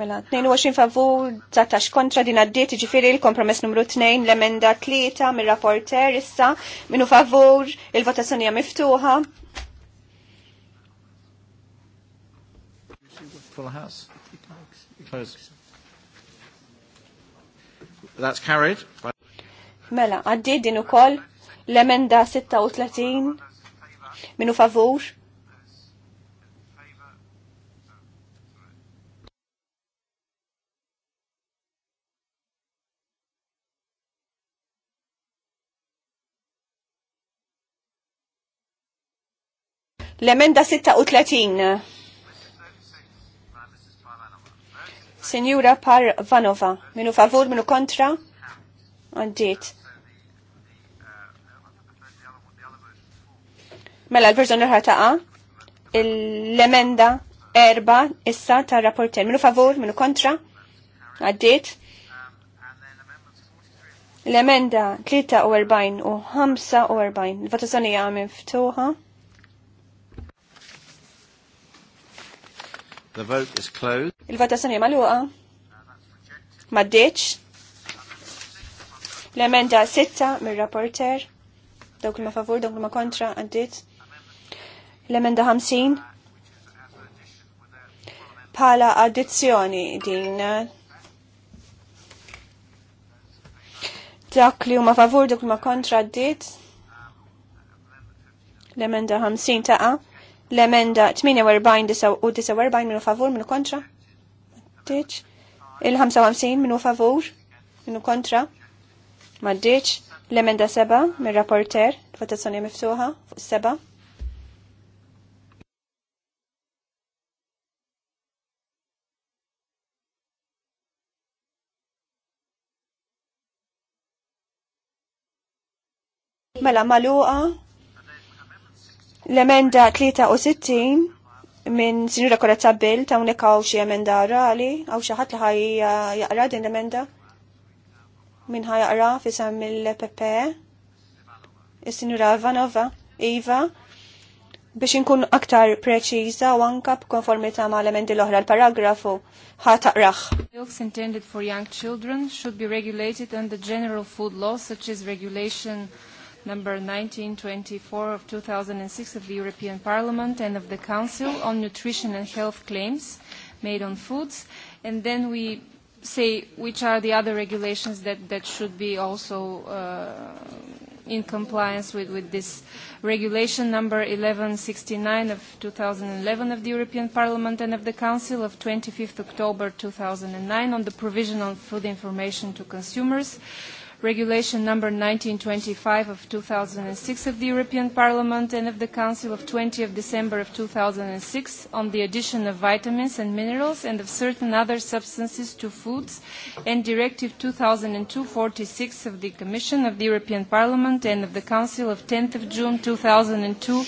Mela, 22 favur, 19 kontra din għaddiet, ġifiri il-kompromess numru 2, l-emenda 3 mir rapporter issa, minu favur, il-votazzjoni hija miftuħa. That's carried. Mela, għaddit din ukoll l-emenda 36 minu favur, L-emenda 36. Senjura Parvanova, minu favur, minu kontra? Għandiet. Mela l-verżjoni ħataqa, l-emenda erba issa ta' rapporter. Minu favur, minu kontra? Għaddit. L-emenda 43 u 45, l-votazzjoni għamil ftuħa. The vote is closed. Il-votazzjoni maluqa. Maddeċ. L-emenda sitta mir-rapporter. Dawk li ma favur, dawk li ma kontra, għaddit. L-emenda 50. Pala addizzjoni din. Dak li huma favur, dawk li ma kontra, għaddit. L-emenda 50 taqa' l-emenda 48 u 49 minu favur minu kontra. Maddiċ. Il-55 minu favur minu kontra. Maddiċ. L-emenda 7 minu rapporter, votazzjoni miftuħa, fuq 7. Mela maluqa L-emenda 63 minn Sinjura Koretta Bill ta' unika għaw xie emenda rali għaw xi ħadd li ħaj uh, jaqra din l-emenda? minn ħaj jaqra fisam mill-PP? il sinjura Vanova, Iva, biex nkun aktar preċiża u anka b'konformità ma' l-emendi l-oħra l-paragrafu ħa taqraħ. Milks intended for young children should be regulated under general food law such as regulation number 1924 of 2006 of the European Parliament and of the Council on nutrition and health claims made on foods. And then we say which are the other regulations that, that should be also uh, in compliance with, with this regulation number 1169 of 2011 of the European Parliament and of the Council of 25th October 2009 on the provision on food information to consumers Regulation number 1925 of 2006 of the European Parliament and of the Council of 20 of December of 2006 on the addition of vitamins and minerals and of certain other substances to foods and Directive 2002-46 of the Commission of the European Parliament and of the Council of 10th of June 2002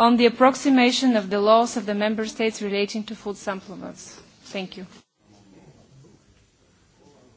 on the approximation of the laws of the Member States relating to food supplements. Thank you.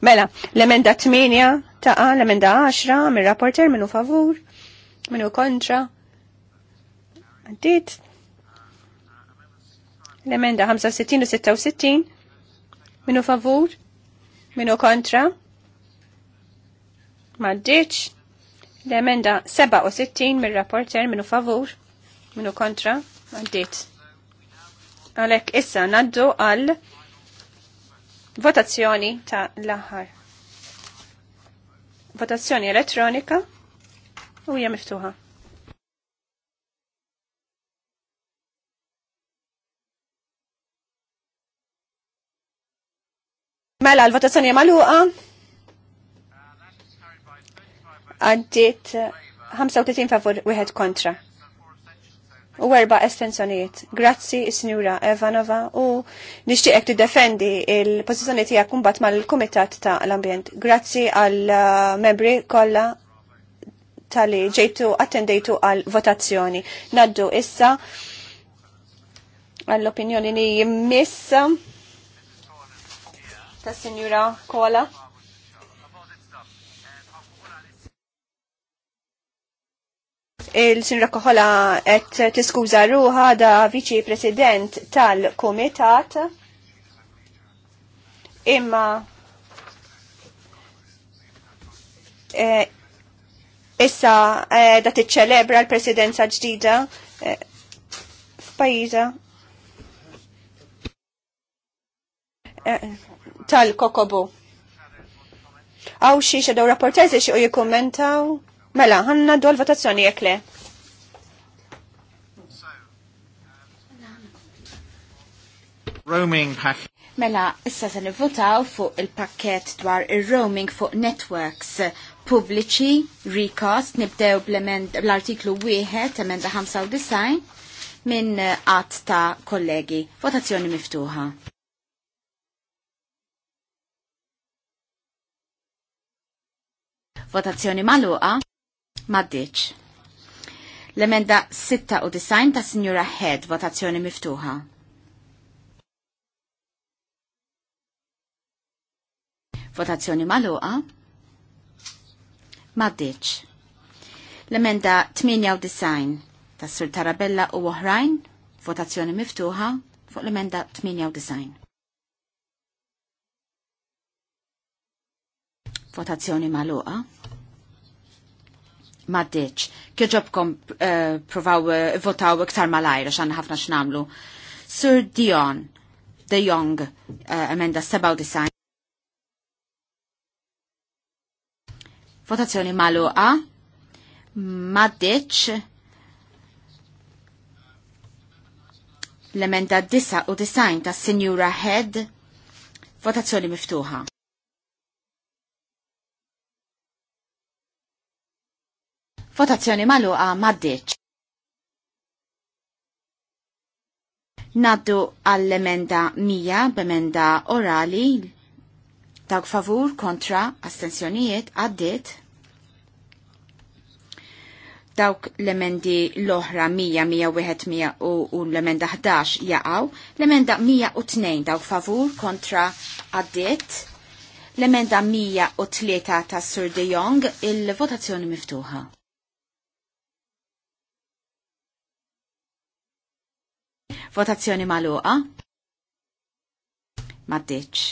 Mela, l-emenda 8 ta' l-emenda 10 mir rapporter minu favur, minu kontra. Għaddit. L-emenda 65 u 66 minu favur, minu kontra. Maddiċ. L-emenda 67 mir rapporter minu favur, minu kontra. Għaddit. Għalek issa naddu għal Votazzjoni ta' l-aħħar. Votazzjoni elettronika u hija miftuħa. Mela, l-votazzjoni maluqa. Għaddit 35 favur, wieħed kontra u erba estensjonijiet. Grazzi is Evanova u nixtieqek tiddefendi il-pożizzjoni tiegħek kumbat mal-Kumitat ta' l-Ambjent. Grazzi għal uh, membri kollha tali ġejtu attendejtu għal votazzjoni. Naddu issa għall-opinjoni ni jimmissa ta' Sinjura Kola. il-Sinra Koħola et tiskuza ruħa da viċi president tal-Komitat imma e, issa e, da t tiċċelebra l-presidenza ġdida f e, f'pajjiża tal-Kokobu. Għaw xie xedaw rapportezi xie u jikommentaw? Mela, ħanna dol votazzjoni jek le. Roaming pack. Mela, issa se nivvotaw fuq il-pakket dwar il-roaming fuq networks pubbliċi, recost, nibdew bl-artiklu 1, emenda 95, minn eh, għat ta' kollegi. Votazzjoni miftuħa. Votazzjoni maluqa. Maddiċ. L-emenda 96 ta' Signora Head, votazzjoni miftuħa. Votazzjoni maluqa. Maddiċ. L-emenda 98 ta' Sur Tarabella u oħrajn, votazzjoni miftuħa fuq l-emenda 98. Votazzjoni maluqa maddiċ. Kjoġobkom uh, provaw eh, votaw iktar malajra xan ħafna xnamlu. Sir Dion, the Young uh, eh, emenda 97. Votazzjoni maluqa, maddiċ, l-emenda 99 ta' Signora Head, votazzjoni miftuħa. Votazzjoni maluqa maddiċ. Naddu għall-emenda 100 b'emenda orali dawk favur kontra astensjonijiet għaddit dawk l-emendi l-oħra 100, 101, u l-emenda 11 jaqaw, l-emenda 102 dawk favur kontra għaddit, l-emenda 103 ta' Sur De Jong il-votazzjoni miftuħa. Votazzjoni maluqa. Maddiċ.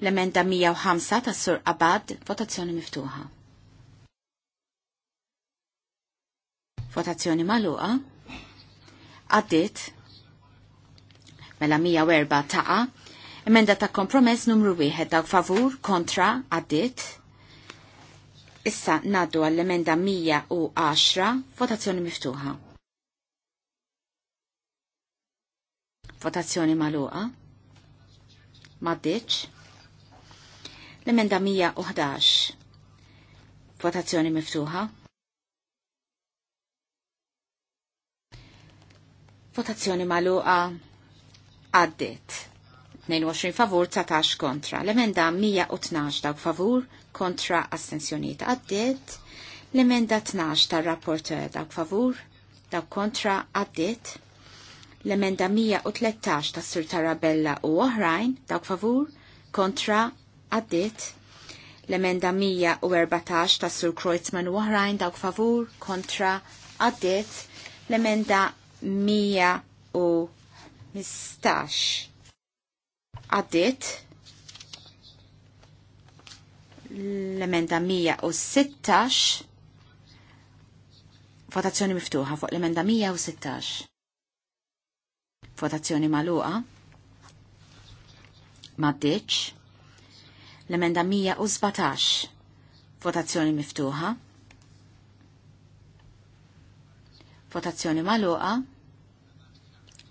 L-emenda 105 ta' Sur Abad, votazzjoni miftuħa. Votazzjoni maluqa. Addit. Mela 104 taqa. Emenda ta' kompromess numru 1 dawk favur, kontra, addit. Issa naddu għall-emenda 110, votazzjoni miftuħa. Votazzjoni maluqa. Maddiċ. L-emenda 111. Votazzjoni miftuħa. Votazzjoni maluqa. Għaddit. 22 favur, 19 kontra. L-emenda 112 dawk favur, kontra astensjoniet għaddit. L-emenda 12 tal-rapporter dawk favur, dawk kontra għaddit. L-emenda 113 ta' Sur Tarabella u oħrajn, dawk favur, kontra, għaddit. L-emenda 114 ta' Sur Kreuzman u oħrajn, dawk favur, kontra, għaddit. L-emenda 115 għaddit l-emenda 116 votazzjoni miftuħa fuq l-emenda 116. Votazzjoni maluqa. Maddiċ. L-emenda 117. Votazzjoni miftuħa. Votazzjoni maluqa.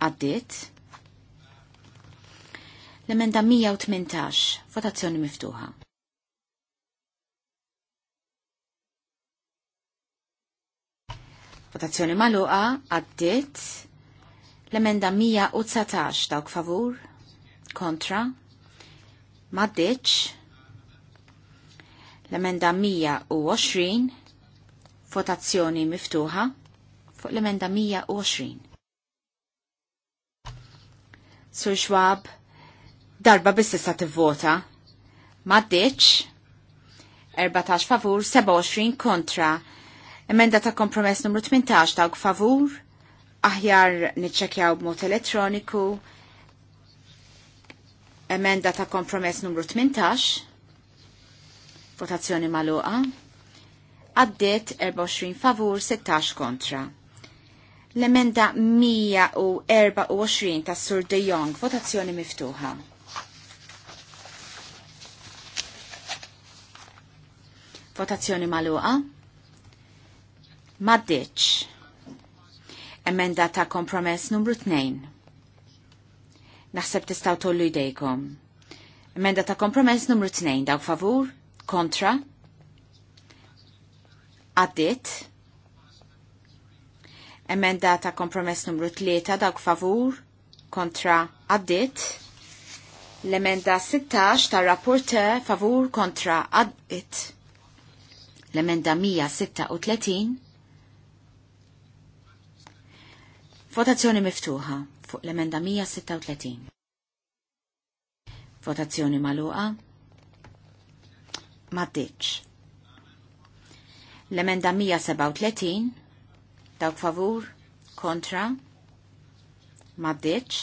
Addit. L-emenda 118. Votazzjoni miftuħa. votazzjoni maluqa Addit. L-emenda 119 dawk favur, kontra, maddiċ. L-emenda 120, votazzjoni miftuħa fuq l-emenda 120. Sur Schwab, darba biss t tivvota. Maddiċ, 14 favur, 27 kontra. Emenda ta' kompromess numru 18 dawk favur, aħjar niċċekjaw b'mod elettroniku emenda ta' kompromess numru 18 votazzjoni maluqa għaddiet 24 favur 16 kontra. L-emenda 124 ta' Sur De Jong votazzjoni miftuħa. Votazzjoni maluqa. Maddiċ. Emenda ta' kompromess numru 2. Naħseb tistaw tollu jdejkom. Emenda ta' kompromess numru 2 dawk favur, kontra, Addit? Emenda ta' kompromess numru 3 dawk favur, kontra, Addit? L-emenda 16 ta' rapporte favur kontra addit. L-emenda 136 Votazzjoni miftuħa fuq l-emenda 136. Votazzjoni maluqa. Maddiċ. L-emenda 137. Dawk favur. Kontra. Maddiċ.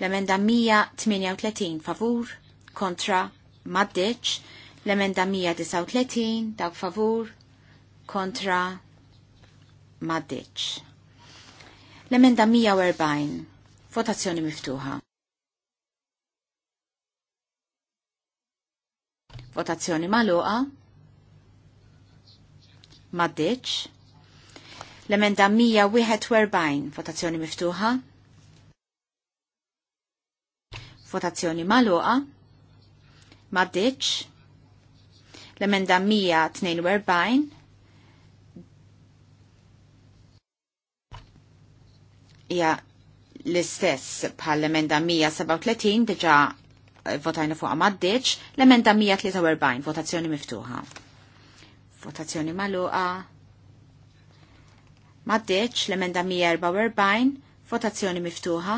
L-emenda 138 favur. Kontra. Maddiċ. L-emenda 139 dawk favur. Kontra. Maddiċ L-emenda 140. Votazzjoni miftuħa. Votazzjoni maluqa. Maddiċ. L-emenda 141. Votazzjoni miftuħa. Votazzjoni maluqa. Maddiċ. L-emenda 142 hija l-istess bħal emenda 137 diġa eh, votajna fuq maddeċ, l-emenda 143 votazzjoni miftuħa. Votazzjoni maluqa. Maddeċ l-emenda 144 votazzjoni miftuħa.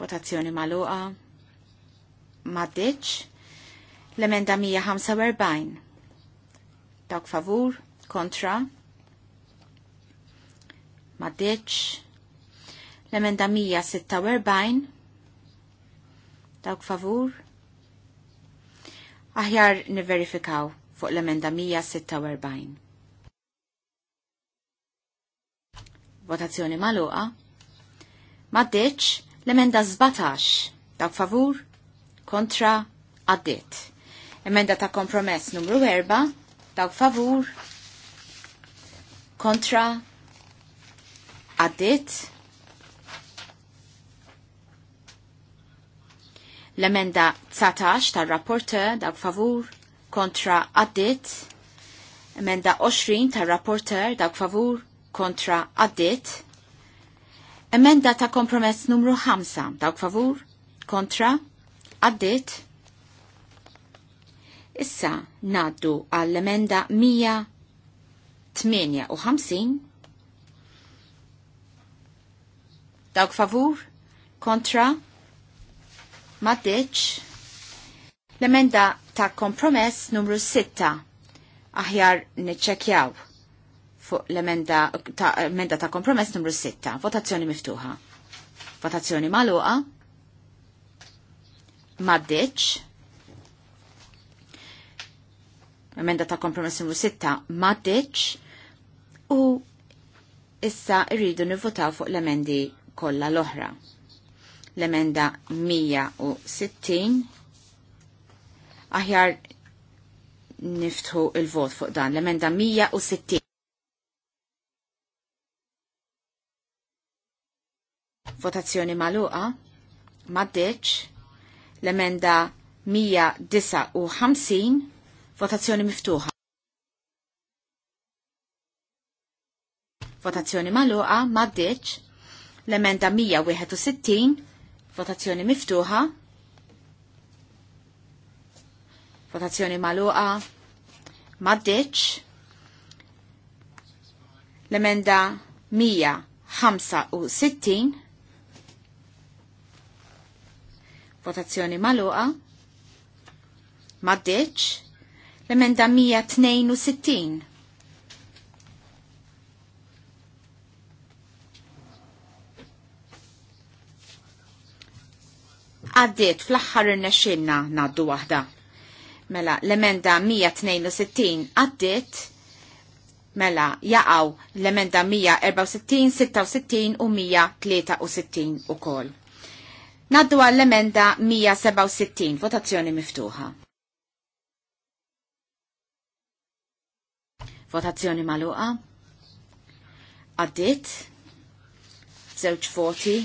Votazzjoni maluqa. Maddeċ l-emenda 145. Dawk favur, kontra, ma deċ. L-emenda 146 dawk favur. Aħjar niverifikaw fuq l-emenda 146. Votazzjoni maluqa. Maddeċ l-emenda 17. Dawk favur? Kontra? Għaddit. Emenda ta' kompromess numru 4. Dawk favur? Kontra? għaddit. L-emenda 19 tal rapporta da favur kontra għaddit. Emenda 20 tal rapporta da favur kontra għaddit. Emenda ta' kompromess numru 5 da favur kontra għaddit. Issa naddu għall-emenda 158 Dawk favur? Kontra? Maddiċ? L-emenda ta' kompromess numru 6. Aħjar neċekjaw fuq l-emenda ta', emenda ta kompromess numru 6. Votazzjoni miftuħa. Votazzjoni maluqa. Maddiċ. Emenda ta' kompromess numru 6. Maddiċ. U issa irridu nivvotaw fuq l-emendi kollha l-oħra. L-emenda 160 aħjar niftħu il-vot fuq dan. L-emenda 160. Votazzjoni maluqa, maddeċ, l-emenda 159, votazzjoni miftuħa. Votazzjoni maluqa, maddeċ, l-emenda 161, votazzjoni miftuħa, votazzjoni maluqa, maddiċ, l-emenda 165, votazzjoni maluqa, maddiċ, l-emenda 162, għaddiet fl-axħar irnexxilna naddu waħda. Mela l-emenda 162 għaddiet mela jaqaw l-emenda 164, 66 u 163 u kol. Naddu għall-emenda 167, votazzjoni miftuħa. Votazzjoni maluqa. Għaddit. Zewċ voti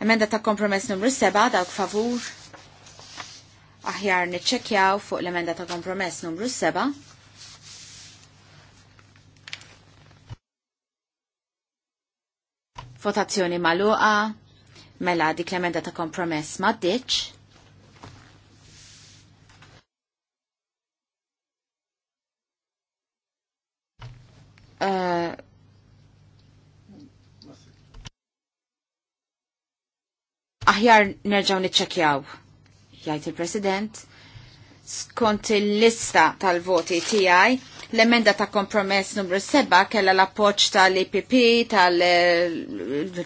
Emenda ta' kompromess numru 7 dawk favur. Aħjar niċċekjaw fuq l-emenda ta' kompromess numru 7. Votazzjoni maluqa. Mela dik l-emenda ta' kompromess ma' ditx. Uh, aħjar nerġaw niċċekjaw, jgħid il-President, skont il-lista tal-voti tiegħi, l-emenda ta' kompromess numru 7 kella l-appoġġ tal-IPP,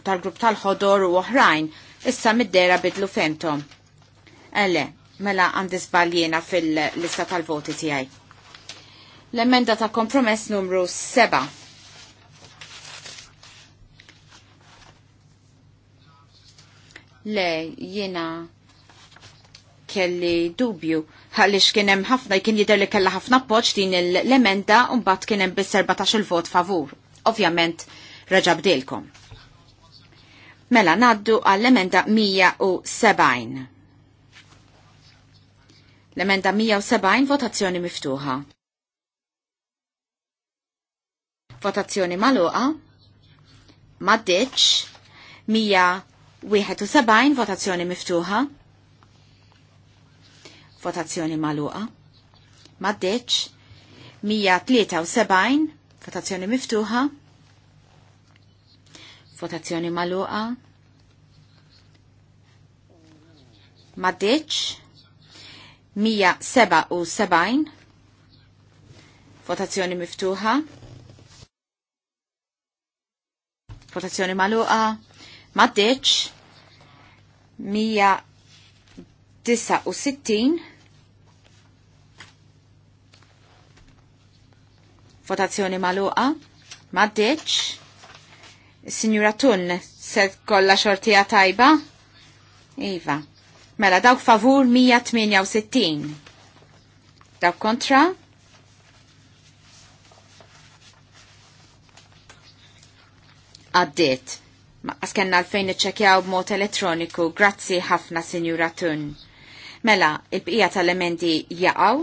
tal-grupp tal-ħodor u oħrajn, issa mid-dera bidlu fentom. Ele, mela għandi żbaljena fil-lista tal-voti tiegħi. L-emenda ta' kompromess numru 7 Le, jiena kelli dubju għalix kienem ħafna, kien jider li kella ħafna poċ din l-emenda un-bat kienem bis-14 il-vot favur. Ovjament, raġabdilkom. Mela naddu għall-emenda 170. L-emenda 170 votazzjoni miftuħa. Votazzjoni maluqa, maddeċ, 71 votazzjoni miftuħa. Votazzjoni maluqa. Maddeċ. 173 votazzjoni miftuħa. Votazzjoni maluqa. Maddeċ. 177 votazzjoni miftuħa. Votazzjoni maluqa ma ditx 169 votazzjoni maluqa ma ditx Signora Tun se kolla xortija tajba Iva mela dawk favur 168 dawk kontra Addit. Ma kenna l-fejn iċċekjaw b'mod elettroniku, grazzi ħafna Sinjura Tun. Mela, il-bqija tal-emendi jaqaw,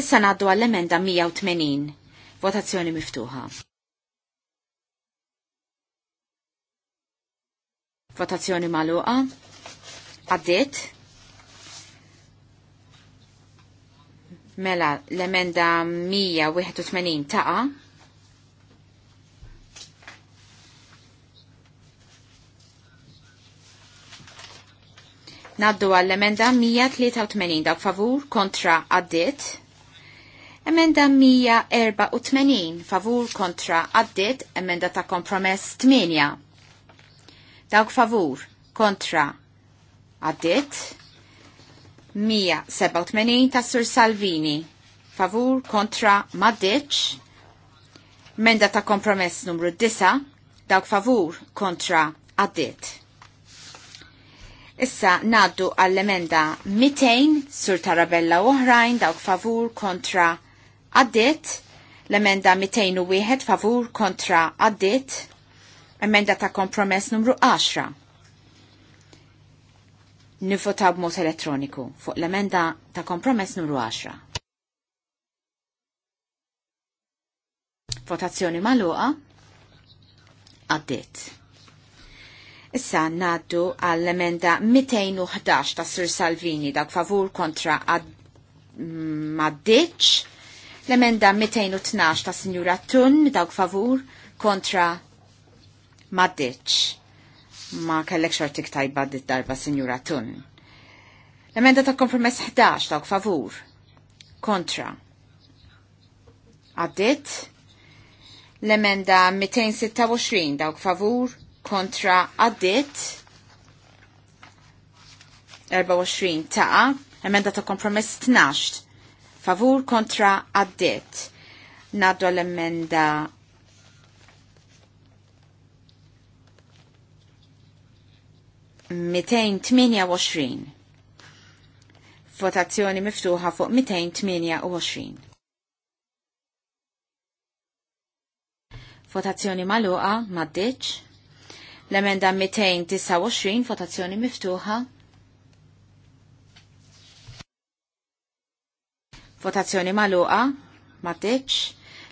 issa naddu għall-emenda 180. Votazzjoni miftuħa. Votazzjoni maluqa. Għaddit. Mela, l-emenda 181 taqa' Naddu għall-emenda 183 da' favur kontra għaddit. Emenda 184 favur kontra għaddit. Emenda ta' kompromess 8. Dawk favur kontra għaddit. 187 ta' Sur Salvini favur kontra maddiċ. Emenda ta' kompromess numru 9 dawk favur kontra għaddit. Issa naddu għall-emenda 200 sur tarabella oħrajn dawk favur kontra għaddit, l-emenda 201 favur kontra għaddit, emenda ta' kompromess numru 10. Nivvotaw b'mod elettroniku fuq l-emenda ta' kompromess numru 10. Votazzjoni maluqa għaddit. Issa naddu għall-emenda 211 ta' Sir Salvini dak favur kontra mm, maddiċ. L-emenda 212 ta' Signora Tun dak favur kontra maddiċ. Ma kellek xortik tajba dit darba Signora Tun. L-emenda ta' kompromess 11 dak favur kontra għaddit. L-emenda 226 dak favur kontra kontra għaddit 24 taqa emenda ta' kompromess 12 favur kontra għaddit naddu l-emenda Mitejn 228. Votazzjoni miftuħa fuq 228. Votazzjoni maluqa maddiċ. L-emenda 229 votazzjoni miftuħa. Votazzjoni maluqa, ma ditx.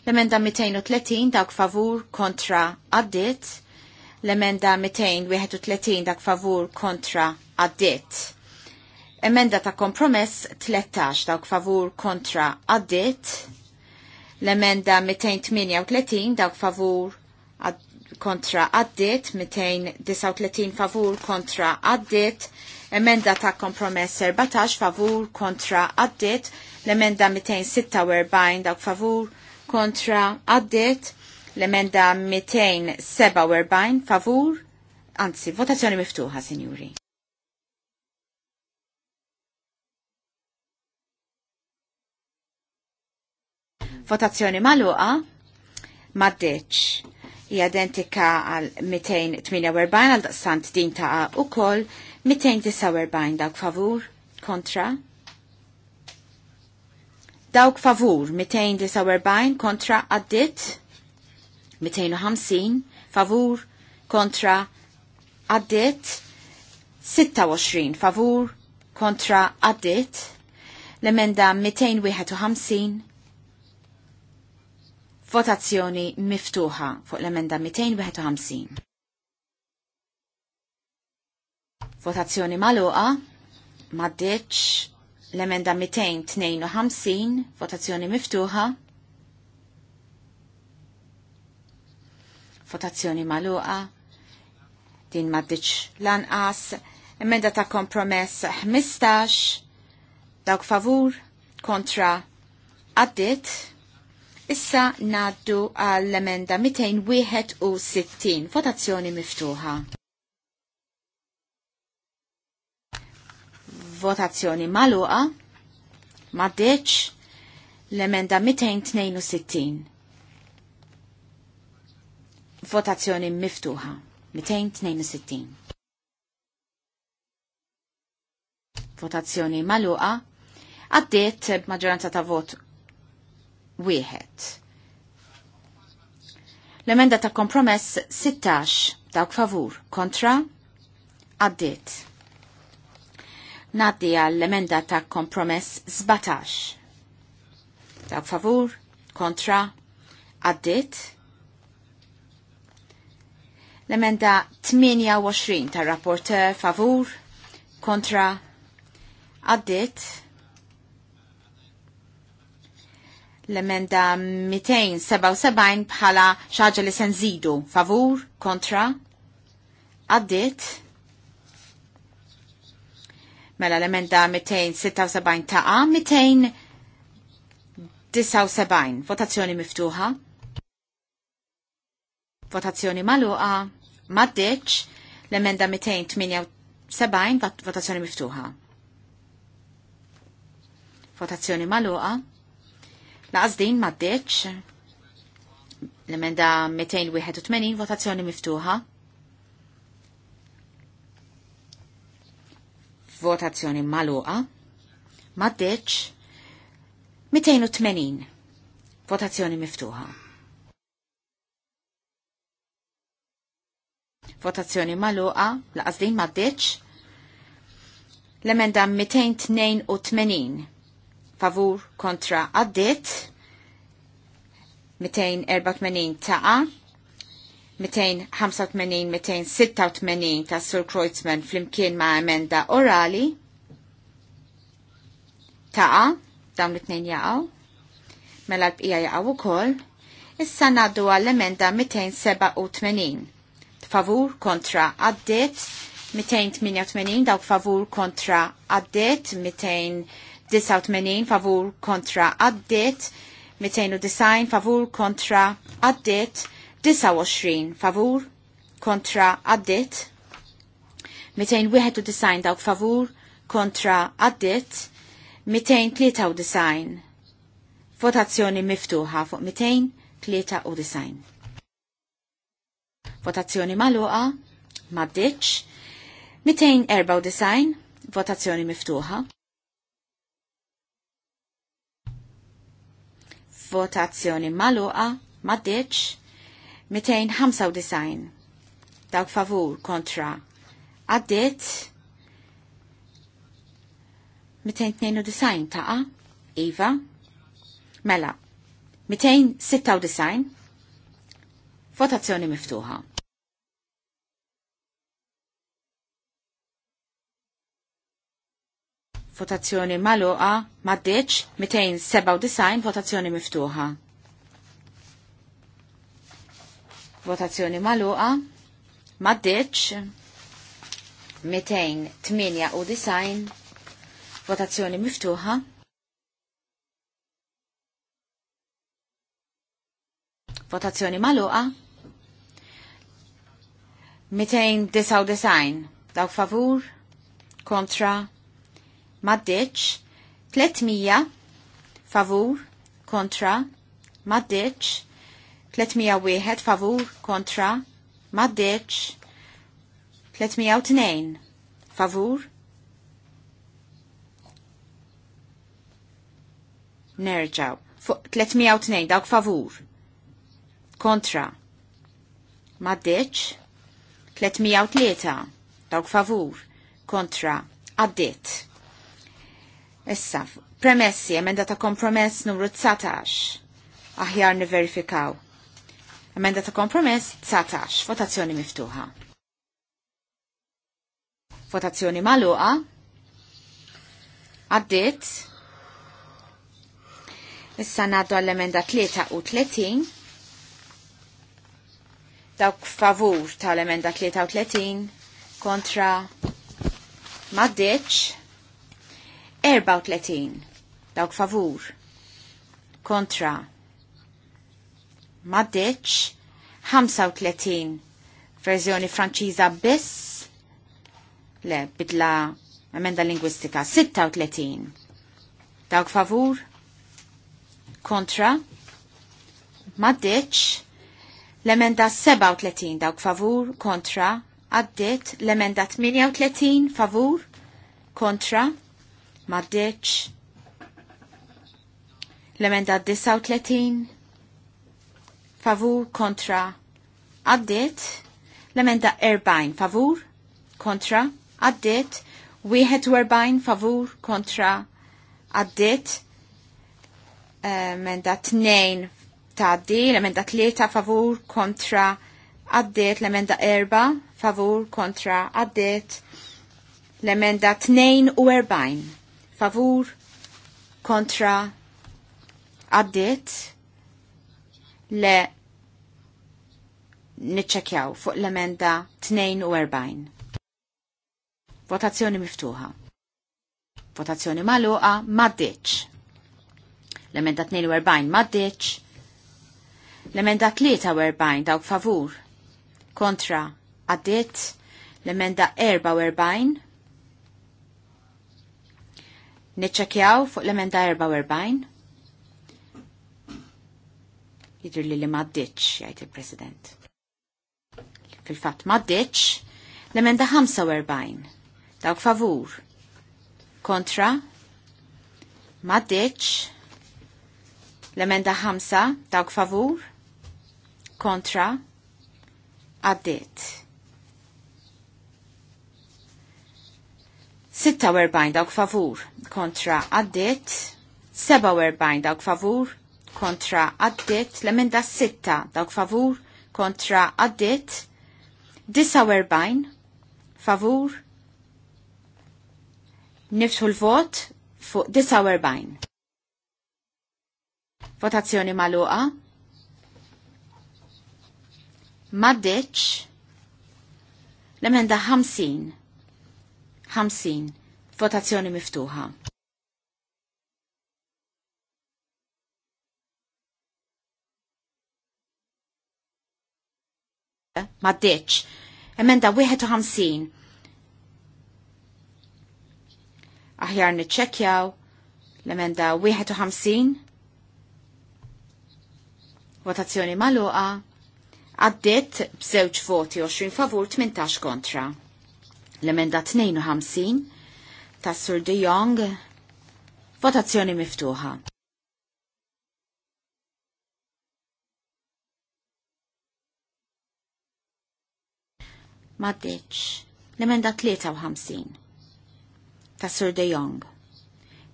L-emenda 230 dak favur kontra għaddit. L-emenda 231 dak favur kontra għaddit. Emenda ta' kompromess 13 dawk favur kontra għaddit. L-emenda 238 dak favur għaddit kontra għaddit, 239 favur kontra għaddit, emenda ta' kompromess 14 favur kontra għaddit, l-emenda 246 dawk favur kontra għaddit, l-emenda 247 favur, anzi, votazzjoni miftuħa, sinjuri. Votazzjoni maluqa, maddeċ identika għal 248 għal daqsant din ta' u kol 249 dawk favur kontra dawk favur 249 kontra għaddit 250 favur kontra għaddit 26 favur kontra għaddit l-emenda 251 Votazzjoni miftuħa fuq l-emenda 251. Votazzjoni maluqa, maddeċ, l-emenda 252, votazzjoni miftuħa. Votazzjoni maluqa, din maddeċ lanqas, emenda ta' kompromess 15, dawk favur, kontra, għaddit. Issa naddu għall-emenda 261, votazzjoni miftuħa. Votazzjoni maluqa, maddeċ, l-emenda 262. Votazzjoni miftuħa, 262. Votazzjoni maluqa, għaddiet maġġoranza ta' vot wieħed. L-emenda ta' kompromess 16 dawk favur kontra għaddiet. Naddi għall-emenda ta' kompromess 17 dawk favur kontra għaddiet. L-emenda 28 ta' rapporter favur kontra għaddiet. l-emenda 277 bħala xaġa li sen zidu. Favur? Kontra? Għaddit? Mela l-emenda 276 taqa, 279. Votazzjoni miftuħa. Votazzjoni maluqa. Maddeċ. L-emenda 278 votazzjoni miftuħa. Votazzjoni maluqa Laqas din maddeċ. L-emenda 281 votazzjoni miftuħa. Votazzjoni maluqa. Maddeċ. 280 votazzjoni miftuħa. votazzjoni maluqa, laqas din maddeċ, l-emenda 282 favur kontra għaddit 284 taqa 285-286 ta' Sir Kreutzmann flimkien ma' emenda orali taqa dawn l-tnejn jaqaw mela l-bqija jaqaw u koll issa naddu għall-emenda 287 favur kontra għaddit 288 dawk favur kontra għaddit 200 89 favur kontra għaddit, 290 favur kontra għaddit, 29 favur kontra għaddit, 291 dawk favur kontra għaddit, 293 votazzjoni miftuħa fuq 293. Votazzjoni maluqa, maddiċ, 294 votazzjoni miftuħa. votazzjoni maluqa maddiċ 295 dawk favur kontra għaddit 292 taqa Iva mela 296 votazzjoni miftuħa votazzjoni maluqa maddeċ 297 votazzjoni miftuħa. Votazzjoni maluqa maddeċ 298 votazzjoni miftuħa. Votazzjoni maluqa 299 daw favur kontra maddeċ, 300 favur kontra maddeċ, 301 favur kontra maddeċ, 302 favur nerġaw. 302 dawk favur. Kontra. Maddeċ. 303 dawk favur. Kontra. Addit. Issa, premessi, emenda ta' kompromess numru 19. Aħjar niverifikaw. Emenda ta' kompromess 19. Votazzjoni miftuħa. Votazzjoni maluqa. Għaddit. Issa naddu għall-emenda 33. Dawk favur tal-emenda 33 kontra maddeċ. 34 dawk favur kontra maddeċ 35 verżjoni franċiża biss le bidla emenda lingwistika 36 dawk favur kontra maddeċ l-emenda 37 dawk favur kontra għaddit l-emenda 38 favur kontra maddeċ. L-emenda 39, favur kontra għaddit. L-emenda 40, favur kontra għaddit. 41 favur kontra għaddit. Emenda 2 taddi, l-emenda 3 favur kontra għaddit, l-emenda 4 favur kontra għaddit, l-emenda 42 favur kontra għaddit le nitċekjaw fuq l-emenda 42. Votazzjoni miftuħa. Votazzjoni maluqa maddiċ. L-emenda 42 maddiċ. L-emenda 43 dawk favur. Kontra għaddit. L-emenda 44 Niċċekjaw fuq l-emenda 44. Jidr li li maddiċ, jgħid il-President. Fil-fatt maddiċ, l-emenda 45. Dawk favur. Kontra. Maddiċ. L-emenda 5. Dawk favur. Kontra. Għaddit 46 dawk favur kontra għaddit, 47 dawk favur kontra għaddit, l-emenda 6 dawk favur kontra għaddit, 49 favur nifsu l-vot fuq 49. Votazzjoni maluqa. Maddeċ. L-emenda 50 50. Votazzjoni miftuħa. Ma ditx. Emenda 51. Aħjar niċċekjaw l-emenda 51. Votazzjoni maluqa. Għaddit b'żewġ voti 20 favur 18 kontra. L-emenda 52 ta' Sur De Jong, votazzjoni miftuħa. Maddeċ, l-emenda 53 ta' Sur De Jong.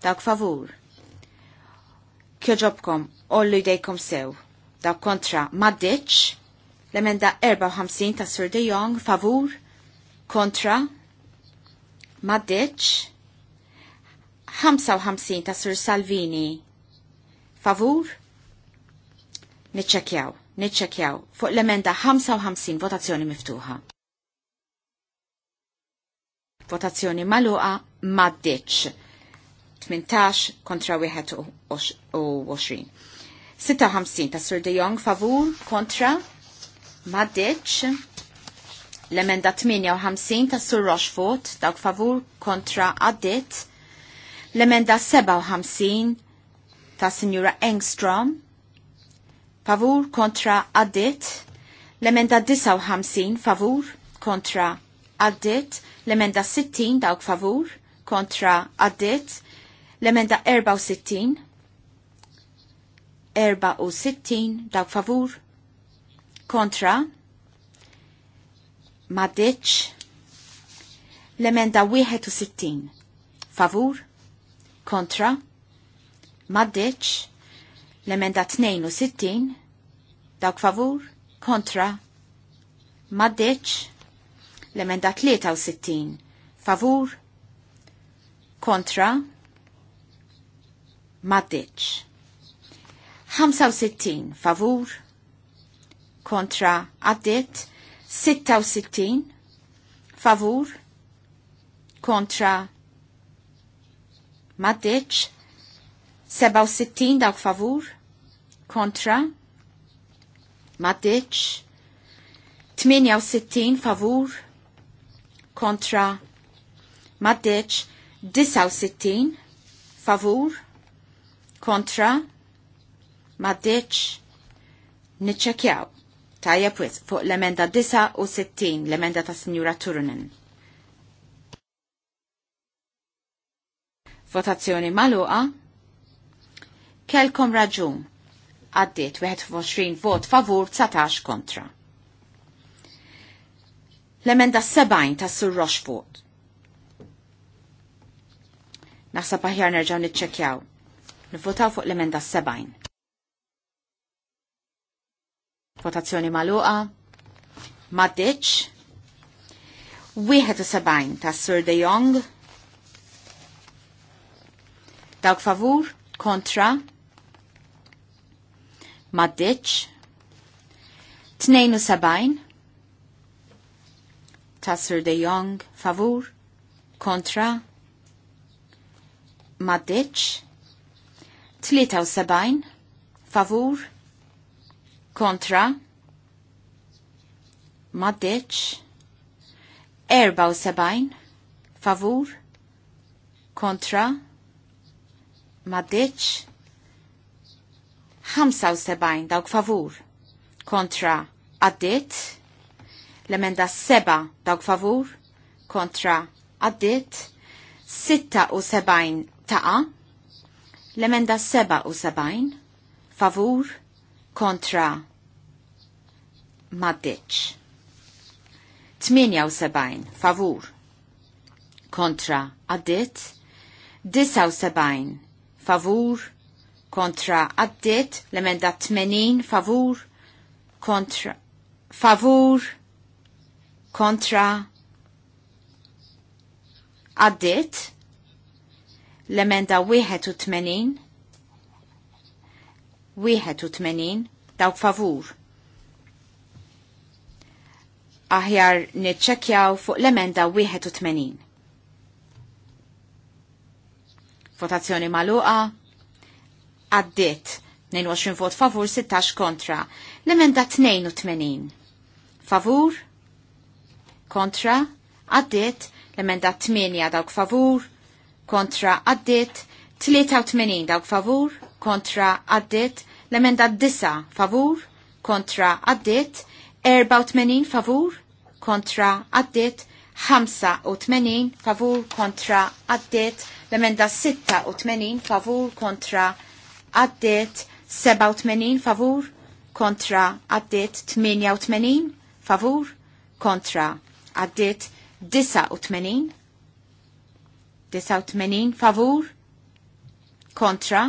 Dawk favur. Kjoġobkom, ollu jdejkom sew. Dawk kontra, maddeċ, l-emenda 54 ta' Sur De Jong, favur, kontra, Maddeċ. 55 ta' Sur Salvini. Favur? Nitċekjaw, nitċekjaw, Fuq l-emenda 55 votazzjoni miftuħa. Votazzjoni maluqa maddeċ. 18 kontra 21. 56 ta' Sur De Jong favur kontra maddeċ. L-emenda 58 ta' Sur Rochefort, dawk favur kontra għaddit. L-emenda 57 ta' Signora Engstrom, favur kontra għaddit. L-emenda 59 favur kontra għaddit. L-emenda 60 dawk favur kontra għaddit. L-emenda 64 64 dawk favur kontra Madeċ, l-emenda 61 favur kontra Madeċ, l-emenda 62 dawk favur kontra Madeċ, l-emenda 63 favur kontra Madeċ. 65 favur kontra għaddit 66 favur kontra Matic 67 dawk favur kontra Matic 68 favur kontra Matic 69 favur kontra Matic niċċekjaw. Tajja pwis fuq l-emenda 69, l-emenda ta' Signora Turunen. Votazzjoni maluqa. Kelkom raġun. Għaddiet 21 vot favur, 19 kontra. L-emenda 70 ta' Sur Rochefort. Naħseb aħjar nerġaw niċċekjaw. Nivvotaw fuq l-emenda 70. Votazzjoni maluqa. Maddiċ. 71 ta' Sir De Jong. Dawk favur, kontra. Maddiċ. 72 ta' Sir De Jong, favur, kontra. Maddiċ. 73 favur, kontra maddeċ 74 favur kontra maddeċ 75 dawk favur kontra addit l-emenda 7 dawk favur kontra għaddit 76 taqa l-emenda 77 favur kontra maddeċ. 78 favur kontra għaddit, 79 favur kontra addit, l-emenda 80 favur kontra favur kontra għaddit, l-emenda 81 81 dawk favur. Aħjar niċċekjaw fuq l-emenda 81. Votazzjoni maluqa Addit. 22 vot favur 16 kontra. L-emenda 82. Favur? Kontra? Addit. l-emenda 8 dawk favur? Kontra Addit. 83 dawk favur? kontra għaddit, l-emenda d-disa favur kontra għaddit, 84 favur kontra għaddit, 85 favur kontra għaddit, l-emenda 86 favur kontra għaddit, 87 favur kontra għaddit, 88 favur kontra għaddit, 89 89 favur kontra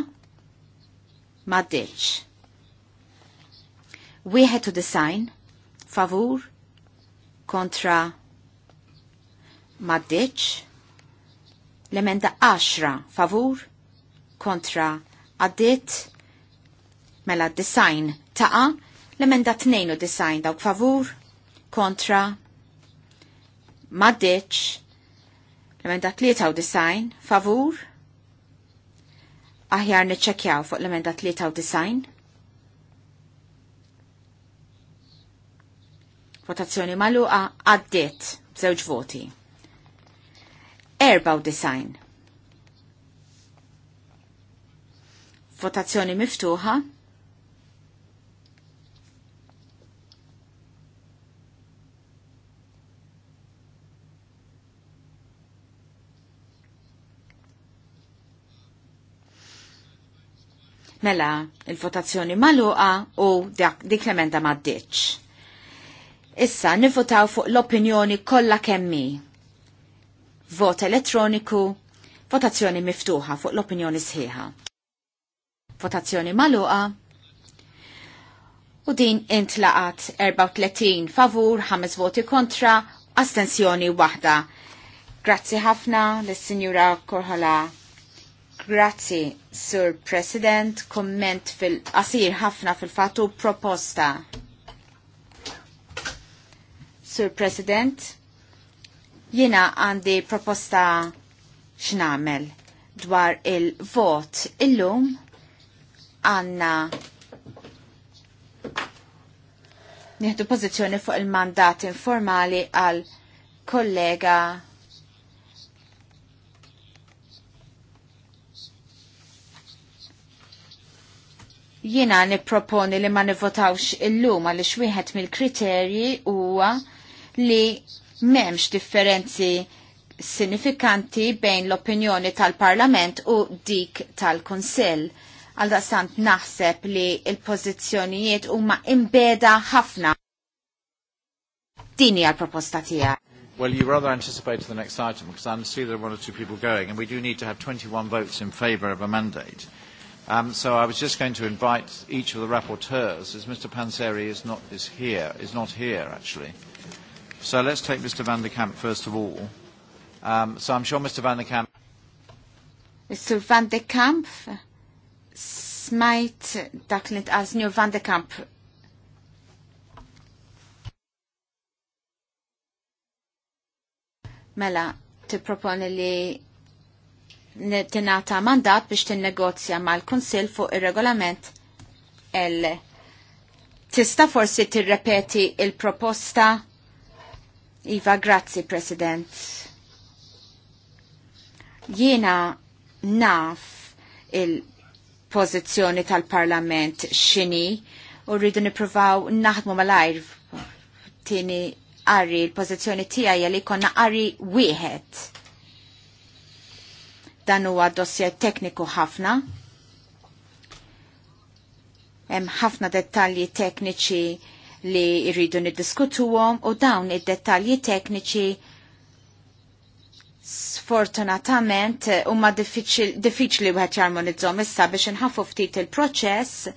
ma ditx. Wieħed u design, favur, kontra ma L-emenda 10, favur, kontra għaddit. Mela design ta', l-emenda 2 design dawk favur, kontra ma L-emenda 3 design, favur, aħjar niċċekjaw fuq l-emenda 93. Votazzjoni maluqa għaddiet b'żewġ voti. 94. Votazzjoni miftuħa. Mela, il-votazzjoni maluqa u dik l-emenda maddiċ. Issa nivotaw fuq l-opinjoni kollha kemmi. Vot elettroniku, votazzjoni miftuħa fuq l-opinjoni sħiħa. Votazzjoni maluqa. U din intlaqat 34 favur, 5 voti kontra, astensjoni waħda. Grazzi ħafna l-Sinjura Korħala Grazzi, Sur President, komment fil-qasir ħafna fil-fatu proposta. Sur President, jina għandi proposta x'namel dwar il-vot illum għanna nieħdu pożizzjoni fuq il-mandat informali għal kollega Jiena nipproponi li ma nivvotawx illum għaliex wieħed mill-kriterji huwa li m'hemmx differenzi sinifikanti bejn l-opinjoni tal-Parlament u dik tal-Kunsill. Għaldaqstant naħseb li il-pożizzjonijiet huma imbeda ħafna. Dini għal-proposta tiegħek. Well, you rather anticipate to the next item because I see there are one or two people going and we do need to have 21 votes in favour of a mandate. Um, so I was just going to invite each of the rapporteurs, as Mr. Panseri is not, is here, is not here actually. So let's take Mr. Van der Kamp first of all. Um, so I'm sure Mr. Van der Kamp... Mr. Van der Kamp, smite dak as New Van der Kamp Mela, tipproponi li tinata mandat biex tinnegozja mal-Konsil fuq ir-regolament L. Tista' forsi tirrepeti il-proposta? Iva, grazzi, President. Jiena naf il-pożizzjoni tal-Parlament xini u rridu nippruvaw naħdmu mal-ajr tini qari l-pożizzjoni tiegħi li konna qari wieħed Dan huwa dossier tekniku ħafna. Hemm ħafna dettalji tekniċi li rridu niddiskutuhom u dawn id-dettalji tekniċi sfortunatament huma diffiċli wieħed jarmonizzhom issa biex inħaffu ftit il-proċess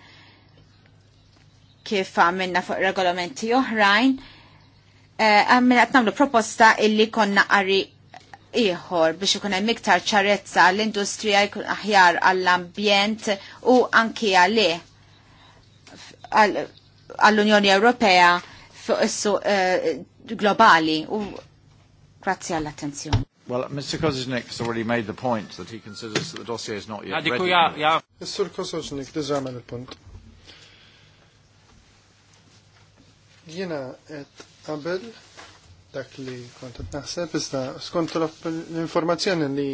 kif għamilna fuq regolamenti oħrajn. Eh, għamilna qed proposta illi konna qari iħor biex ikun hemm iktar ċarezza l-industrija jkun aħjar għall-ambjent u anki għalih għall-Unjoni Ewropea fuq issu eh, globali u grazzi għall-attenzjoni. Well, Mr. Kozisnik has already made the point that he considers that the dossier is not yet ready. Mr. Kozisnik, this is diżamel il Jena et Abel dak li kont naħseb, iżda skont l-informazzjoni li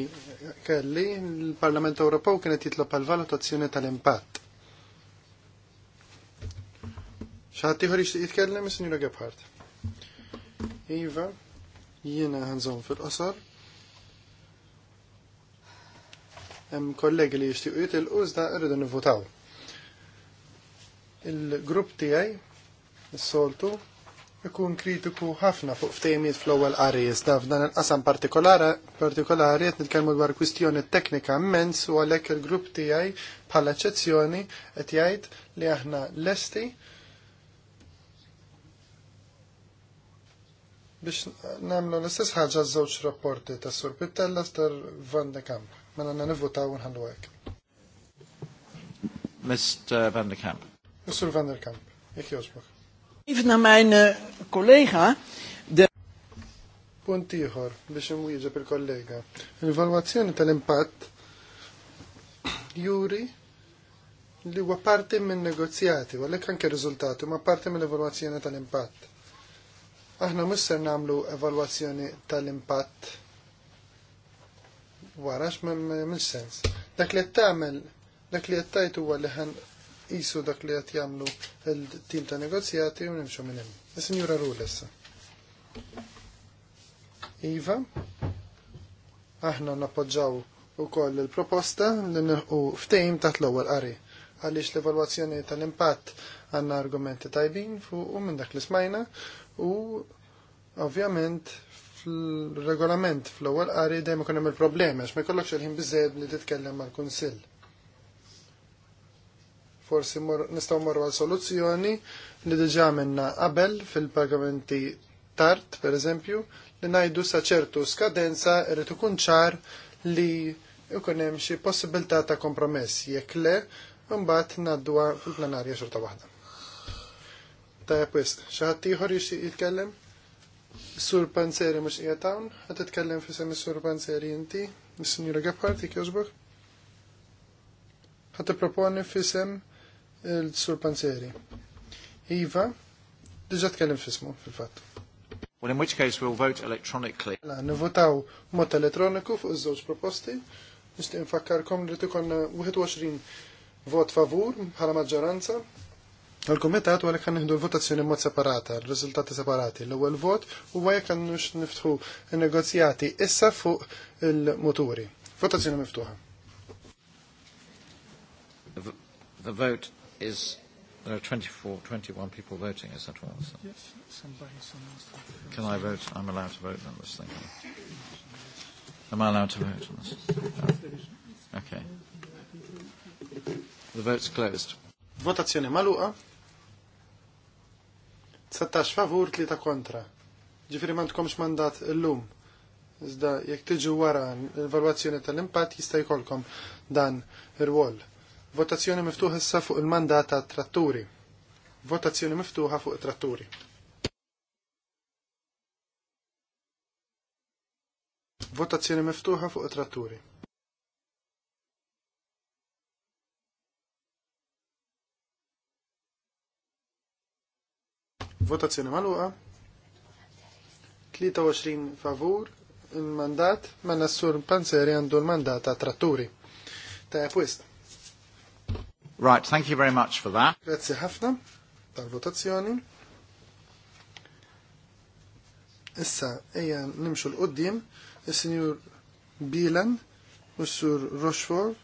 kelli, l-Parlament Ewropew kienet jitlob għal valutazzjoni tal-impatt. ċaħat tiħor jitkellem, Sinjura Gebhardt. Iva, jiena ħanżon fil-qosor. Hemm kollegi li jixtiequ jitilqu iżda rridu nivvotaw. Il-grupp tijaj, s soltu ikun kritiku ħafna fuq ftejmiet fl-ewwel qari iżda f'dan il-qasam partikolari qed nitkellmu dwar kwistjoni teknika immens u għalhekk il-grupp tiegħi bħala eċċezzjoni qed jgħid li aħna lesti biex nagħmlu l-istess ħaġa żewġ rapporti ta' Sur Pittella star Van de Kamp. Mela għandna nivvotaw nħallu hekk. Mr. Van der Kamp. Mr. Van der Kamp, jekk jogħġbok. Ivna majn kollega. Punt ieħor biex imwieġeb il-kollega. Il-valwazzjoni tal-impatt juri li huwa parti minn negozjati, għalhekk anke riżultati ma parti mill evalwazzjoni tal-impatt. Aħna misser nagħmlu evalwazzjoni tal-impatt warax minn sens. Dak li qed tagħmel dak li qed tajt huwa li ħan jisu dak li għat jamlu il-tim ta' negozjati u nimxu minn hemm. Rules. Iva, aħna nappoġġaw ukoll il-proposta li nilħu ftehim taħt l-ewwel qari għaliex l-evalwazzjoni tal-impatt għandna argumenti tajbin fuq u minn dak li smajna u ovvjament fil-regolament fl-ewwel qari dejjem ikun hemm il-problemi għax ma jkollokx il-ħin biżejjed li titkellem mal-Kunsill forsi nistgħu morru għal soluzzjoni li diġà minna qabel fil-pagamenti tard, per eżempju, li ngħidu sa ċertu skadenza irid ikun ċar li ikun hemm xi possibilità ta' kompromess jekk le mbagħad ngħadduha fil planarja xorta waħda. Ta' jepwist, xaħat tiħor jixi jitkellem? Sur Panzeri mux ijatawn, għat jitkellem tkellem fi semi Sur Panzeri inti, il-Signora Gephardt, jek jużbuk? Għat t fi sem il-Sur Panzeri. Iva, diġa tkellim fismu, fil fat Well, in which case we'll vote electronically. La, mela, nivotaw mot elektroniku fuq iż-żewġ proposti. Nixtieq nfakkarkom li tikonna 21 vot favur bħala maġġoranza. Għal-komitat u għalek għanniħdu l-votazzjoni mod separata, r-riżultati separati. l ewel vot u għajek għan niftħu negozjati issa fuq il-moturi. Votazzjoni miftuħa. The vote is there are 24, 21 people voting, is that all? So yes, somebody, someone Can I vote? I'm allowed to vote on this thing. Am I allowed to vote on this? No. Okay. The vote's closed. Votazione maluqa. 17 favur, 3 kontra. Ġifiri man tkomx mandat l-lum. Iżda, jek tiġu wara l-evaluazzjoni tal-impat jista' jkollkom dan ir-wol. Votazzjoni miftuħa issa fuq il-mandat ta' tratturi. Votazzjoni miftuħa fuq tratturi. Votazzjoni miftuħa fuq tratturi. Votazzjoni maluqa. 23 favur, il-mandat, ma mela nassur panzeri għandu l-mandat ta' tratturi. Ta' jafwist. Right, thank you very much for that. Grazie ħafna tal-votazzjoni. Issa, eja nimxu l-qoddim, il-Sinjur Bilan, il s-Sur Rochefort,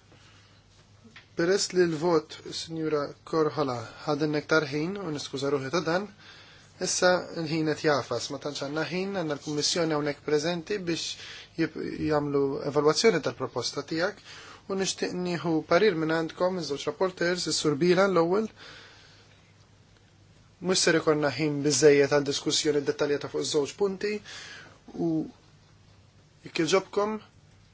peress li l-vot signora Korħola ħadin nektar ħin, u niskuza ruħi ta' dan, issa l-ħin qed jafas, ma tanċanna għandna ħin għandna l kommissjoni hawnhekk prezenti biex jamlu evaluazzjoni tal-proposta tijak, u nixtieq nieħu parir minn għandkom iż-żewġ rapporters is-Sur Bila l-ewwel. Mhux ser ikollna ħin biżejjed għal diskussjoni dettaljata fuq iż-żewġ punti u jekk iġobkom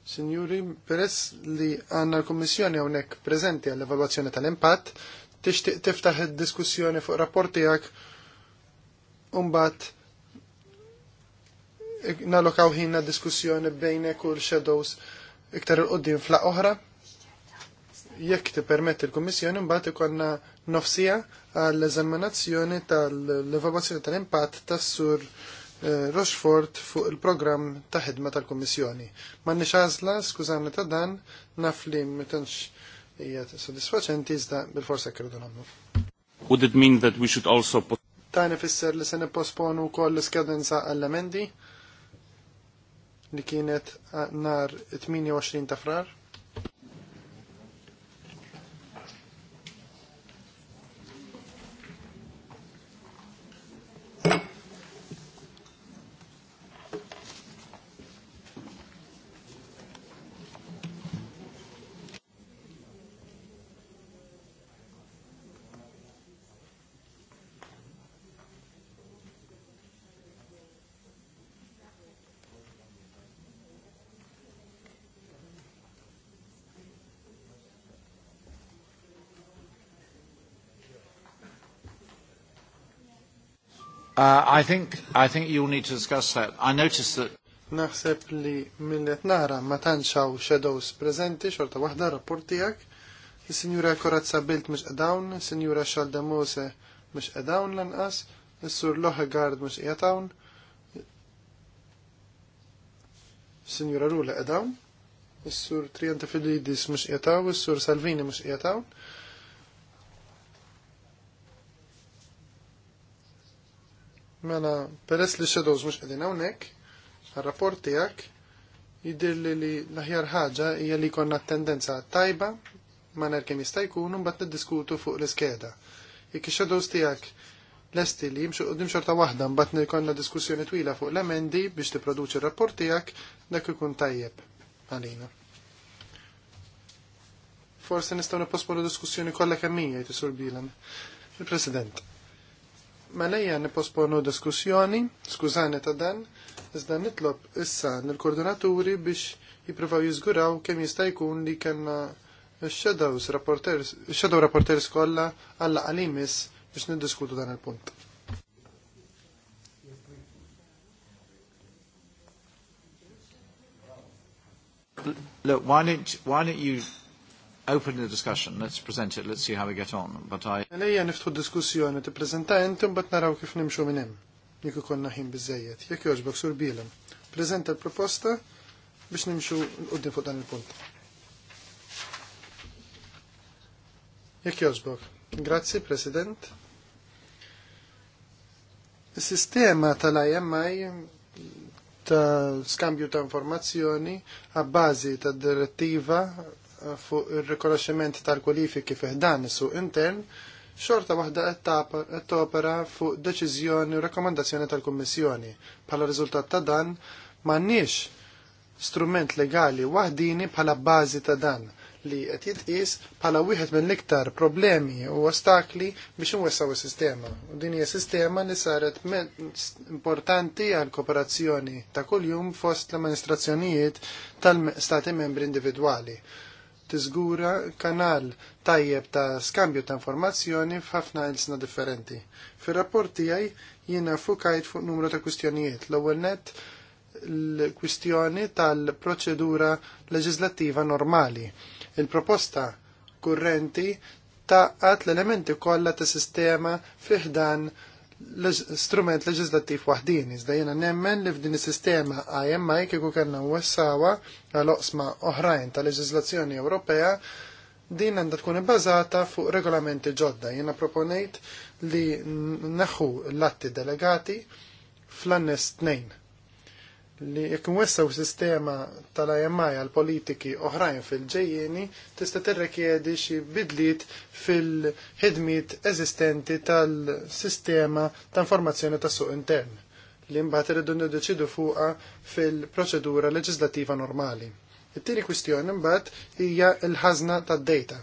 Sinjuri, peress li għanna l-Kommissjoni għonek prezenti għall-evaluazzjoni tal-impatt, tixtieq tiftaħ id-diskussjoni fuq rapportijak umbat nalokaw ħina diskussjoni bejnek u l-shadows iktar il-qoddim fla oħra jekk ti permetti l-Kummissjoni mbagħad ikollna nofsija għall-eżaminazzjoni tal evaluazzjoni tal-impatt tas-sur eh, Rochefort fuq il-programm ta' ħidma tal-Kummissjoni. M'għandniex għażla, skużani ta' dan, naf li m'tantx hija sodisfaċenti iżda bil-forsa nagħmlu. Would it mean that we should also Tani fisser li se nipposponu wkoll l-iskadenza għall-emendi li kienet nar 28 ta' frar? Uh, I think I think you'll need to discuss that. I noticed that Naħseb li minnet nara ma tanċaw shadows prezenti xorta wahda rapportijak. il senjura Korazza Bilt mux għadawn, il senjura Xalda Mose mux għadawn lanqas, il-Sur Loha Gard mux għadawn, il senjura Rula għadawn, il-Sur Trianta Filidis mux għadaw, il-Sur Salvini mux għadawn, Mela, peress li shadows mux għedin għawnek, għal-rapport tijak, jidirli li laħjar l ħagġa hija li konna tendenza tajba, ma nerkem jistajkun, un bat niddiskutu fuq l-iskeda. Iki shadows tijak, lesti li jimxu qoddim xorta wahda, mbatt konna diskussjoni twila fuq l-emendi biex tiproduċi r-rapport tijak, dak ikun tajjeb għalina. Forse nistaw nipospolu diskussjoni kollha kemmija jtisur bilan. Il-President. Malajja niposponu diskussjoni, skużani ta' dan, iżda nitlob issa l-koordinaturi biex jipruvaw jizguraw kemm jista' jkun li kellna x-shadows rapporters, shadow rapporters kollha għalla qalimis biex niddiskutu dan il-punt. Look, why don't, why don't you open the discussion, let's present it, let's see how we get on. But I... Għalija mela niftħu diskussjoni, ti prezenta jentum, bat naraw kif nimxu minnim. Jekku konna ħin bizzejiet, jek joġ baksur bilem. Prezenta l-proposta biex nimxu l uddin fuq dan il-punt. Jek joġ joġbok. Grazie, President. Il-sistema tal-IMI ta' skambju ta' informazzjoni għabbażi ta' direttiva fuq ir-rikonoxximent tal-kwalifiki fiħdan is su intern, xorta waħda qed topera fuq deċiżjoni u rakkomandazzjoni tal-Kummissjoni. Bħala riżultat ta' dan m'għandniex strument legali waħdini bħala bażi ta' dan li qed jitqies bħala wieħed minn l-iktar problemi u ostakli biex inwessaw is-sistema. U din hija sistema li saret importanti għal kooperazzjoni ta' kuljum fost l-amministrazzjonijiet tal-stati membri individwali tiżgura kanal tajjeb ta' skambju ta' informazzjoni f'ħafna ilsna differenti. Fir-rapport tiegħi jiena fukajt fuq numru ta' kwistjonijiet. L-ewwel net l-kwistjoni tal-proċedura leġislattiva normali. Il-proposta kurrenti taqqat l-elementi kollha ta' sistema fiħdan dan l-istrument leġislattiv waħdin, iżda jena nemmen li f'din is-sistema IMI kieku kellna wessawa għal oqsma oħrajn ta' leġislazzjoni Ewropea din għandha tkun ibbażata fuq regolamenti ġodda. Jena proponejt li neħu l-atti delegati fl annest 2 li jekk nwessaw sistema tal-IMI għal politiki oħrajn fil-ġejjeni tista' tirrekjedi xi bidliet fil-ħidmiet eżistenti tal-sistema ta' informazzjoni tas suq intern li mbagħad iridu niddeċidu fuqha fil-proċedura leġislattiva normali. It-tieni kwistjoni mbagħad hija l-ħażna tad-data.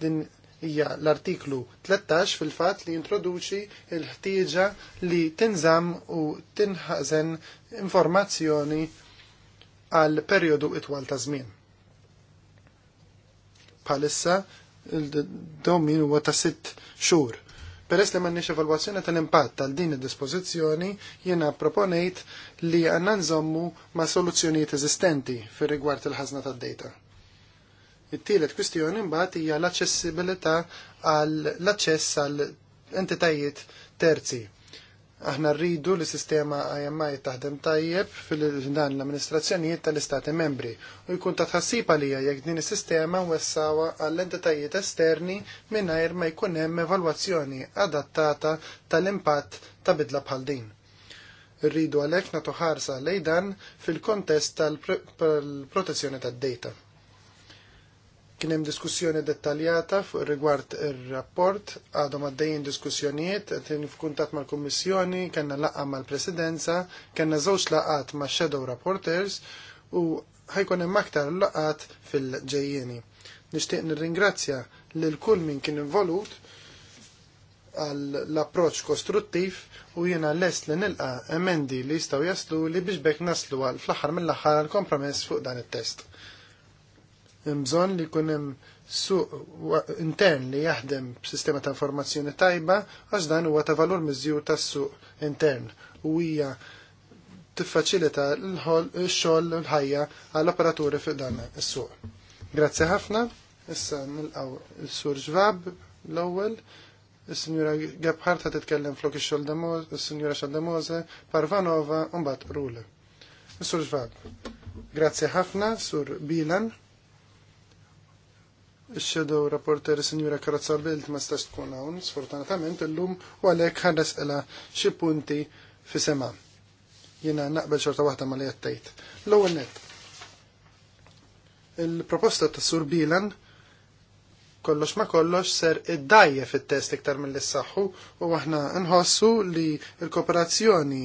Din hija l-artiklu 13 fil-fatt li introduċi l-ħtieġa li tinżamm u tinħażen informazzjoni għal perjodu itwal ta' żmien. Palissa il-domin huwa ta' sitt xhur. Peress li m'għandniex evalwazzjoni tal-impatt tal din id-dispożizzjoni, jiena proponejt li għandna nżommu ma' soluzzjonijiet eżistenti fir rigward il-ħażna tad-data. It-tielet kwistjoni mbagħad hija l-aċċessibilità għall l-aċċess għall entitajiet terzi Aħna rridu li sistema IMI taħdem tajjeb fil-dan l-amministrazzjonijiet tal-Istati membri u jkun ta' tħassib għalija jekk din is-sistema wessawa għall-entitajiet esterni mingħajr ma jkun hemm evalwazzjoni adattata tal-impatt ta' bidla bħal din. Rridu għalhekk natuħarsa lejdan dan fil-kontest tal-protezzjoni tad-data. Kien hemm diskussjoni dettaljata fuq rigward ir-rapport, għadhom għaddejjin diskussjonijiet, qed f'kuntatt mal-Kummissjoni, kellna laqgħa mal-Presidenza, kellna żewġ laqgħat ma' Shadow Rapporters u ħajkun hemm aktar laqgħat fil-ġejjieni. Nixtieq nirringrazzja lil kull min kien involut għall-approċċ kostruttiv u jiena lest li nilqa emendi li jistgħu jaslu li biex bekk naslu għal fl-aħħar mill-aħħar għall kompromess fuq dan it-test. Mżon li kunem suq intern li jaħdem b'sistema ta' informazzjoni tajba għax dan huwa ta' valur miżju tas-suq intern u hija tiffaċilita l-xogħol u l-ħajja għall-operaturi fuq dan is-suq. Grazzi ħafna. Issa nilqaw il-Sur Ġvab l-ewwel, is-Sinjura Gebhardt ħad titkellem flok ix is-Sinjura Xoldemoze, Parvanova u mbagħad Rule. Is-Sur Ġvab. Grazzi ħafna, Sur Bilan. Shadow Rapporter Signora Karazza Bilt ma stax tkun hawn sfortunatament illum u għalhekk ħares ela xi punti fi sema. Jiena naqbel xorta waħda ma li għattajt. L-ewwel net. Il-proposta ta' Sur Bilan kollox ma kollox ser id-dajja fit-test iktar mill-li u aħna nħossu li l-kooperazzjoni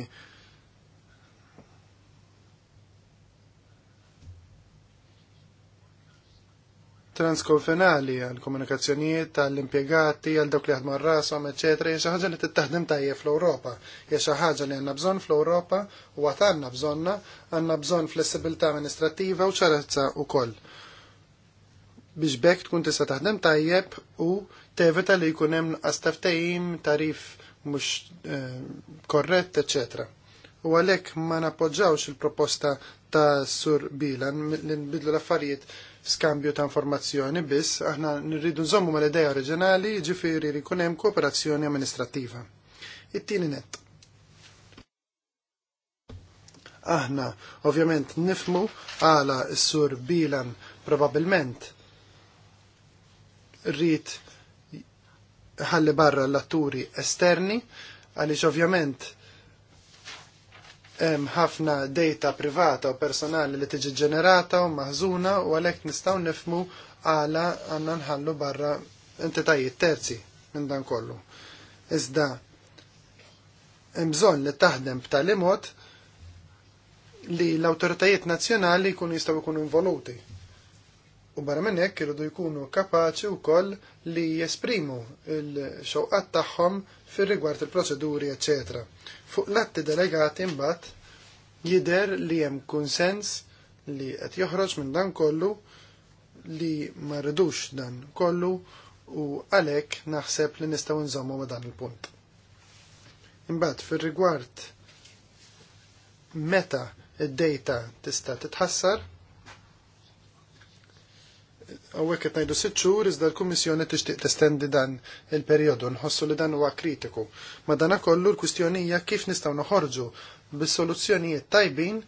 transkonfenali għal komunikazzjonijiet tal-impjegati għal dawk li għadmu rashom eċetera, hija xi ħaġa li tittaħdem tajjeb fl-Ewropa. Hija xi ħaġa li għandna bżonn fl-Ewropa u għat għanna bżonna, għandna bżonn flessibilta amministrativa u u wkoll. Biex bekk tkun tista' taħdem tajjeb u tevita li jkun hemm għastaftejjim tarif mhux eh, korrett, eċetera. U għalhekk ma nappoġġawx il-proposta ta' Sur Bilan li nbidlu l-affarijiet skambju ta' informazzjoni biss, aħna nirridu nżommu mal-ideja oriġinali ġifiri rikunem kooperazzjoni amministrativa. It-tieni net. Aħna ovvjament nifmu għala s-sur bilan probabilment rrit ħalli barra l-atturi esterni għaliex ovvjament hemm ħafna data privata u personali li tiġi ġenerata u maħżuna u għalhekk nistgħu nifmu għala għandna nħallu barra entitajiet terzi minn dan kollu. Iżda hemm bżonn li taħdem b'tali mod li l-awtoritajiet nazzjonali jkunu jistgħu jkunu involuti. U barra minn hekk irridu jkunu kapaċi wkoll li jesprimu l xoqqat tagħhom fir-rigward il-proċeduri, ecc. Fuq l-atti delegati mbagħad jidher li hemm kunsens li qed joħroġ minn dan kollu li ma rridux dan kollu u għalhekk naħseb li nistgħu nżommu ma' dan il-punt. Imbagħad fir-rigward meta id-data tista' titħassar, għawek qed ngħidu sitt xhur iżda l-Kummissjoni tixtieq testendi dan il-perjodu nħossu li dan huwa kritiku. Madanakollu l kustjonija kif nistgħu noħorġu bis-soluzzjonijiet tajbin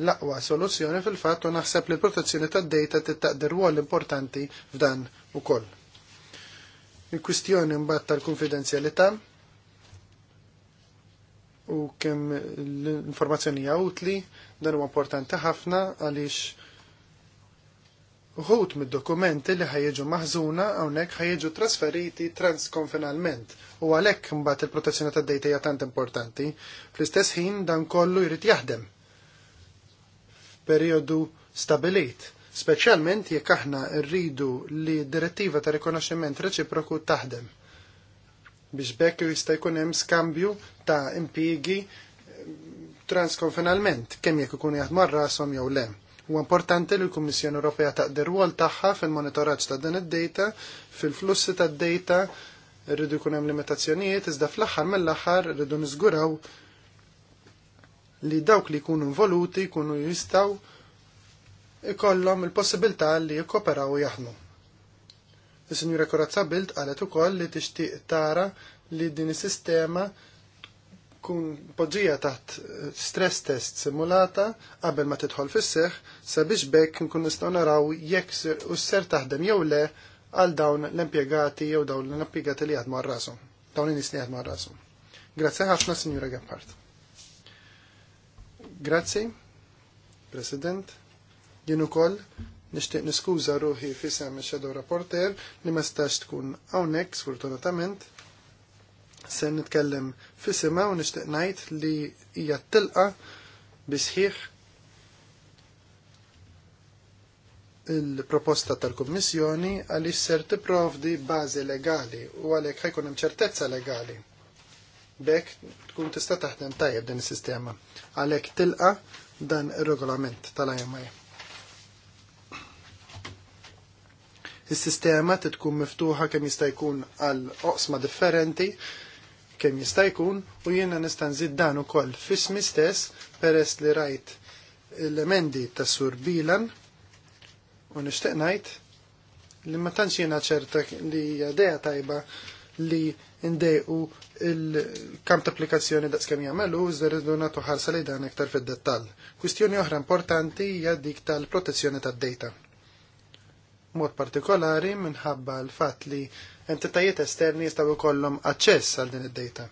l-aqwa soluzzjoni fil-fatt u naħseb li l-protezzjoni tad-data tittaqdir rwol importanti f'dan ukoll. Il-kwistjoni mbagħad tal-konfidenzjalità u kemm l-informazzjoni utli dan huwa importanti ħafna għaliex Uħut mid-dokumenti li ħajġu maħżuna hawnhekk ħajġu trasferiti transkonfinalment u għalhekk mbagħad il-protezzjoni tad-dejta hija tant importanti. Fl-istess ħin dan kollu jrid jaħdem. periodu stabilit, speċjalment jekk aħna rridu li direttiva ta' rikonoxximent reċiproku taħdem. Biex bekk jista' jkun hemm skambju ta' impjiegi transkonfinalment kemm jekk ikun jaħdmu ar-rashom jew le U importanti li l-Kummissjoni Ewropea taqder rwol tagħha fil-monitoraġġ ta' dan id-data, fil-flussi tad-data, rridu jkun hemm limitazzjonijiet, iżda fl-aħħar mill-aħħar rridu niżguraw li dawk li jkunu involuti jkunu jistgħu ikollhom il-possibilità li jikkoperaw u jaħdmu. Is-Sinjura Korazza Bilt qalet ukoll li tixtieq tara li din is-sistema kun poġġija taħt eh, stress test simulata qabel ma tidħol fis-seħ sabiex bekk nkun nistgħu naraw jekk u ser taħdem jew le għal dawn l-impjegati jew dawn l-impjegati li jaħdmu għar dawn in-nies li jaħdmu għar-rashom. Grazzi ħafna Sinjura Gephardt. Grazzi, President. Jien ukoll nixtieq niskuża ruħi fisem shadow rapporter li ma stax tkun hawnhekk sfortunatament se nitkellem fisima u nixtieq ngħid li hija tilqa bisħiħ il-proposta tal-Kummissjoni għaliex ser tipprovdi bażi legali u għalhekk ħajkun hemm ċertezza legali. Bekk tkun tista' taħdem tajjeb din is-sistema għalhekk tilqa dan ir-regolament tal-IMA. Is-sistema titkun miftuħa kemm jista' jkun għal oqsma differenti kemm jista' jkun u jiena nistan nżid dan ukoll f'ismi stess peress li rajt l-emendi ta' Sur Bilan u nixtieq ngħid li ma tantx jiena ċerta li hija tajba li ndejqu il-kamp ta' applikazzjoni da' skem jagħmelu iżda rridu nagħtu ħarsa li dan aktar fid-dettall. Kwistjoni oħra importanti hija dik tal-protezzjoni tad-data mod partikolari minħabba l-fatt li entitajiet esterni jistgħu jkollhom aċċess għal din id-data.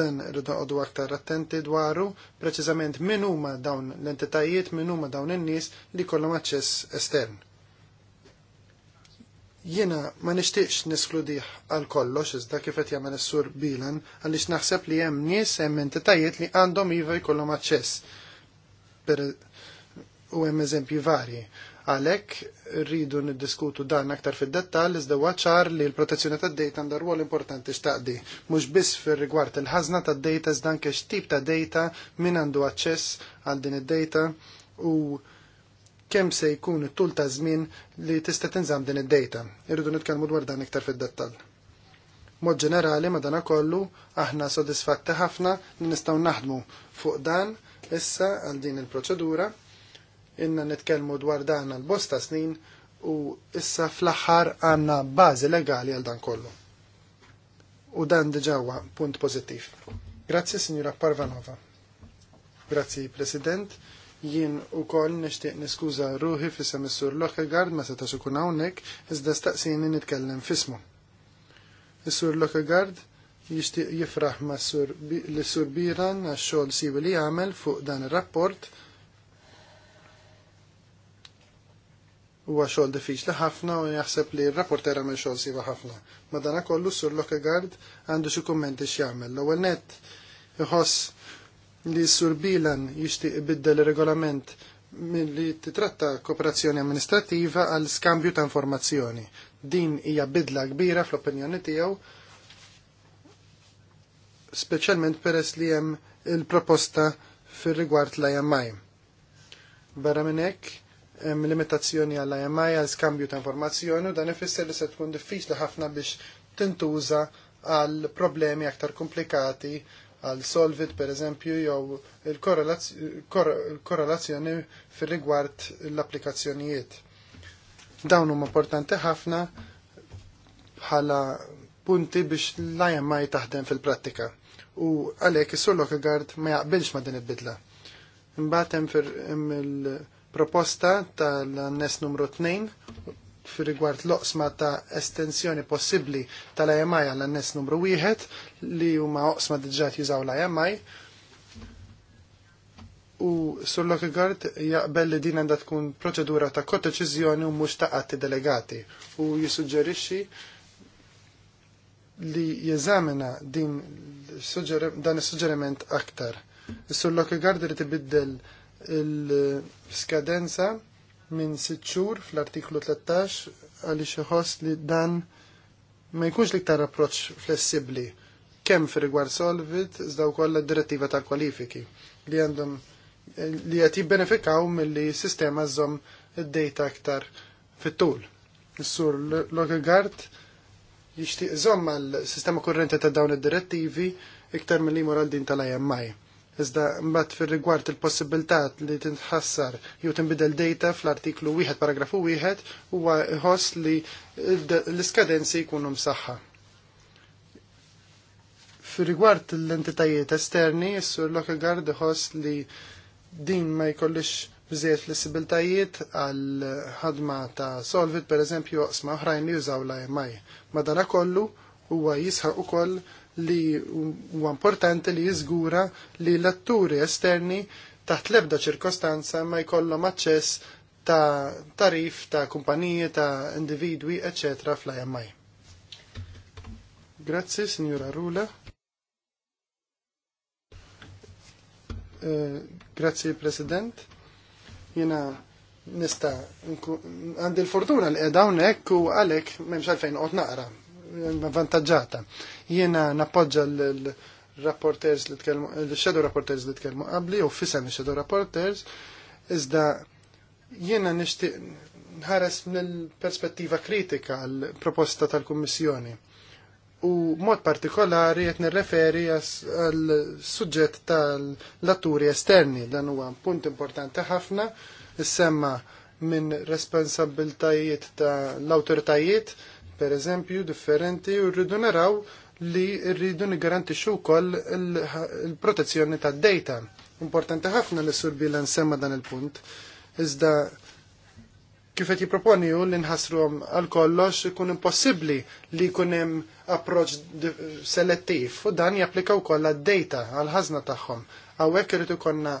Dan irridu għodu aktar attenti dwaru preċiżament min huma dawn l-entitajiet, min huma dawn in-nies li jkollhom aċċess estern. Jiena ma nixtieqx niskludih għal kollox iżda kif qed jagħmel is-sur Bilan għaliex naħseb li hemm nies hemm entitajiet li għandhom iva jkollhom aċċess. Per u hemm eżempji varji Għalhekk rridu niddiskutu dan aktar fid-dettall iżda ċar li l-protezzjoni tad-data għandha rwol importanti x'taqdi, mhux biss fir-rigward il-ħażna tad-data iżda anke x'tip ta' data min għandu aċċess għal din id-data u kemm se jkun it-tul ta' żmien li tista' tinżamm din id-data. Irridu nitkellmu dwar dan iktar fid-dettall. Mod ġenerali madanakollu aħna sodisfatti ħafna li nistgħu naħdmu fuq dan issa għal din il-proċedura inna nitkellmu dwar dan għal bosta snin u issa fl-aħħar għanna bażi legali għal dan kollu. U dan diġawa punt pozittiv. Grazzi, Signora Parvanova. Grazzi, President. Jien u kol nishtiq niskuza ruħi fissa missur Lokegard ma setax ikun hawnhekk, iżda staqsini nitkellem fismu. Is-sur Lokegard jishtiq jifraħ ma' s sur Biran għax-xogħol siwi li jagħmel fuq dan ir-rapport huwa xogħol diffiċli ħafna u jaħseb li r-rapporter għamel xogħol siva ħafna. Madana kollu sur Lockegaard għandu xi kummenti x'jagħmel. L-ewwel nett iħoss li sur Bilan jixtieq ibiddel ir-regolament li titratta kooperazzjoni amministrativa għal skambju ta' informazzjoni. Din hija bidla kbira fl-opinjoni tiegħu speċjalment peress li hemm il-proposta fir rigward l-IMI. Barra minn hekk, hemm limitazzjoni għall IMI għal skambju ta' informazzjoni u dan ifisser li se tkun diffiċli ħafna biex tintuża għal problemi aktar komplikati għal solvit per eżempju jew il-korrelazzjoni fir rigward l-applikazzjonijiet. Dawn huma importanti ħafna bħala punti biex l-IMI taħdem fil-prattika u għalhekk is-sur Lockergard ma jaqbilx ma' din il-bidla. Imbagħad hemm proposta tal-annes numru 2 fi rigward l-oqsma ta' estensjoni possibbli tal-IMI għall-annes numru 1 li huma oqsma diġà jużaw l-IMI u sur Lockhart jaqbel li din għandha tkun proċedura ta' kodeċiżjoni u mhux ta' atti delegati u jissuġġerixxi li jeżamina din dan is-suġġeriment aktar. Is-sur Guard irid ibiddel il-skadenza minn sitxur xhur fl-artiklu 13 għaliex iħoss li dan ma jkunx liktar approċċ flessibbli kemm fi rigward Solvit iżda wkoll id-direttiva tal-kwalifiki li għandhom li qed jibbenefikaw milli sistema żomm id-data aktar fit-tul. Is-sur Logegard jixtieq zom għal sistema kurrenti ta' dawn id-direttivi iktar mill-li moral din tal-IMI Iżda mbagħad fir-rigward il-possibilità li tinħassar jew tinbidel data fl-artiklu wieħed paragrafu wieħed huwa ħoss li l-iskadenzi jkunu msaħħa. Fir-rigward l-entitajiet esterni, s-sur Guard ħoss li din ma jkollix bżejjed flessibiltajiet għal ħadma ta' Solvit pereżempju oqsma oħrajn li jużaw l-IMI. Madanakollu huwa jisħaq ukoll li huwa importanti li jiżgura li l-atturi esterni taħt lebda ċirkostanza ma jkollhom aċċess ta' tarif ta' kumpaniji ta' individwi, eccetera, fl-IMI. Grazzi, signora Rula. Eh, grazzi, President. Jena nista għandi l-fortuna li għedawnek u għalek memx għalfejn qod naqra vantaġġata. Jiena nappoġġa l-rapporters li tkellmu, l-shadow rapporters li tkellmu qabli u fisem il-shadow rapporters, iżda jiena nixtieq nħares mill-perspettiva kritika l-proposta tal-Kummissjoni. U mod partikolari qed nirreferi għal suġġett tal latturi esterni, dan huwa punt importanti ħafna, is-semma minn responsabiltajiet tal-awtoritajiet pereżempju differenti u rridu naraw li rridu xu wkoll il-protezzjoni tad-data. Importanti ħafna li surbi bilan semma dan il-punt. Iżda kif qed jipproponi hu li nħassruhom għal kollox ikun impossibbli li jkun hemm approċċ selettiv u dan japplika wkoll għad-data għal ħazna tagħhom. Għawek irid konna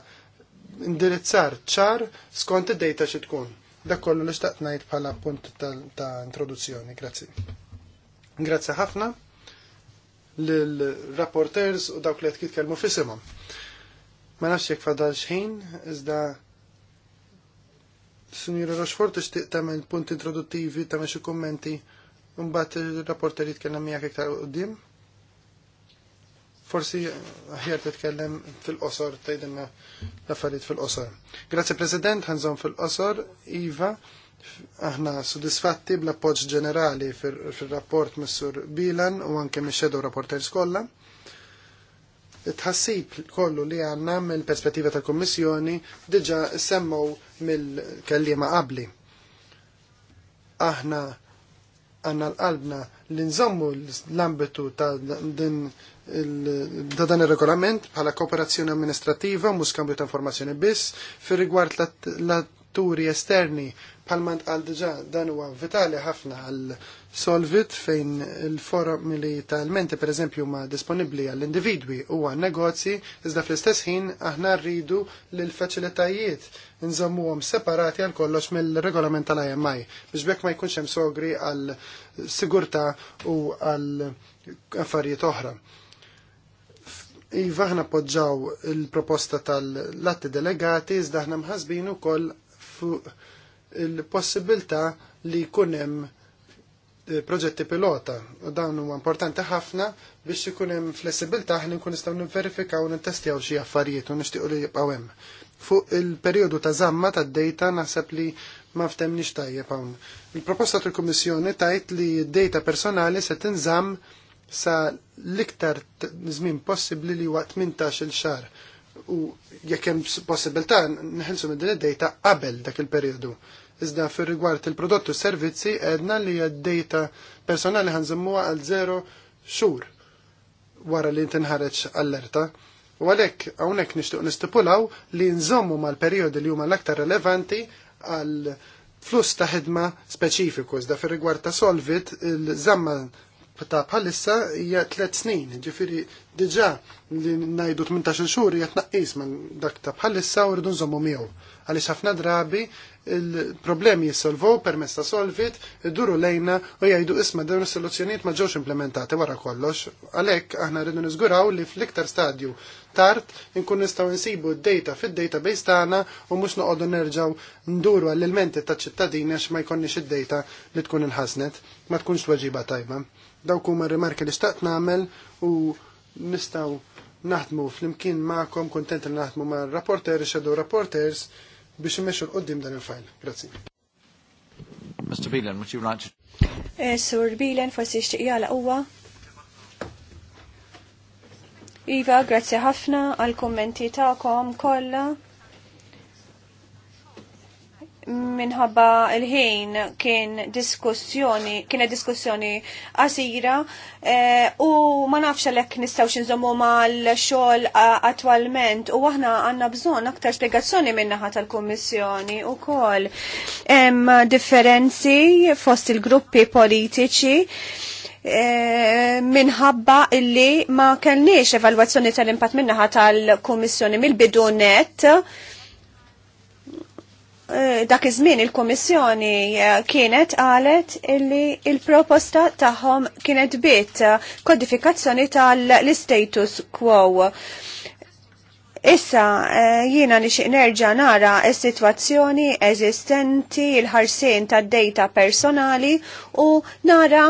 indirizzar ċar skont id-data xi tkun. Dak kollu li staqt ngħid bħala punt ta' introduzzjoni. Grazzi. Grazzi ħafna lill-rapporters u dawk li qed jitkellmu fissimum. Ma nafx jekk fadal xejn, iżda Sunjura Rochefort tixtieq tagħmel punt introduttivi tagħmel xi kummenti mbagħad ir-rapporter jitkellem miegħek iktar quddiem. Forsi eh, ħjer titkellem fil-qosor, tgħidilna l-affarijiet fil-qosor. Grazzi President, ħanżon fil-qosor, Iva, aħna sudisfatti bl-appoġġ ġenerali fil-rapport Missur Bilan u anke mix-shadow rapporters kollha tħassib kollu li għanna mill-perspettiva tal-Kommissjoni diġa semmow mill-kellima qabli. Aħna għanna l-qalbna li nżommu l-ambitu ta' din da dan il-regolament bħala kooperazzjoni amministrativa mhux skambju ta' informazzjoni biss fir rigward l-atturi esterni bħalma għal diġà dan huwa vitali ħafna għal Solvit fejn il-forum li ta' per eżempju ma' disponibli għall-individwi u għan negozji, iżda fl-istess ħin aħna rridu l-facilitajiet għom separati għal kollox mill-regolament tal-IMI biex bekk ma jkunx hemm sogri għal sigurta u għal affarijiet oħra. Iva ħna podġaw il-proposta tal-latti delegati, iżda ħna mħasbin ukoll fuq il possibilta li kunem hemm proġetti pilota u dawn huwa importanti ħafna biex ikun hemm flessibilità ħli nkun nistgħu nivverifikaw u nittestjaw xi affarijiet u nixtiequ li jibqgħu hemm. Fuq il-perjodu ta' żamma tad-dejta naħseb li ma ftemniex tajjeb hawn. Il-proposta tal-Kummissjoni tajt li d-dejta personali se tinżamm sa l-iktar żmien possibbli li waqt minn il xahar u jekk hemm possibilità neħilsu minn din id-dejta qabel dak il-perjodu Iżda fir rigward il-prodott u servizzi edna li għad data personali ħanżimmuha għal zero xhur wara li tinħareġ allerta. U għalhekk hawnhekk nishtuq nistipulaw li nżommu mal-perjodi li huma l-aktar relevanti għal flus ta' ħidma speċifiku. Iżda fir rigward ta' solvit il zamma ta' bħalissa hija tliet snin, ġifiri diġa' li ngħidu 18 xhur hija naqqis man dak ta' bħalissa u rridu nżommu miegħu. Għaliex ħafna drabi il-problemi jissolvu per ta' solvit, duru lejna u jgħidu isma' dawn is-soluzzjonijiet ma ġewx implementati wara kollox. Għalhekk aħna rridu niżguraw li fl-iktar stadju tard nkun nistgħu nsibu d-data fid-database tagħna u mhux noqogħdu nerġgħu nduru għall-elementi taċ-ċittadini għax ma jkollniex id-data li tkun inħasnet, ma tkunx weġiba tajba. Dawk huma r-rimarki li xtaqt nagħmel u nistgħu naħdmu fl-imkien ma'kom kontent li naħdmu ma' rapporters, shadow rapporters, biex imexxu l-qoddim dan il-fajl. Grazzi. Mr. Bielen, would you like to... Eh, Sur Bielen, forsi xtiq jala uwa. Iva, grazzi ħafna għal kommenti ta'kom kolla minħabba l-ħin kien diskussjoni, kienet diskussjoni qasira e, u ma nafx għalhekk nistgħu xinżommu mal-xogħol attualment u aħna għandna bżonn aktar spiegazzjoni min-naħa tal-Kummissjoni wkoll. Hemm differenzi fost il-gruppi politiċi eh, minħabba illi ma kellniex evalwazzjoni tal-impatt min-naħa tal-Kummissjoni mill-bidu Eh, dak iż-żmien il-Komissjoni eh, kienet qalet illi il-proposta tagħhom kienet bit eh, kodifikazzjoni tal-status quo. Issa jiena nixi nerġa' nara s-sitwazzjoni eżistenti il-ħarsien tad-data personali u nara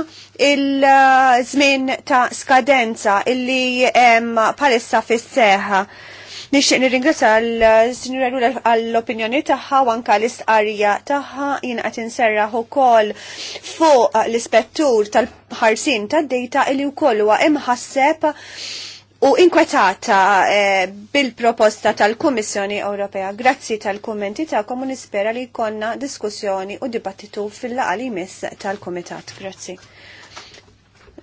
il-żmien ta' skadenza illi hemm palissa fis-seħħa Nixtieq nirringrazzja l-Sinjura Lula għall-opinjoni tagħha u anke l-istqarrija tagħha jien qed inserraħ ukoll fuq l-ispettur tal-ħarsin tad-dejta li wkoll huwa imħasseb u inkwetata eh, bil-proposta tal-Kummissjoni Ewropea. Grazzi tal-kummenti tagħkom u nispera li jkollna diskussjoni u dibattitu fil-laqgħa li jmiss tal-Kumitat. Grazzi.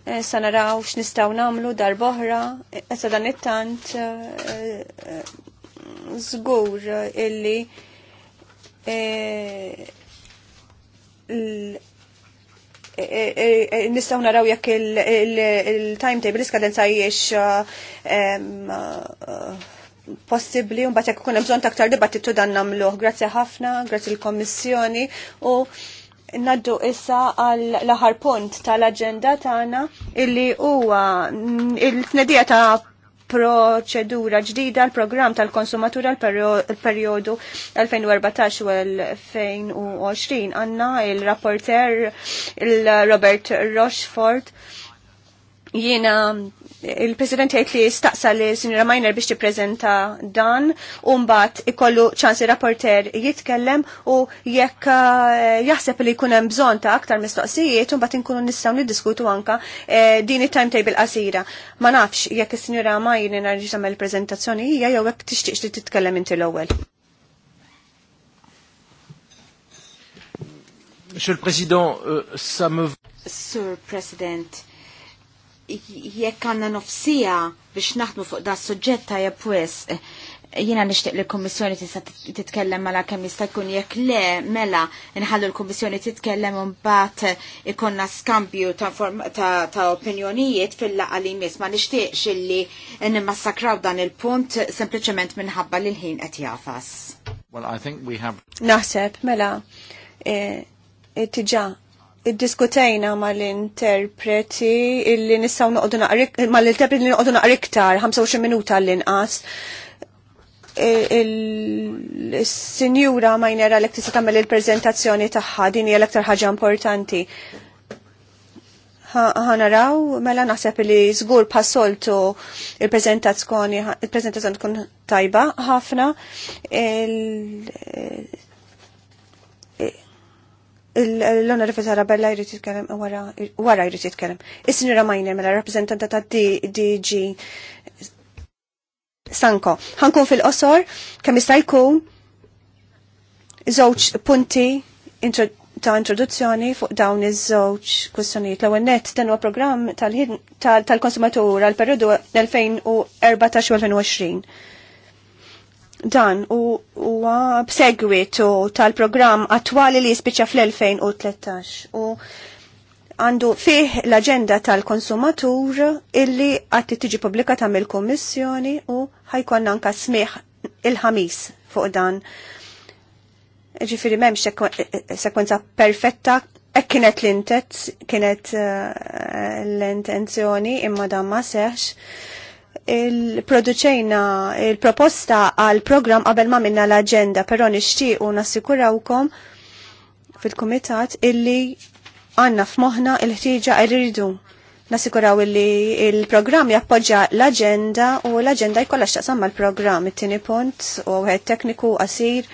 Eh, sa naraw x'nistgħu nagħmlu boħra, issa eh, dan it-tant eh, żgur illi Nistgħu naraw jekk il-timetable iskadenza jiex possibli, un bat jekk kunem bżon taktar dibattitu dan namluħ. Grazie ħafna, grazie l-Kommissjoni u Naddu issa għal laħar punt tal-agenda tagħna illi huwa mm, il-tnedija ta' proċedura ġdida l programm tal-konsumatura l-periodu 2014-2020. Għanna il-rapporter il-Robert Rochefort jiena il-President jgħid li staqsa li Sinjora Miner biex tippreżenta dan u mbagħad ikollu ċansi rapporter jitkellem u jekk eh, jaħseb li jkun hemm bżonn ta' aktar mistoqsijiet umbagħad inkunu nistgħu niddiskutu anka eh, din it-timetable qasira. Ma nafx jekk is-Sinjora Miner narġi tagħmel il-preżentazzjoni hija jew hekk tixtieq li titkellem inti l-ewwel. Monsieur le Président, euh, ça me... Sir President, jekk għanna nofsija biex naħdmu fuq da suġġett ta' jepwis eh, jina nishtiq li l-Kommissjoni tista' titkellem mela kemm jista' jkun jekk le mela nħallu l-Kommissjoni titkellem mbagħad eh, ikonna skambju ta', ta, opinjonijiet fil laqgħa li jmiss ma nixtieqx illi nimmassakraw dan il-punt sempliċement minħabba li l-ħin qed jafas. Well, I think we have Naħseb mela eh, tiġa id Iddiskutejna mal-interpreti illi nistgħu noqogħdu naqrik mal-interpreti li noqogħdu naqriktar 25 minuta l-inqas e, il-sinjura ma jnera l tista tagħmel il-preżentazzjoni tagħha din hija l-aktar ħaġa importanti. Ħanaraw, mela naħseb li żgur passoltu il-preżentazzjoni il tkun tajba ħafna l-onorefu Bella jrid jitkellem wara jrid jitkellem. Is-sinjura Majner mela rappresentanta ta' DG Sanko. Ħankun fil-qosor kemm jista' jkun żewġ punti ta' introduzzjoni fuq dawn iż-żewġ kwistjonijiet. L-ewwel nett dan huwa programm tal-konsumatur għal periodu 2014-2020 Dan huwa b'segwitu tal-programm attwali li jispiċċa fl-2013 u għandu fih l-agenda tal-konsumatur illi għatti tiġi publikata mill-Kommissjoni u ħajkon anka smieħ il-ħamis fuq dan. Ġifiri memx sekwenza perfetta, ek kienet kienet eh, l-intenzjoni imma dan ma seħx il-produċejna il-proposta għal program qabel ma minna l-agenda, pero nishtiq u nassikurawkom fil-komitat illi għanna f'moħna il-ħtieġa irridu. Nasikuraw illi il-programm jappoġġa l-agenda u l-agenda jkollha x'taqsam mal-programm it-tieni punt u wieħed tekniku qasir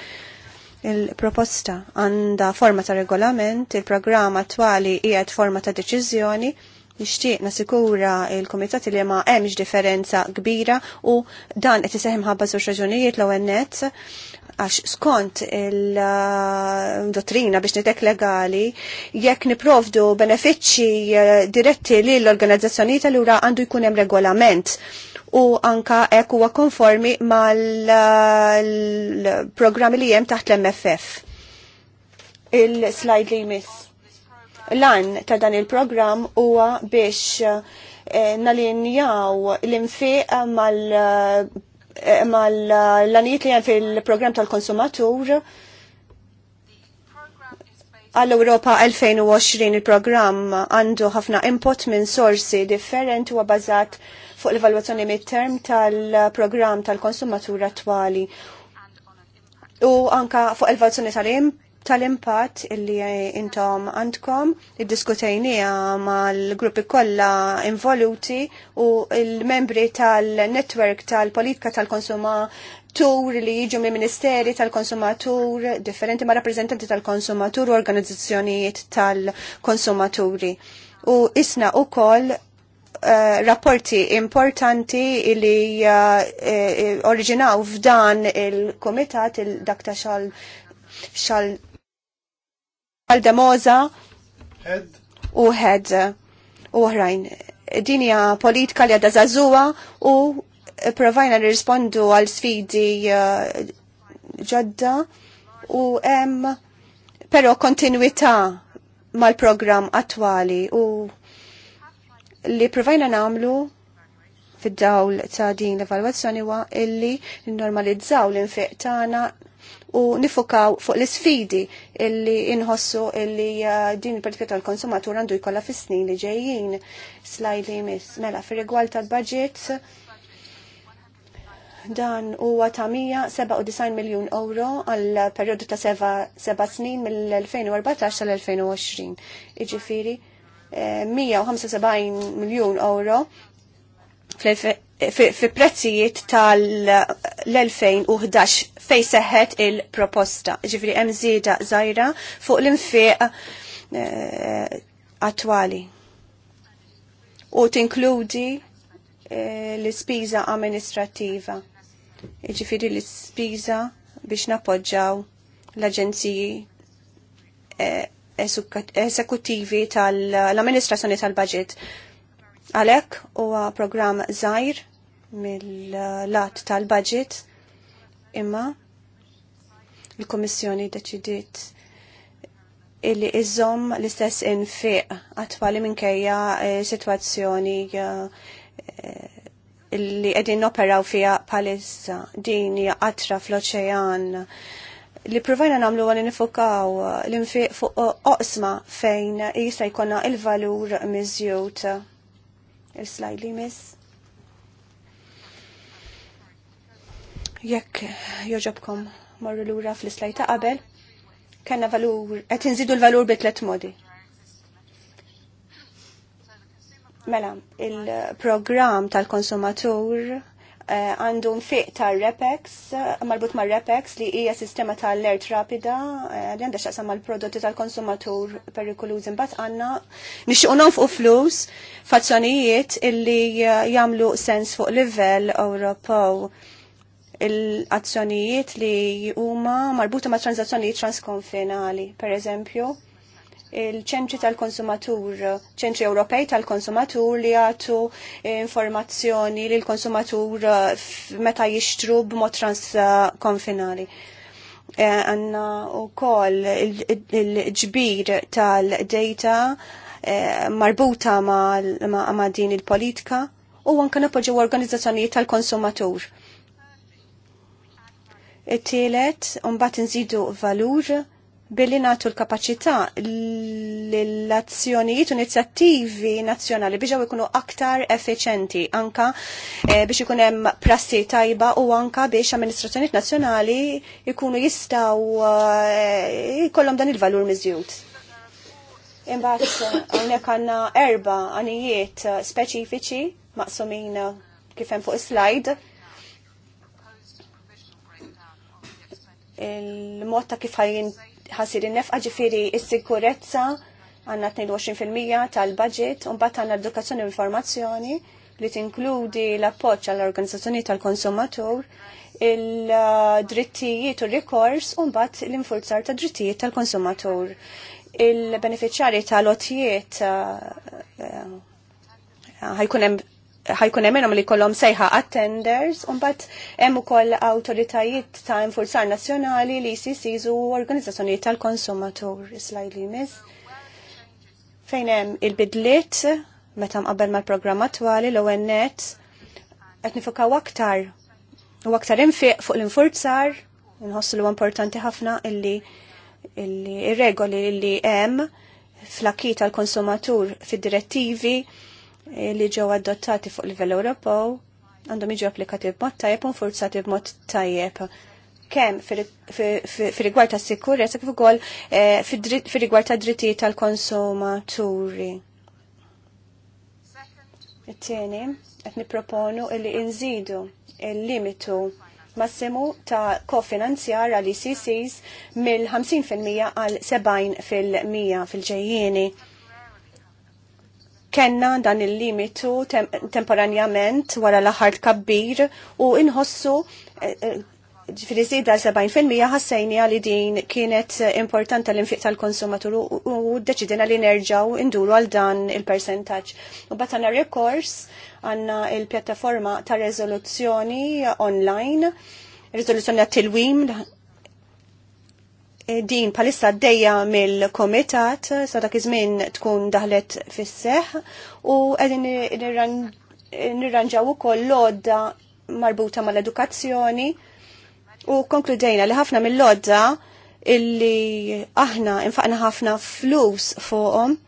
il-proposta għandha forma ta' regolament, il-programm attwali qiegħed forma ta' deċiżjoni Nixtieq nasikura il komitati li ma hemmx differenza kbira u dan qed iseħħem ħabba żewġ raġunijiet l-ewwel għax skont il-dottrina biex nitek legali jekk niprovdu benefiċċji eh, diretti lill organizzazzjonijiet allura għandu jkun hemm regolament u anka ek huwa konformi mal-programmi li jem taħt l-MFF. Il-slide li jmiss. Lan ta' dan il-programm huwa biex eh, nalinjaw l-infiq eh, mal- eh, mal-lanijiet li għan fil-program tal-konsumatur għall-Europa 2020 il-programm għandu ħafna input minn sorsi differenti u bażat fuq l-evalwazzjoni mid-term tal program tal-konsumatur attwali u anka fuq l evaluazzjoni tal-imp tal-impatt illi intom għandkom, id-diskutajnija mal-gruppi kollha involuti u l-membri tal-netwerk tal-politika tal-konsumatur li jiġu minn ministeri tal-konsumatur, differenti ma' rappresentanti tal-konsumatur u organizzazzjonijiet tal-konsumaturi. U isna u koll Uh, rapporti importanti li uh, eh, uh, eh, originaw f'dan il-komitat il-dak xal, xal Aldemoza u Head u oħrajn. Dinja politika li għadda zazuwa u provajna nirrispondu għal sfidi uh, ġodda u hemm però kontinuità mal-programm attwali u li provajna namlu fid-dawl ta' din l-evalwazzjoni wa illi normalizzaw l-infiq tagħna u nifokaw fuq l-sfidi illi inħossu illi uh, din il-politika tal-konsumatur għandu jkollha fis-snin li ġejjin. Slajdi li jmiss. Mela, fir-rigward tal-budget dan huwa ta' 197 miljun euro għal perjodu ta' 7 snin mill-2014 tal-2020. Iġifiri, 175 eh, miljun euro fi prezzijiet tal-2011 fej seħħet il-proposta. Ġifri hemm żieda żgħira fuq l-infiq attuali. Eh, attwali. U tinkludi eh, l-ispiża amministrattiva. Ġifri l-ispiża biex napoġġaw l-aġenziji eh, esekutivi tal-amministrazzjoni tal-budget. tal amministrazzjoni tal budget Għalek huwa programm żgħir mill-lat tal-budget imma il-Komissjoni deċidiet illi iżomm l-istess infiq għatwali minkejja eh, situazzjoni eh, li qegħdin operaw fija palissa din qatra fl-oċean li provajna namlu għan nifukaw l-infiq fuq oqsma fejn jista' jkollna il-valur miżjut il-slajd li miss. Jekk joġobkom morru lura fl-slajd ta' qabel, kena valur, qed nżidu l-valur bi tliet modi. Mela, il-programm tal-konsumatur Eh, għandu nfiq tal-Repex, eh, marbut mal-Repex li hija sistema tal-alert rapida eh, li għandha xaqsam mal-prodotti tal-konsumatur perikolużi mbagħad għandna nixtiequ nonfqu flus fazzjonijiet illi jagħmlu sens fuq livell Ewropew il-azzjonijiet li huma marbuta ma' transazzjonijiet transkonfinali, per eżempju, il-ċentri tal-konsumatur, ċentri Ewropej tal-konsumatur li għatu informazzjoni li l-konsumatur eh, meta jixtru b'mod transkonfinali. Eh, għanna u koll il-ġbir il ġbir tal data eh, marbuta ma, din il-politika u għanka napoġġu organizzazzjonijiet tal-konsumatur. It-tielet, un-bat nżidu valur billi natu l-kapacità l-azzjonijiet u inizjattivi nazzjonali biex ikunu aktar effiċenti anka eh, biex ikun hemm prassi tajba u anka biex amministrazzjonijiet nazzjonali ikunu jistaw eh, jkollhom dan il-valur miżjud. Imbagħad hawnhekk għandna erba' għanijiet eh, speċifiċi maqsumin kif hemm fuq slide il-mod ta' kif ħajjin ħasir in-nefqa ġifiri il sikurezza għanna 22% tal-budget, bat għanna edukazzjoni u informazzjoni li tinkludi l-appoċ għall-organizzazzjoni tal-konsumatur, il-drittijiet u rikors, bat l-infurzar ta' drittijiet tal-konsumatur. Il-beneficjari tal-otijiet eh, eh, ħajkun ħajkun hemm li kollom sejħa attenders u mbagħad hemm ukoll awtoritajiet ta' infurzar nazzjonali li CCs u organizzazzjonijiet tal-konsumatur slajd li mis. Fejn hemm il-bidliet meta mqabbel mal-programm attuali l onnet qed nifukaw aktar u aktar infiq fuq l-infurzar nħossu li importanti ħafna illi il-regoli li hemm fl-akki tal-konsumatur fid-direttivi Eh, li ġew adottati fuq livell Ewropew għandhom jiġu applikati b'mod tajjeb u nfurzati b'mod tajjeb kemm fir-rigward ta' sikurezza kif ukoll eh, fir-rigward ta' drittijiet tal-konsumaturi. It-tieni qed nipproponu li nżidu il-limitu massimu ta' kofinanzjar għal ICCs e mill-50% għal 70% fil-ġejjieni. fil kenna dan il-limitu tem temporanjament wara l-aħħar kabbir u inħossu eh, eh, ġifiri zida 70% ħassajni li din kienet importanta l-infiq tal-konsumatur u deċidina li nerġaw induru għal dan il-percentaċ. U bat għanna rekors għanna il-pjattaforma ta' rezoluzzjoni online, rezoluzzjoni għat tilwim din palissa d-dejja mill-komitat, sa dak iż-żmien tkun daħlet fis-seħ u qegħdin nirranġaw ukoll lodda marbuta mal-edukazzjoni u konkludejna li ħafna mill-lodda illi aħna infaqna ħafna flus fuqhom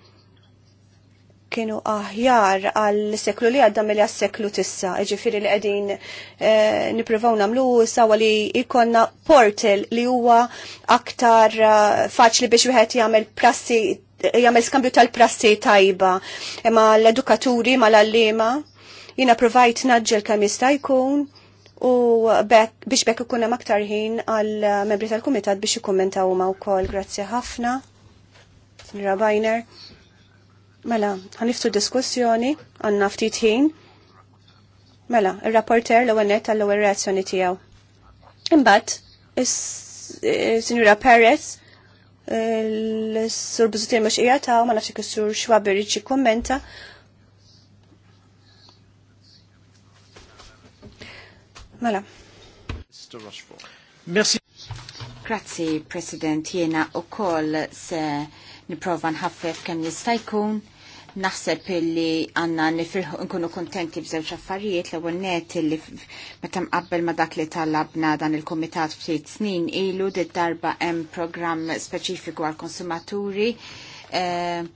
kienu aħjar għal-seklu li għadda mill seklu tissa, ġifiri li għedin e, eh, niprofaw namlu sawa li ikonna portal li huwa aktar eh, faċli biex wieħed jagħmel prassi jagħmel skambju tal-prassi tajba ma l-edukaturi ma l-allima jina provajt naġġel kemm jista' jkun u bek, biex bekk ikun hemm aktar ħin għal membri tal-kumitat biex ikkummentaw ma Grazzi ħafna. Rabajner. Mela, ħaniftu diskussjoni, għanna ftit ħin. Mela, il-rapporter l għennet għall ewwel reazzjoni tijaw. Imbat, il Perez, l-Sur Buzutin mux taw, ma il sur Xwabir iċi kommenta. Mela. Merci. Grazie, President. Jena u koll se niprofa nħaffef kem jista' jkun. Naħseb illi għanna nifirħu nkunu kontenti b'żewġ affarijiet l-ewwel net illi meta mqabbel ma dak li talabna dan il-kumitat ftit snin ilu did darba hemm programm speċifiku għal-konsumaturi. Eh,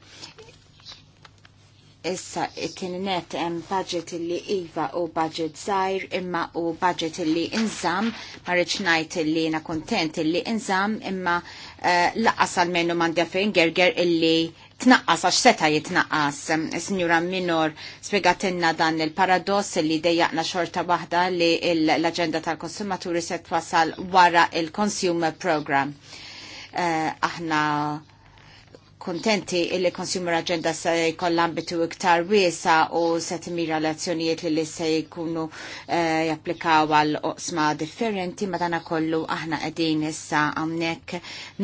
issa it-tieni net hemm budget illi iva u budget żgħir imma u budget illi inżamm ma rridx ngħid illi jiena kuntent illi inżamm imma Eh, laqas għal-menu mandja fejn gerger illi tnaqqas għax seta jitnaqqas. Eh, Signora Minor spiegatinna dan il-paradoss li dejjaqna xorta waħda li l-agenda tal-konsumaturi se wasal wara il-Consumer Program. Uh, aħna kontenti illi Consumer Agenda se jkollha iktar wiesa u se timira l-azzjonijiet li li se jkunu eh, japplikaw għal oqsma differenti dana kollu aħna qegħdin issa hawnhekk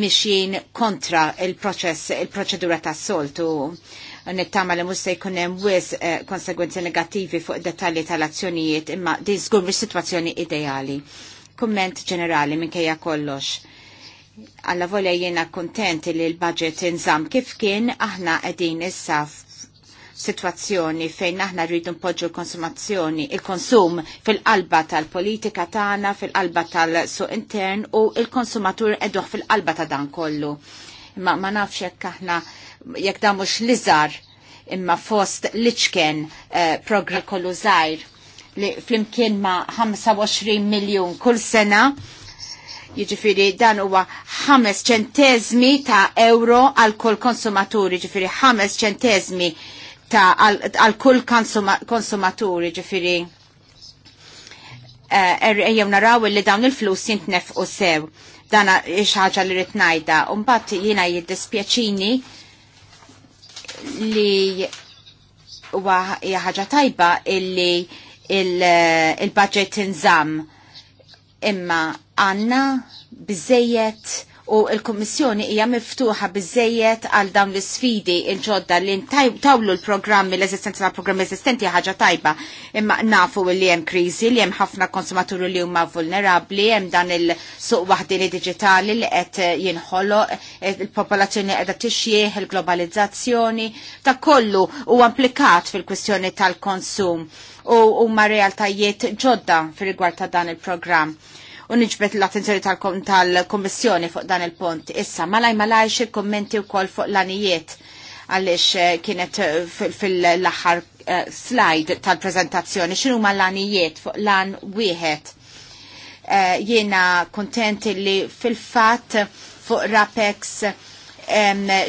mixjin kontra il-proċess il-proċedura tas-soltu nittama li musta jkunem wis eh, konsegwenzi negativi fuq dettalji tal-azzjonijiet imma di zgur situazzjoni ideali. Kumment ġenerali minkejja kollox Alla volja jena kontent li l-budget nżam kif kien aħna qegħdin issa situazzjoni fejn aħna rridu npoġġu l-konsumazzjoni, il-konsum fil-qalba tal-politika tagħna, fil-qalba tal-suq intern u il-konsumatur eduħ fil-qalba ta' dan kollu. Imma ma nafx jekk aħna jekk dan mhux liżar imma fost liċken eh, progri kollu żgħir li flimkien ma' 25 miljun kull sena Jiġifieri dan huwa ħames ċentezmi ta' euro għal kull konsumatur, jiġifieri ħames ċentezmi ta' għal kull konsumatur, jiġifieri eh, er, ejjew naraw li dawn il-flus jintnef u sew. Dana xaġa li ritnajda. Umbat jina jiddispjaċini li huwa ħaġa tajba illi eh, il-budget il imma għanna bizzejiet u il-Kommissjoni hija miftuħa biżejjed għal dawn l-sfidi il-ġodda li tawlu l-programmi l-eżistenza tal programmi eżistenti ħaġa tajba imma nafu li hemm kriżi li hemm ħafna konsumaturi li huma vulnerabbli hemm dan il-suq waħdini diġitali li qed jinħoloq eh, il-popolazzjoni qiegħda tixjieħ il-globalizzazzjoni ta' kollu huwa implikat fil-kwistjoni tal-konsum u huma realtajiet ġodda fir-rigward ta' dan il-programm u niġbet l-attenzjoni tal-Kommissjoni fuq dan il pont Issa, malaj malaj xie kommenti u kol fuq l-anijiet għalix eh, kienet eh, fil-laħar eh, slide tal-prezentazzjoni, xinu ma l-anijiet fuq lan wieħed. Jena kontent li fil-fat fuq RAPEX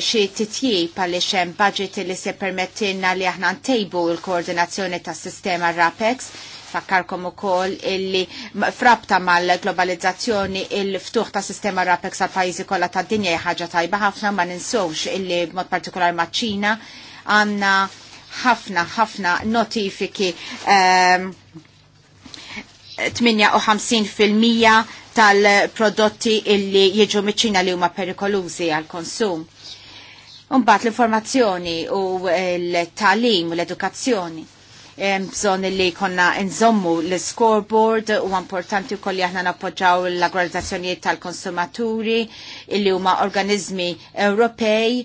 xie titjib għalli xem budget li se permettina li aħna ntejbu l-koordinazzjoni ta' sistema RAPEX fakkarkom u koll illi frabta mal-globalizzazzjoni il-ftuħ ta' sistema rapex għal pajizi kolla ta' dinja ħaġa tajba ħafna ma' ninsowx illi mod partikolar ma' ċina għanna ħafna ħafna notifiki ehm, fil 58% tal-prodotti illi jiġu miċ-ċina li huma perikolużi għal konsum. Umbat l-informazzjoni u l-talim u l-edukazzjoni bżon li konna nżommu l-scoreboard u importanti u kolli aħna nappoġġaw l-aggregazzjonijiet tal-konsumaturi illi huma organizmi Ewropej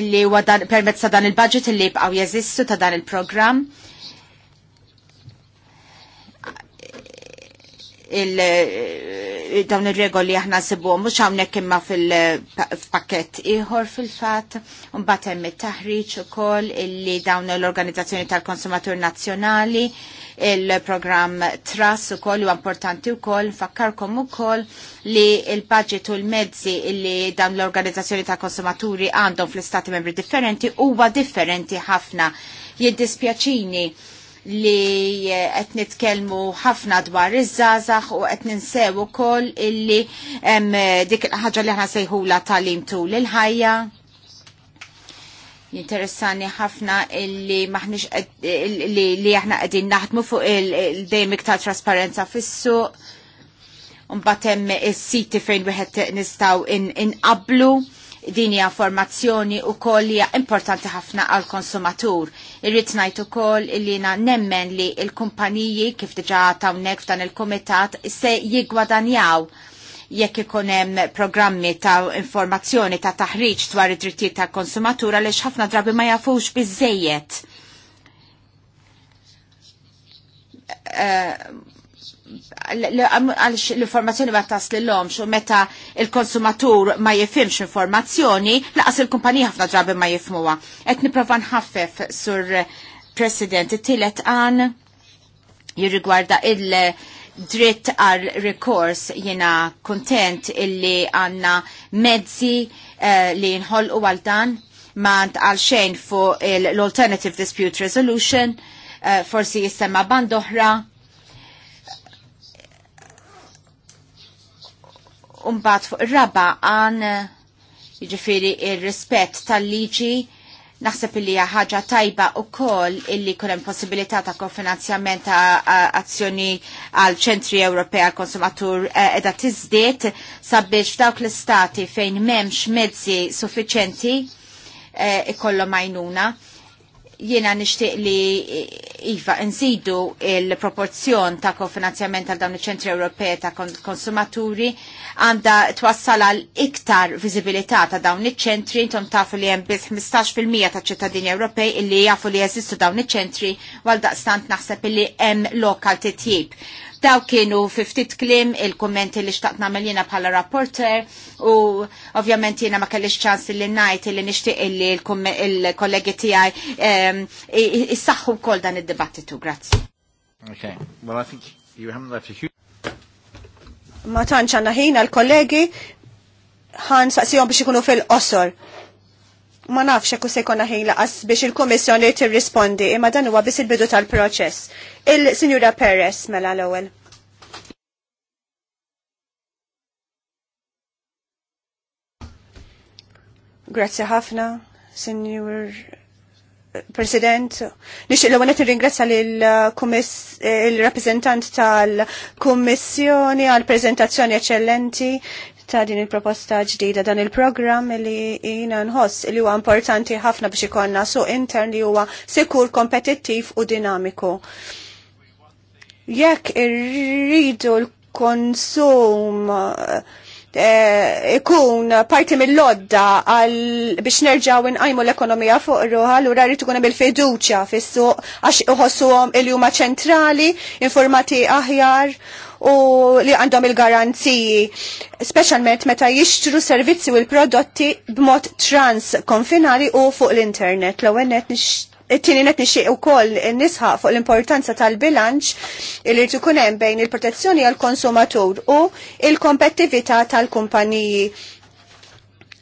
illi huwa permezz ta' dan il-budget illi jibqgħu jeżistu ta' dan il-programm. il dawn ir-regoli aħna sibu mhux hawnhekk imma fil-pakket ieħor fil-fatt u mbagħad hemm it-taħriġ ukoll illi dawn l-Organizzazzjoni tal-Konsumatur Nazzjonali il-program TRAS u koll u importanti u koll, fakkarkom u koll li il-budget u l-mezzi li dawn l-organizzazzjoni tal konsumaturi għandhom fl-istati membri differenti huwa differenti ħafna. Jiddispjaċini li eh, qed nitkellmu ħafna dwar iż-żgħażagħ u qed ninsew ukoll illi hemm dik il-ħaġa li aħna sejħula tagħlim tul il-ħajja. Interessani ħafna illi maħniex li aħna qegħdin naħdmu fuq il-dejjem iktar trasparenza fis-suq. Mbagħad hemm is-siti fejn wieħed nistgħu inqablu. In Din hija informazzjoni wkoll hija importanti ħafna għal konsumatur. Irrid ngħid ukoll li na nemmen li l-kumpaniji kif diġà hawnhekk f'dan il-kumitat se jigwadanjaw jekk ikun hemm programmi ta' informazzjoni ta' taħriġ dwar id-drittijiet tal konsumatur għaliex ħafna drabi ma jafux biżejjed. Uh, għalix l-informazzjoni ma tas li l-omx u meta il-konsumatur ma jifimx informazzjoni, laqas il-kumpanija ħafna drabi ma jifmuwa. Et niprofan ħaffef sur President, it-tielet għan jirrigwarda il- dritt għal rekors jena kontent illi għanna mezzi eh, li nħolqu għal dan ma għal xejn fuq l-Alternative Dispute Resolution eh, forsi jistema band oħra Umbat fuq il raba għan eh, jiġifieri il rispett tal-liġi Naħseb illi ħaġa tajba u koll illi kunem possibilità ta' kofinanzjament ta' azzjoni għal ċentri Ewropea għal konsumatur eh, edha tizdiet sabiex f'dawk l-istati fejn memx mezzi suffiċenti eh, ikollhom għajnuna Jiena nixtieq li iva nżidu il-proporzjon ta' kofinanzjament ta' dawn iċ-ċentri Ewropej ta' konsumaturi għandha twassal għal iktar viżibilità ta' dawn iċ-ċentri intom tafu li hemm biss 15% ta' ċittadini Ewropej illi jafu li jeżistu dawn iċ-ċentri għal daqstant naħseb illi hemm lokal titjib Daw kienu 50 klim il-kommenti li xtaqt namel jena bħala rapporter u ovvjament jena ma kellix ċans li najt li nishtiq li il-kollegi tijaj jissaxħu kol dan il-dibattitu. Grazzi. Okay, well I think you haven't left a huge... Ma tanċana ħina l kollegi ħan saqsijom biex ikunu fil-qosor ma nafx jekk se jkollna ħin laqas biex il-Kummissjoni tirrispondi imma dan huwa biss il-bidu tal-proċess. Il-Sinjura Perez mela l-ewwel. Grazzi ħafna, Sinjur eh, President, nixtieq l-ewwel qed irringrazzja lill-rappreżentant eh, eh, tal-Kummissjoni għall preżentazzjoni eċċellenti ta' din il-proposta ġdida dan il-programm li jina nħoss li huwa importanti ħafna biex ikonna suq intern li huwa sikur kompetittiv u dinamiku. Jekk irridu l-konsum eh, ikun parti mill-lodda biex nerġaw inqajmu l-ekonomija fuq ruħa l ura rritu kunem il-fiduċa fissu għax uħossuhom il-juma ċentrali, informati aħjar u li għandhom il-garanziji, specialment meta jixtru servizzi u l-prodotti b'mod transkonfinali u fuq l-internet. L-ewwel it-tieni net nixtieq ukoll nisħa fuq l-importanza tal-bilanċ li tkun hemm bejn il-protezzjoni għall konsumatur u il-kompettività tal-kumpaniji.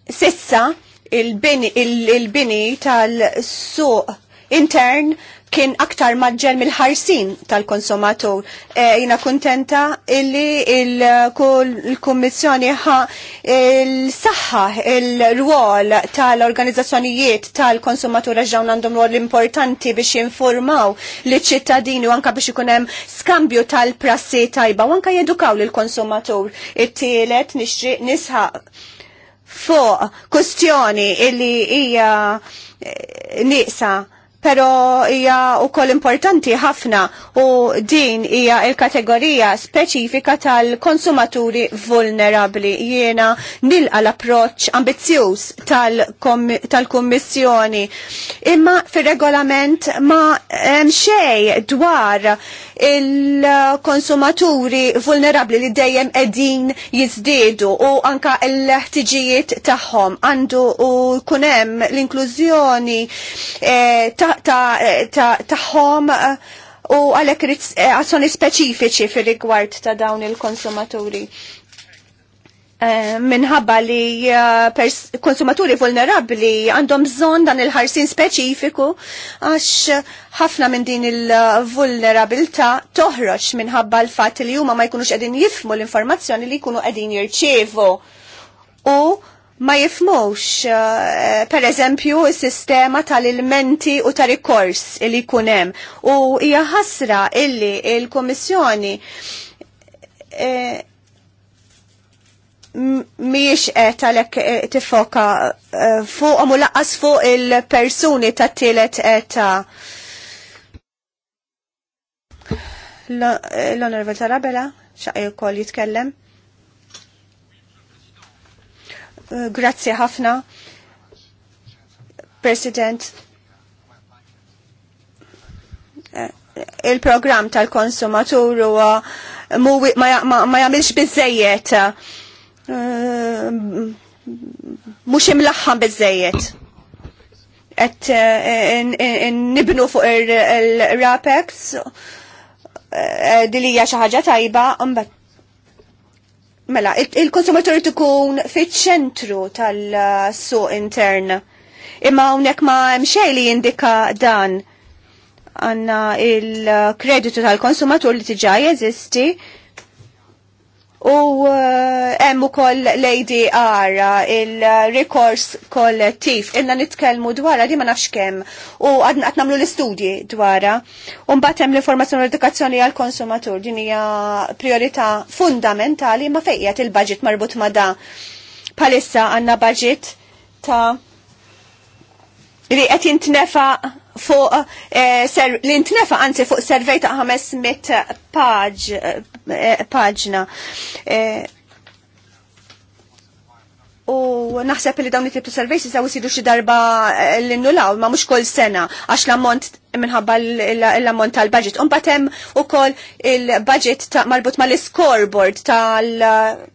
Sissa il-bini il tal-suq intern kien aktar maġġel mill-ħarsin tal-konsumatur. E, jina kontenta illi il-Kommissjoni ħa il-saħħa il ruol tal-organizzazzjonijiet tal-konsumatur ġawn għandhom ruol importanti biex jinformaw li ċittadini u anka biex ikunem skambju tal-prassi tajba u anka jedukaw l-konsumatur. It-tielet nixtri nisħaq fuq kustjoni illi hija e, niqsa pero hija wkoll importanti ħafna u din hija l-kategorija speċifika tal-konsumaturi vulnerabli. Jiena nilqa l-approċċ ambizzjuż tal-Kummissjoni. Tal Imma fir-regolament ma hemm xejn dwar il-konsumaturi vulnerabli li dejjem edin jizdedu u anka l-ħtiġijiet tagħhom għandu u kunem l-inklużjoni eh, tagħhom eh, u għalek eh, azzjoni speċifiċi fir rigward ta' dawn il-konsumaturi. Eh, minħabba li eh, konsumaturi vulnerabli għandhom bżon dan il-ħarsin speċifiku għax ħafna minn din il-vulnerabilità toħroġ minħabba l fat li huma ma jkunux qegħdin jifmu l-informazzjoni li jkunu qegħdin jirċievu u ma jifmux eh, per eżempju is-sistema tal-ilmenti u tal-rikors li jkun hemm u hija ħasra illi il-Kummissjoni il miex għalek tifoka fuq u laqqas fuq il-persuni ta' tielet eta. L-Onorevol Tarabela, xaqju kol jitkellem. Grazzi ħafna. President, il-program tal-konsumatur ma, ma, ma bizzejiet mux ehm, imlaħħam bizzejiet. Et eh, nibnu fuq il-rapex, eh, dilija xaħġa tajba, mbatt Mela, il-konsumatur tkun fiċ-ċentru tal-suq intern. Imma hawnhekk ma hemm xejn li jindika dan għanna il-kreditu tal-konsumatur li tiġa jeżisti U eh, hemm ukoll Lady Ara, il-rikors kollettiv, inna nitkellmu dwara di ma nafx kemm u qed nagħmlu l-istudji dwara. U mbagħad hemm l-informazzjoni u edukazzjoni għall konsumatur din hija priorità fundamentali ma fejqiet il-budget marbut ma da. Palissa għandna budget ta' li qed jintnefa fuq eh, l-intnefa anzi fuq servej ta' 500 paġ Eh, paġna. Eh, u naħseb li dawn it-tip ta' surveys jistgħu xi darba eh, l-innulaw ma mhux kull sena għax l-ammont minħabba l-ammont tal-budget. Un hemm ukoll il-budget ta' marbut mal-scoreboard tal-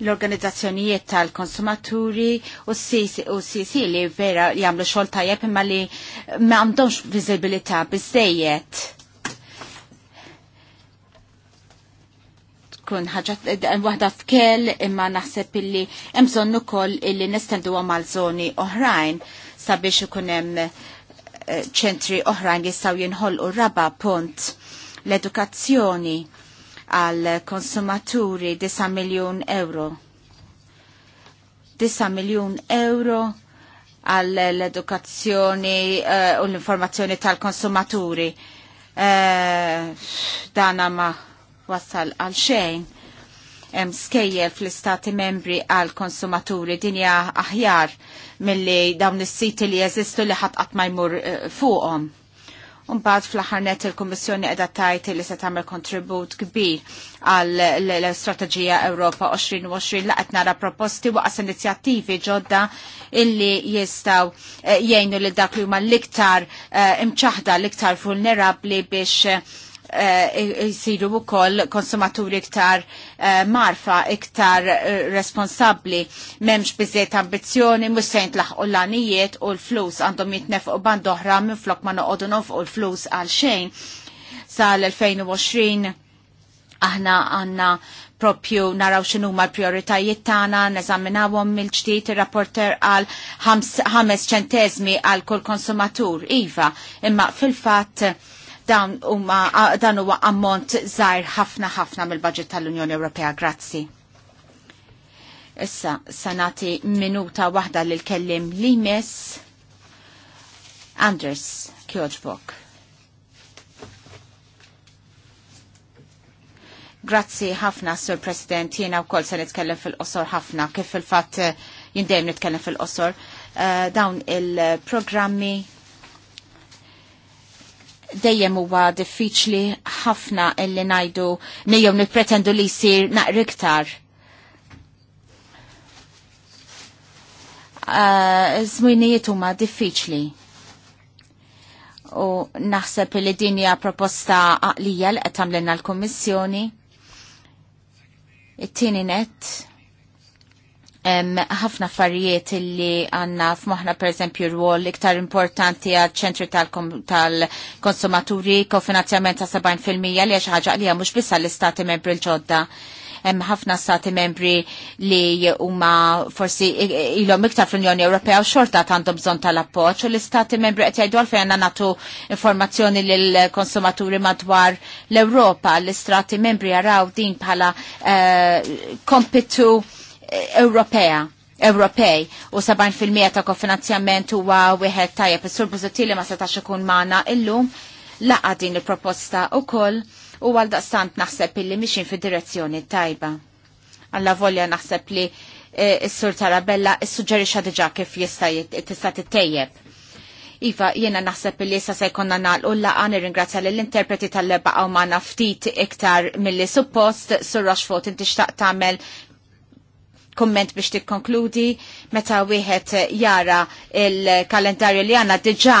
l-organizzazzjonijiet tal-konsumaturi u s-sisi li vera jagħmlu xogħol tajjeb imma li ma għandhomx viżibilità biżejjed. kun ħaġa eh, waħda f'kel imma naħseb illi hemm bżonn ukoll illi nestenduha mal-żoni oħrajn sabiex ikun hemm eh, ċentri oħrajn jistgħu jinħolqu raba punt l-edukazzjoni għal konsumaturi 9 miljon euro. 9 miljon euro għal l-edukazzjoni uh, u l-informazzjoni tal-konsumaturi. Uh, dana ma wassal għal xejn hemm skejjel fl-istati membri għal konsumaturi dinja aħjar milli dawn is-siti li jeżistu li ħadd qatt ma jmur eh, fuqhom. Umbagħad fl-aħħar net il-Kummissjoni qiegħda tgħid li se tagħmel kontribut kbir għal l-Strateġija Ewropa 2020 laqgħet nara proposti waqas inizjattivi ġodda illi jistgħu eh, jgħinu li dak li huma l-iktar eh, imċaħda l-iktar vulnerabbli biex jisiru eh, u koll konsumaturi iktar eh, marfa, iktar eh, responsabli, memx bizet ambizjoni, mussejn u l-anijiet u l-flus għandhom jitnef u bandoħra minn flok ma noqodu u l-flus għal xejn sal-2020 aħna għanna propju naraw xinu ma prioritajiet tana, nezaminawom mill-ġdijt il-rapporter għal ħames ċentezmi għal kull konsumatur, Iva, imma fil-fat dan huma dan huwa ammont żgħir ħafna ħafna mill-budget tal-Unjoni Ewropea. Grazzi. Issa se nagħti minuta waħda lil kellim Limes Anders Kjoġbok. Grazzi ħafna, Sur President, jiena wkoll se nitkellem fil-qosor ħafna, kif il fatt jindejm nitkellem fil-qosor. Uh, dawn il-programmi dejjem huwa diffiċli ħafna illi najdu nejjew nippretendu li jsir naqri iktar. Uh, ah, huma diffiċli. U naħseb li din hija proposta għaqlija li qed tagħmlilna l-Kummissjoni. It-tieni net ħafna affarijiet li għanna f'moħna per eżempju rwol iktar importanti għal ċentri tal-konsumaturi ko finanzjament ta' 70% li għax ħaġa li mhux biss l-istati membri l-ġodda. ħafna stati membri li huma forsi ilhom iktar fl-Unjoni Ewropea u xorta għandhom bżonn tal-appoġġ u l-istati membri qed jgħidu għalfejn għandna nagħtu informazzjoni lil konsumaturi madwar l-Ewropa. L-istati membri jaraw din bħala eh, kompitu uh, Ewropea. Ewropej u 70% ta' kofinanzjament huwa wieħed tajjeb is-sur Bużutili ma setax ikun magħna illum laqa din il-proposta wkoll u għaldaqstant naħseb illi mixin fid-direzzjoni tajba. Alla volja naħseb li eh, s-sur Tarabella issuġġerixxa diġà kif jista' tista' tittejjeb. Iva, jiena naħseb li jissa se jkonna nalqu laqa nirringrazzja lill interpreti tal-leba għaw ma naftit iktar mill-li suppost, sur Roxfot inti xtaq tamel komment biex tikkonkludi meta wieħed jara il-kalendarju li għanna diġa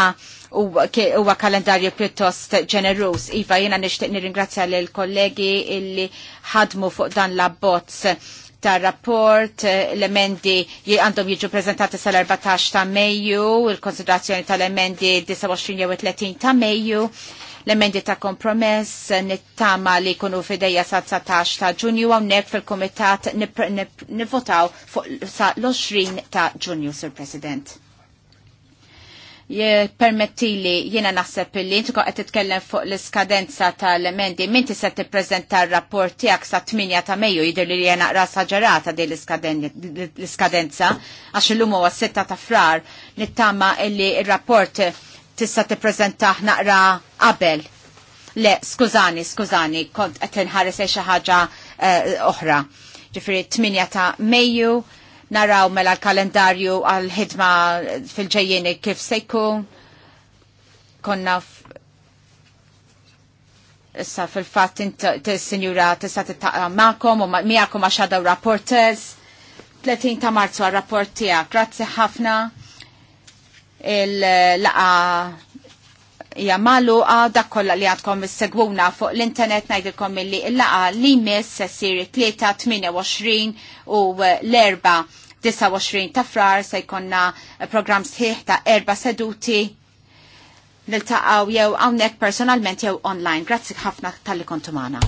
huwa kalendarju pjuttost ġeneruż. Iva, jiena nixtieq nirringrazzja lill kollegi illi ħadmu fuq dan la bozz tar rapport, l-emendi għandhom jiġu prezentati sal-14 ta' Mejju, il-konsiderazzjoni tal-emendi 29 30 ta' Mejju L-emendi ta' kompromess nittama li kunu fideja sa' 19 ta' ġunju nek fil-komitat nivotaw fuq sa' l-20 ta' ġunju, Sir President Permetti li jiena naħseb li inti qed titkellem fuq l-iskadenza tal-emendi, minti se tippreżenta r-rapport tiegħek sa 8 ta' Mejju jidher li jiena naqra saġerata din l-iskadenza għax illum huwa 6 ta' frar nittama li r-rapport tista' tippreżentah naqra qabel. Le, skużani, skużani, kont qed inħares xi ħaġa eh, oħra. Ġifieri 8 ta' Mejju naraw mela l-kalendarju għal-ħidma fil-ġejjeni kif se jkun. Konna issa fil-fat t-sinjura tista t-taqqa ma'kom u miakom għaxadaw rapporters. 30 ta' marzu għal rapport tiegħek. Grazzi ħafna il-laqa hija magħluqa dak li għadkom segwuna fuq l-internet ngħidilkom li il-laqa li mis se ssir 3-28 u l-4 29 ta' frar se jkonna program sħiħ ta' erba seduti niltaqgħu jew hawnhekk personalment jew online. Grazzi ħafna tal-li kontumana.